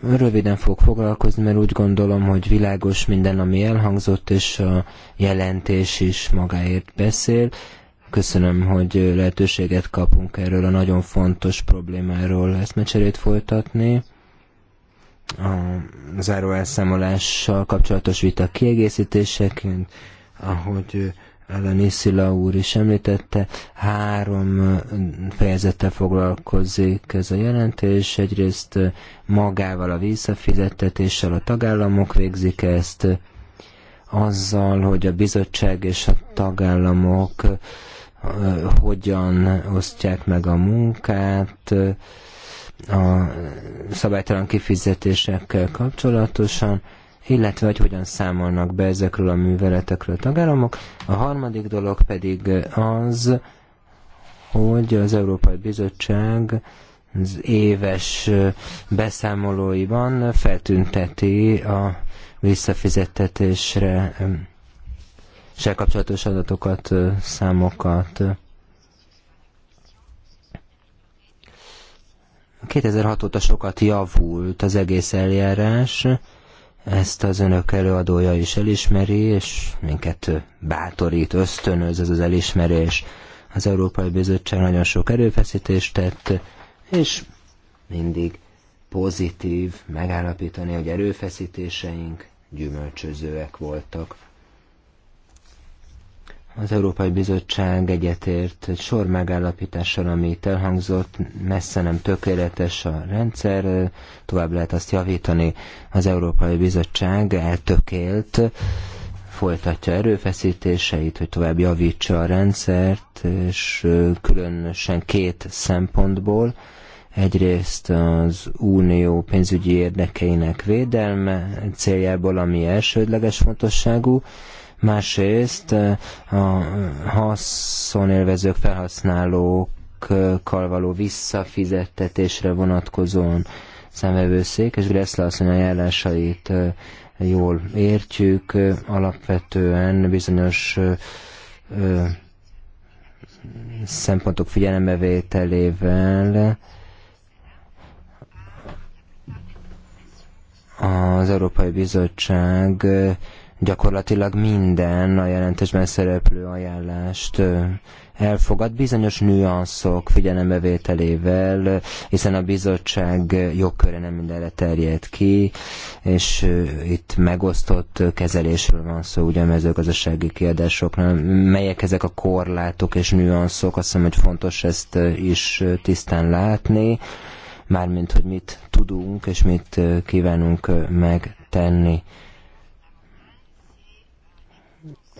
röviden fog foglalkozni, mert úgy gondolom, hogy világos minden, ami elhangzott, és a jelentés is magáért beszél. Köszönöm, hogy lehetőséget kapunk erről a nagyon fontos problémáról mecserét folytatni a záró elszámolással kapcsolatos vita kiegészítéseként, ahogy Eleni Szila úr is említette, három fejezettel foglalkozik ez a jelentés. Egyrészt magával a visszafizettetéssel a tagállamok végzik ezt, azzal, hogy a bizottság és a tagállamok eh, hogyan osztják meg a munkát, a szabálytalan kifizetésekkel kapcsolatosan, illetve hogy hogyan számolnak be ezekről a műveletekről a tagállamok. A harmadik dolog pedig az, hogy az Európai Bizottság az éves beszámolóiban feltünteti a visszafizettetésre se kapcsolatos adatokat, számokat. 2006 óta sokat javult az egész eljárás, ezt az önök előadója is elismeri, és minket bátorít, ösztönöz ez az elismerés. Az Európai Bizottság nagyon sok erőfeszítést tett, és mindig pozitív megállapítani, hogy erőfeszítéseink gyümölcsözőek voltak. Az Európai Bizottság egyetért egy sor megállapítással, ami itt elhangzott, messze nem tökéletes a rendszer, tovább lehet azt javítani. Az Európai Bizottság eltökélt, folytatja erőfeszítéseit, hogy tovább javítsa a rendszert, és különösen két szempontból. Egyrészt az unió pénzügyi érdekeinek védelme céljából, ami elsődleges fontosságú, Másrészt eh, a haszonélvezők felhasználókkal való visszafizettetésre vonatkozóan szemvevőszék, és Gressle asszony ajánlásait eh, jól értjük, alapvetően bizonyos eh, szempontok figyelembevételével az Európai Bizottság gyakorlatilag minden a jelentésben szereplő ajánlást elfogad bizonyos nüanszok figyelembevételével, hiszen a bizottság jogköre nem mindenre terjed ki, és itt megosztott kezelésről van szó, ugye a mezőgazdasági kiadásoknál, melyek ezek a korlátok és nüanszok, azt hiszem, hogy fontos ezt is tisztán látni, mármint, hogy mit tudunk és mit kívánunk megtenni.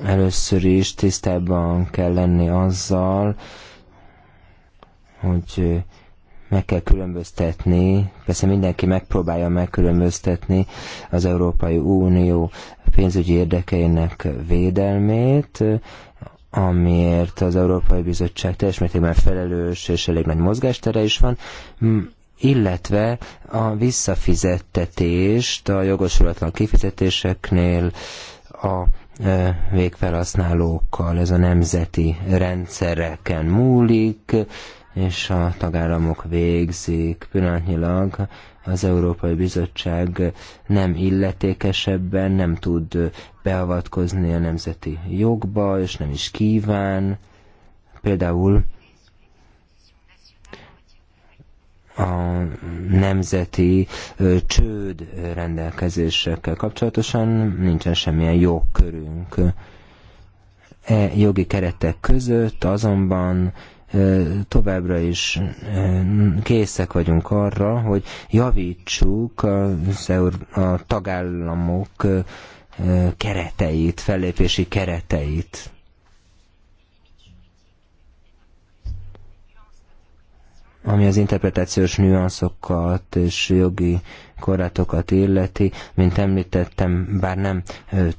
Először is tisztában kell lenni azzal, hogy meg kell különböztetni, persze mindenki megpróbálja megkülönböztetni az Európai Unió pénzügyi érdekeinek védelmét, amiért az Európai Bizottság teljes mértékben felelős és elég nagy mozgástere is van, illetve a visszafizettetést a jogosulatlan kifizetéseknél, a E, végfelhasználókkal, ez a nemzeti rendszereken múlik, és a tagállamok végzik. Pillanatnyilag az Európai Bizottság nem illetékesebben nem tud beavatkozni a nemzeti jogba, és nem is kíván. Például a nemzeti csőd rendelkezésekkel kapcsolatosan nincsen semmilyen jogkörünk. E jogi keretek között azonban továbbra is készek vagyunk arra, hogy javítsuk a tagállamok kereteit, fellépési kereteit. ami az interpretációs nüanszokat és jogi korlátokat illeti, mint említettem, bár nem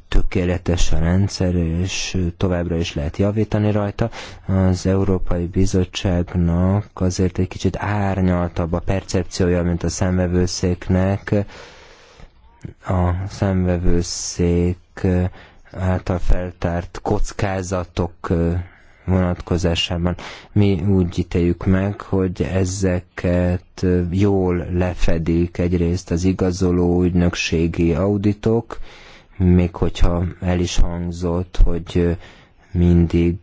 tökéletes a rendszer, és továbbra is lehet javítani rajta, az Európai Bizottságnak azért egy kicsit árnyaltabb a percepciója, mint a szemvevőszéknek. A szemvevőszék által feltárt kockázatok vonatkozásában. Mi úgy ítéljük meg, hogy ezeket jól lefedik egyrészt az igazoló ügynökségi auditok, még hogyha el is hangzott, hogy mindig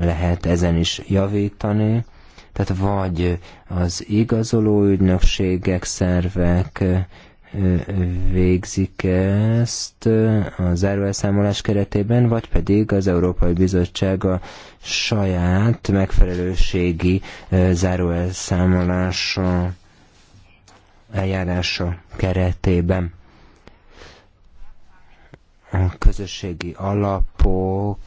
lehet ezen is javítani. Tehát vagy az igazoló ügynökségek, szervek végzik ezt a záróelszámolás keretében, vagy pedig az Európai Bizottság a saját megfelelőségi záróelszámolása eljárása keretében a közösségi alapok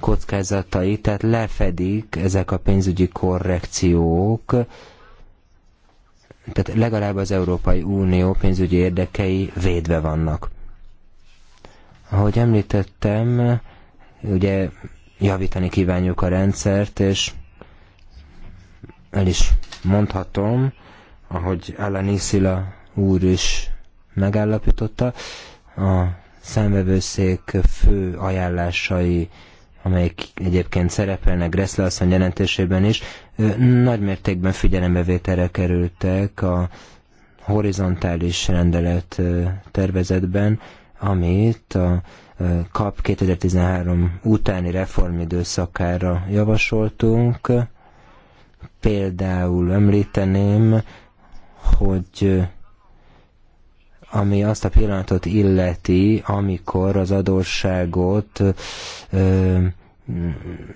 kockázatai, tehát lefedik ezek a pénzügyi korrekciók, tehát legalább az Európai Unió pénzügyi érdekei védve vannak. Ahogy említettem, ugye javítani kívánjuk a rendszert, és el is mondhatom, ahogy Alan Iszila úr is megállapította, a számvevőszék fő ajánlásai amelyek egyébként szerepelnek Gressle asszony jelentésében is, nagy mértékben figyelembevételre kerültek a horizontális rendelet tervezetben, amit a KAP 2013 utáni reformidőszakára javasoltunk. Például említeném, hogy ami azt a pillanatot illeti, amikor az adósságot ö,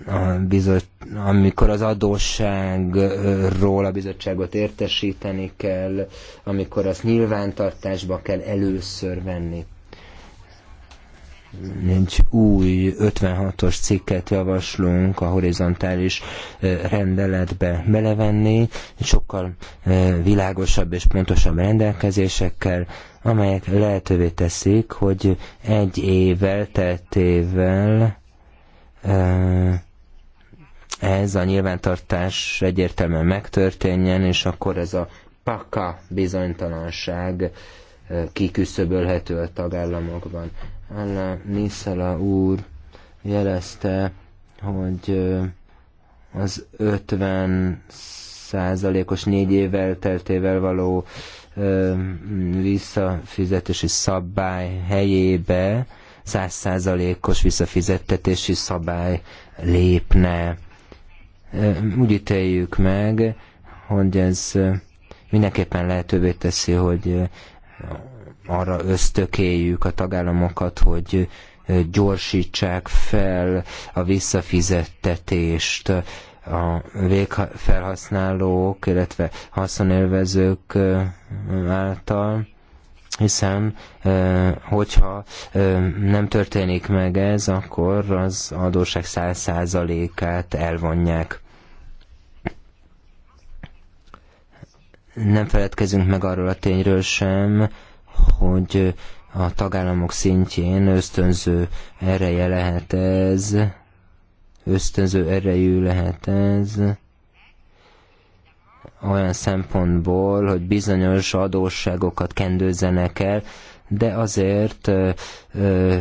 a bizot, amikor az adósságról a bizottságot értesíteni kell, amikor azt nyilvántartásba kell először venni. Egy új 56-os cikket javaslunk a horizontális rendeletbe belevenni, sokkal világosabb és pontosabb rendelkezésekkel, amelyek lehetővé teszik, hogy egy évvel, tettével ez a nyilvántartás egyértelműen megtörténjen, és akkor ez a paka bizonytalanság kiküszöbölhető a tagállamokban. Anna Nisala úr jelezte, hogy az 50 százalékos négy évvel teltével való visszafizetési szabály helyébe százszázalékos visszafizettetési szabály lépne. Úgy ítéljük meg, hogy ez mindenképpen lehetővé teszi, hogy arra ösztökéljük a tagállamokat, hogy gyorsítsák fel a visszafizettetést a végfelhasználók, illetve haszonélvezők által, hiszen hogyha nem történik meg ez, akkor az adóság száz százalékát elvonják. Nem feledkezünk meg arról a tényről sem, hogy a tagállamok szintjén ösztönző ereje lehet ez, ösztönző erejű lehet ez olyan szempontból, hogy bizonyos adósságokat kendőzzenek el, de azért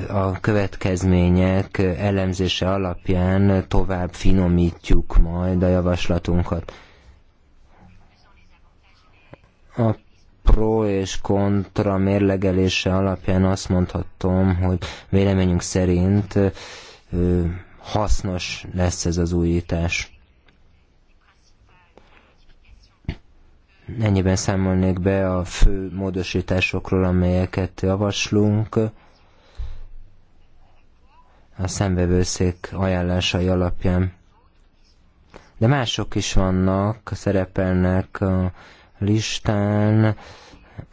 a következmények elemzése alapján tovább finomítjuk majd a javaslatunkat. A pro és kontra mérlegelése alapján azt mondhatom, hogy véleményünk szerint hasznos lesz ez az újítás. Ennyiben számolnék be a fő módosításokról, amelyeket javaslunk. A szembevőszék ajánlásai alapján. De mások is vannak, szerepelnek a listán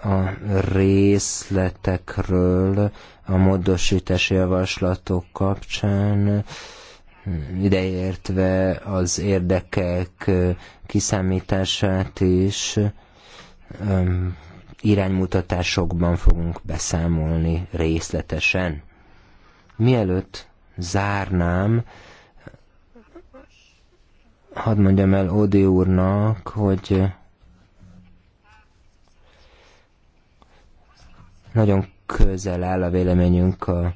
a részletekről a módosítási javaslatok kapcsán ideértve az érdekek kiszámítását is iránymutatásokban fogunk beszámolni részletesen. Mielőtt zárnám, hadd mondjam el Odi úrnak, hogy nagyon közel áll a véleményünk a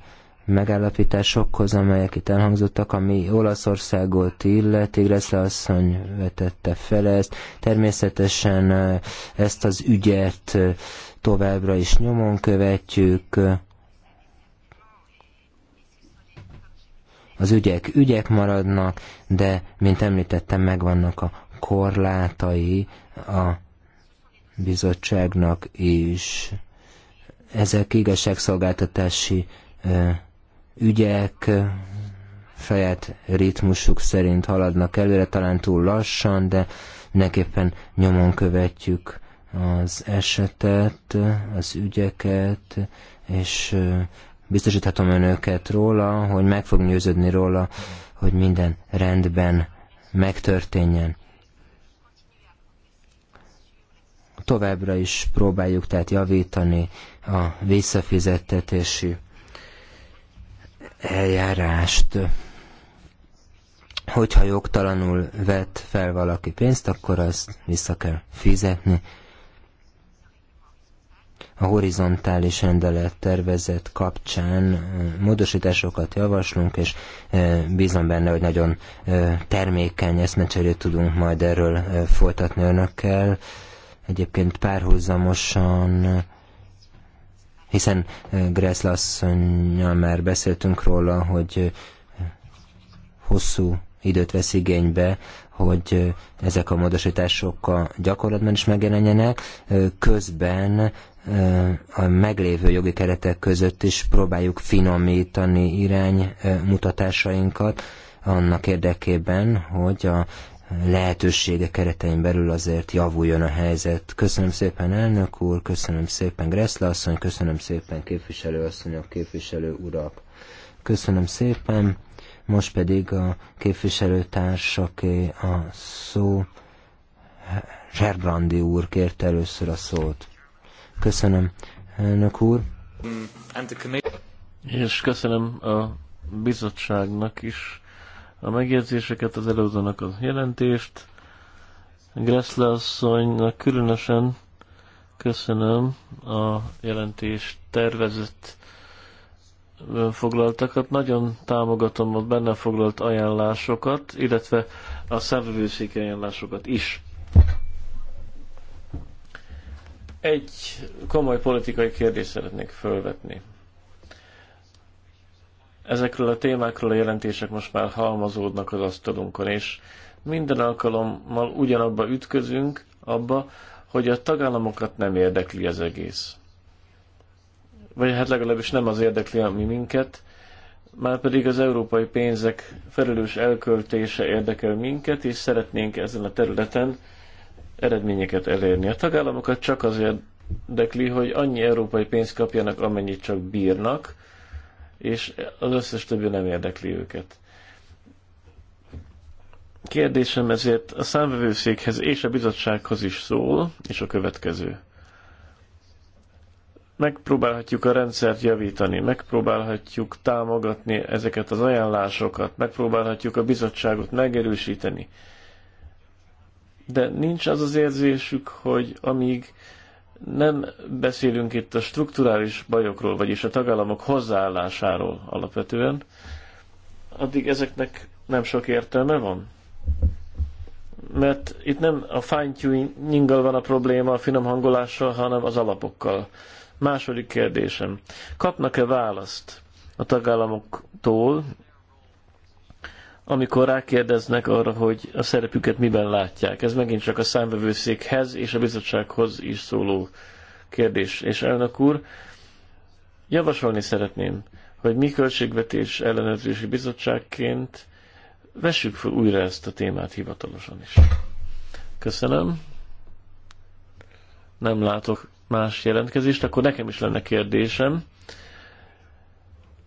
megállapításokhoz, amelyek itt elhangzottak, ami Olaszországot illeti, Greszle asszony vetette fel ezt. Természetesen ezt az ügyet továbbra is nyomon követjük. Az ügyek ügyek maradnak, de, mint említettem, megvannak a korlátai a bizottságnak is. Ezek igazságszolgáltatási ügyek saját ritmusuk szerint haladnak előre, talán túl lassan, de neképpen nyomon követjük az esetet, az ügyeket, és biztosíthatom önöket róla, hogy meg fog győződni róla, hogy minden rendben megtörténjen. Továbbra is próbáljuk tehát javítani a visszafizettetési eljárást. Hogyha jogtalanul vett fel valaki pénzt, akkor azt vissza kell fizetni. A horizontális rendelet tervezet kapcsán módosításokat javaslunk, és bízom benne, hogy nagyon termékeny eszmecserét tudunk majd erről folytatni önökkel. Egyébként párhuzamosan hiszen Gressle asszonynal már beszéltünk róla, hogy hosszú időt vesz igénybe, hogy ezek a módosítások a gyakorlatban is megjelenjenek, közben a meglévő jogi keretek között is próbáljuk finomítani iránymutatásainkat annak érdekében, hogy a lehetősége keretein belül azért javuljon a helyzet. Köszönöm szépen elnök úr, köszönöm szépen Greszle asszony, köszönöm szépen képviselő asszonyok, képviselő urak. Köszönöm szépen, most pedig a képviselőtársaké a szó. Zserbrandi úr kérte először a szót. Köszönöm, elnök úr. Mm, És köszönöm a bizottságnak is a megjegyzéseket, az előadónak a jelentést. Gressle asszonynak különösen köszönöm a jelentés tervezett foglaltakat. Nagyon támogatom a benne foglalt ajánlásokat, illetve a számvevőszék ajánlásokat is. Egy komoly politikai kérdést szeretnék felvetni. Ezekről a témákról a jelentések most már halmazódnak az asztalunkon, és minden alkalommal ugyanabba ütközünk, abba, hogy a tagállamokat nem érdekli az egész. Vagy hát legalábbis nem az érdekli, ami minket, már pedig az európai pénzek felelős elköltése érdekel minket, és szeretnénk ezen a területen eredményeket elérni. A tagállamokat csak az érdekli, hogy annyi európai pénzt kapjanak, amennyit csak bírnak, és az összes többi nem érdekli őket. Kérdésem ezért a számvevőszékhez és a bizottsághoz is szól, és a következő. Megpróbálhatjuk a rendszert javítani, megpróbálhatjuk támogatni ezeket az ajánlásokat, megpróbálhatjuk a bizottságot megerősíteni. De nincs az az érzésük, hogy amíg nem beszélünk itt a strukturális bajokról, vagyis a tagállamok hozzáállásáról alapvetően, addig ezeknek nem sok értelme van. Mert itt nem a fine tuning van a probléma, a finom hangolással, hanem az alapokkal. Második kérdésem. Kapnak-e választ a tagállamoktól amikor rákérdeznek arra, hogy a szerepüket miben látják. Ez megint csak a számvevőszékhez és a bizottsághoz is szóló kérdés. És elnök úr, javasolni szeretném, hogy mi költségvetés ellenőrzési bizottságként vessük fel újra ezt a témát hivatalosan is. Köszönöm. Nem látok más jelentkezést, akkor nekem is lenne kérdésem.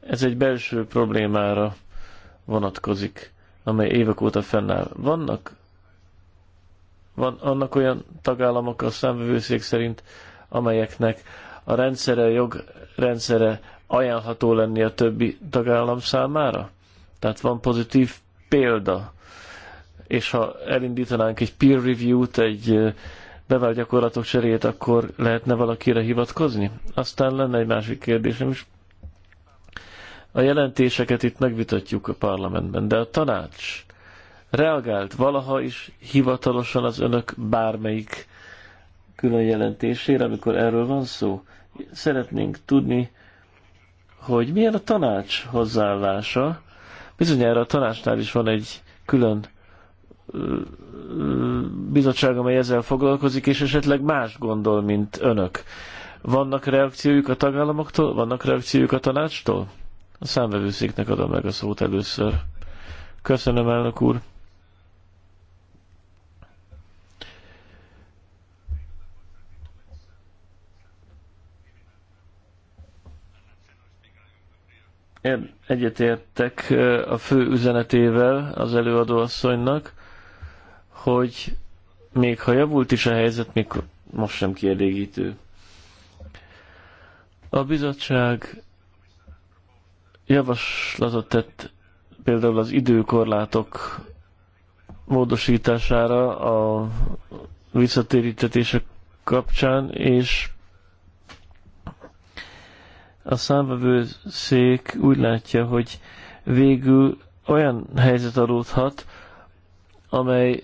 Ez egy belső problémára vonatkozik, amely évek óta fennáll. Vannak van, annak olyan tagállamok a számvevőszék szerint, amelyeknek a rendszere, a jogrendszere ajánlható lenni a többi tagállam számára? Tehát van pozitív példa. És ha elindítanánk egy peer review-t, egy bevált gyakorlatok cseréjét, akkor lehetne valakire hivatkozni? Aztán lenne egy másik kérdésem is. A jelentéseket itt megvitatjuk a parlamentben, de a tanács reagált valaha is hivatalosan az önök bármelyik külön jelentésére, amikor erről van szó. Szeretnénk tudni, hogy milyen a tanács hozzáállása. Bizonyára a tanácsnál is van egy külön bizottság, amely ezzel foglalkozik, és esetleg más gondol, mint önök. Vannak reakciójuk a tagállamoktól? Vannak reakciójuk a tanácstól? A számvevőszéknek adom meg a szót először. Köszönöm, elnök úr. Én egyetértek a fő üzenetével az előadóasszonynak, hogy még ha javult is a helyzet, még most sem kielégítő. A bizottság javaslatot tett például az időkorlátok módosítására a visszatérítetések kapcsán, és a számvevőszék úgy látja, hogy végül olyan helyzet adódhat, amely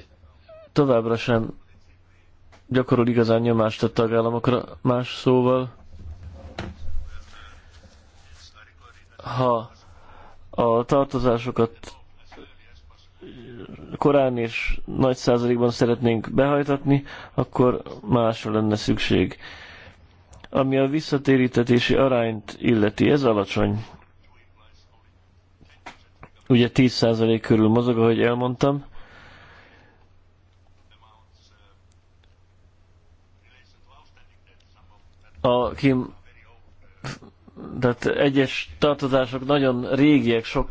továbbra sem gyakorol igazán nyomást a tagállamokra, más szóval ha a tartozásokat korán és nagy százalékban szeretnénk behajtatni, akkor másra lenne szükség. Ami a visszatérítetési arányt illeti, ez alacsony. Ugye 10 százalék körül mozog, ahogy elmondtam. A kim tehát egyes tartozások nagyon régiek, sok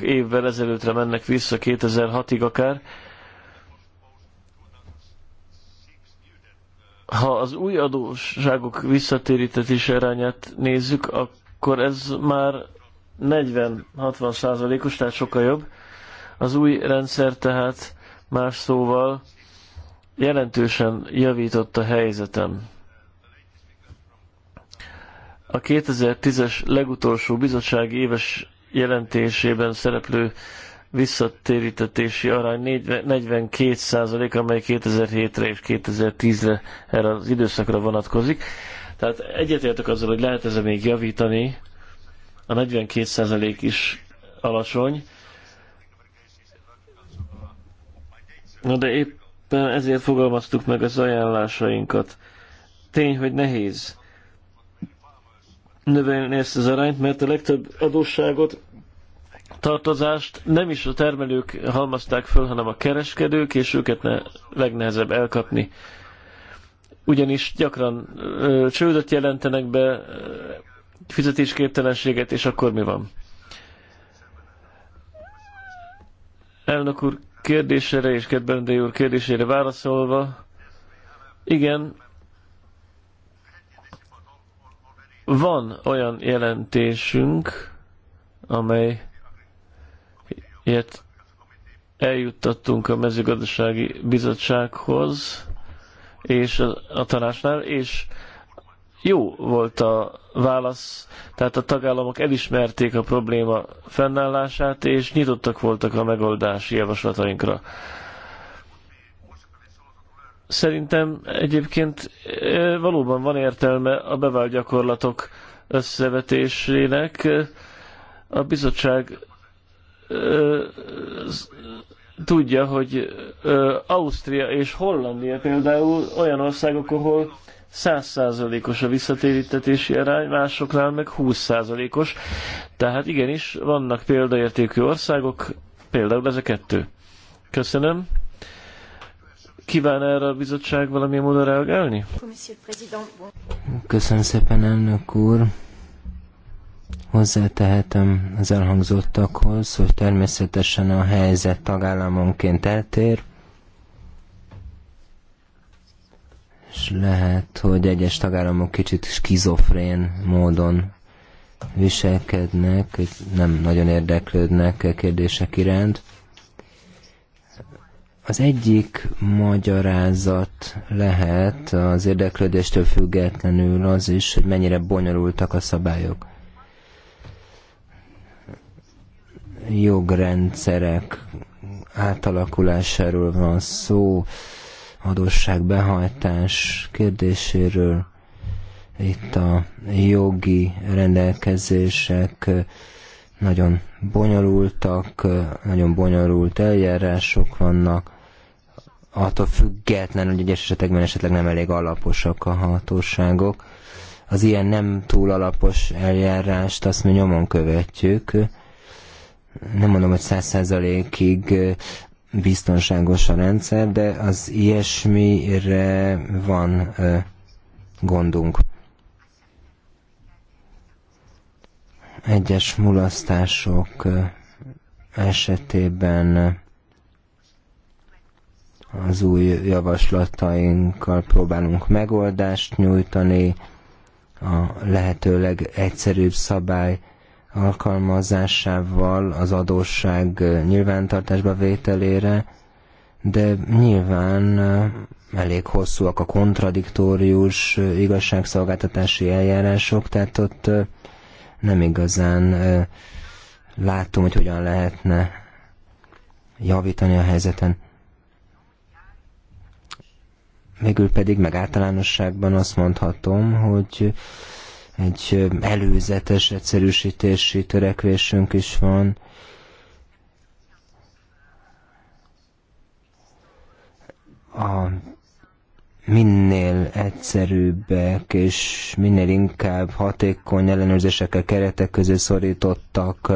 évvel ezelőttre mennek vissza, 2006-ig akár. Ha az új adósságok visszatérítetés arányát nézzük, akkor ez már 40-60 százalékos, tehát sokkal jobb. Az új rendszer tehát más szóval jelentősen javított a helyzetem. A 2010-es legutolsó bizottsági éves jelentésében szereplő visszatérítetési arány 42 százalék, amely 2007-re és 2010-re erre az időszakra vonatkozik. Tehát egyetértek azzal, hogy lehet ezzel még javítani. A 42 százalék is alacsony. Na de éppen ezért fogalmaztuk meg az ajánlásainkat. Tény, hogy nehéz növelni ezt az arányt, mert a legtöbb adósságot, tartozást nem is a termelők halmazták föl, hanem a kereskedők, és őket ne, legnehezebb elkapni. Ugyanis gyakran ö, csődöt jelentenek be, ö, fizetésképtelenséget, és akkor mi van? Elnök úr kérdésére és Kedbendé úr kérdésére válaszolva, igen, Van olyan jelentésünk, amely ilyet eljuttattunk a mezőgazdasági bizottsághoz és a tanácsnál, és jó volt a válasz, tehát a tagállamok elismerték a probléma fennállását, és nyitottak voltak a megoldási javaslatainkra. Szerintem egyébként valóban van értelme a bevált gyakorlatok összevetésének. A bizottság tudja, hogy Ausztria és Hollandia például olyan országok, ahol 100%-os a visszatérítetési arány, másoknál meg 20%-os. Tehát igenis, vannak példaértékű országok, például ez a kettő. Köszönöm. Kíván erre a bizottság valamilyen módon reagálni? Köszönöm szépen, elnök úr. Hozzátehetem az elhangzottakhoz, hogy természetesen a helyzet tagállamonként eltér, és lehet, hogy egyes tagállamok kicsit skizofrén módon viselkednek, hogy nem nagyon érdeklődnek a kérdések iránt. Az egyik magyarázat lehet az érdeklődéstől függetlenül az is, hogy mennyire bonyolultak a szabályok. Jogrendszerek átalakulásáról van szó, adósságbehajtás kérdéséről, itt a jogi rendelkezések nagyon bonyolultak, nagyon bonyolult eljárások vannak, attól független, hogy egyes esetekben esetleg nem elég alaposak a hatóságok. Az ilyen nem túl alapos eljárást azt mi nyomon követjük. Nem mondom, hogy száz százalékig biztonságos a rendszer, de az ilyesmire van gondunk. Egyes mulasztások esetében az új javaslatainkkal próbálunk megoldást nyújtani, a lehetőleg egyszerűbb szabály alkalmazásával az adósság nyilvántartásba vételére, de nyilván elég hosszúak a kontradiktórius igazságszolgáltatási eljárások, tehát ott nem igazán látom, hogy hogyan lehetne javítani a helyzeten. Végül pedig meg általánosságban azt mondhatom, hogy egy előzetes egyszerűsítési törekvésünk is van. A minél egyszerűbbek és minél inkább hatékony ellenőrzésekkel keretek közé szorítottak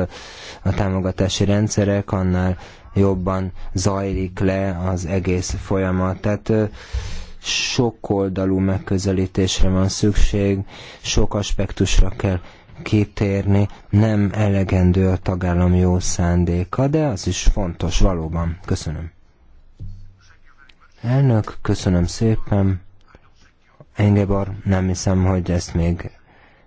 a támogatási rendszerek, annál jobban zajlik le az egész folyamat. Tehát sokoldalú megközelítésre van szükség, sok aspektusra kell kitérni, nem elegendő a tagállam jó szándéka, de az is fontos valóban. Köszönöm. Elnök, köszönöm szépen. Engebar, nem hiszem, hogy ezt még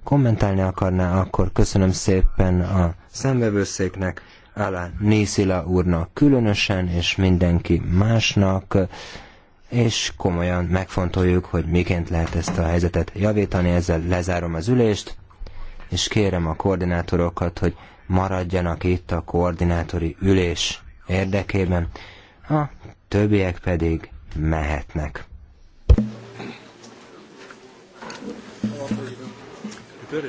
kommentálni akarná, akkor köszönöm szépen a szembevőszéknek, Alá Nészila úrnak különösen, és mindenki másnak, és komolyan megfontoljuk, hogy miként lehet ezt a helyzetet javítani, ezzel lezárom az ülést, és kérem a koordinátorokat, hogy maradjanak itt a koordinátori ülés érdekében, a többiek pedig mehetnek.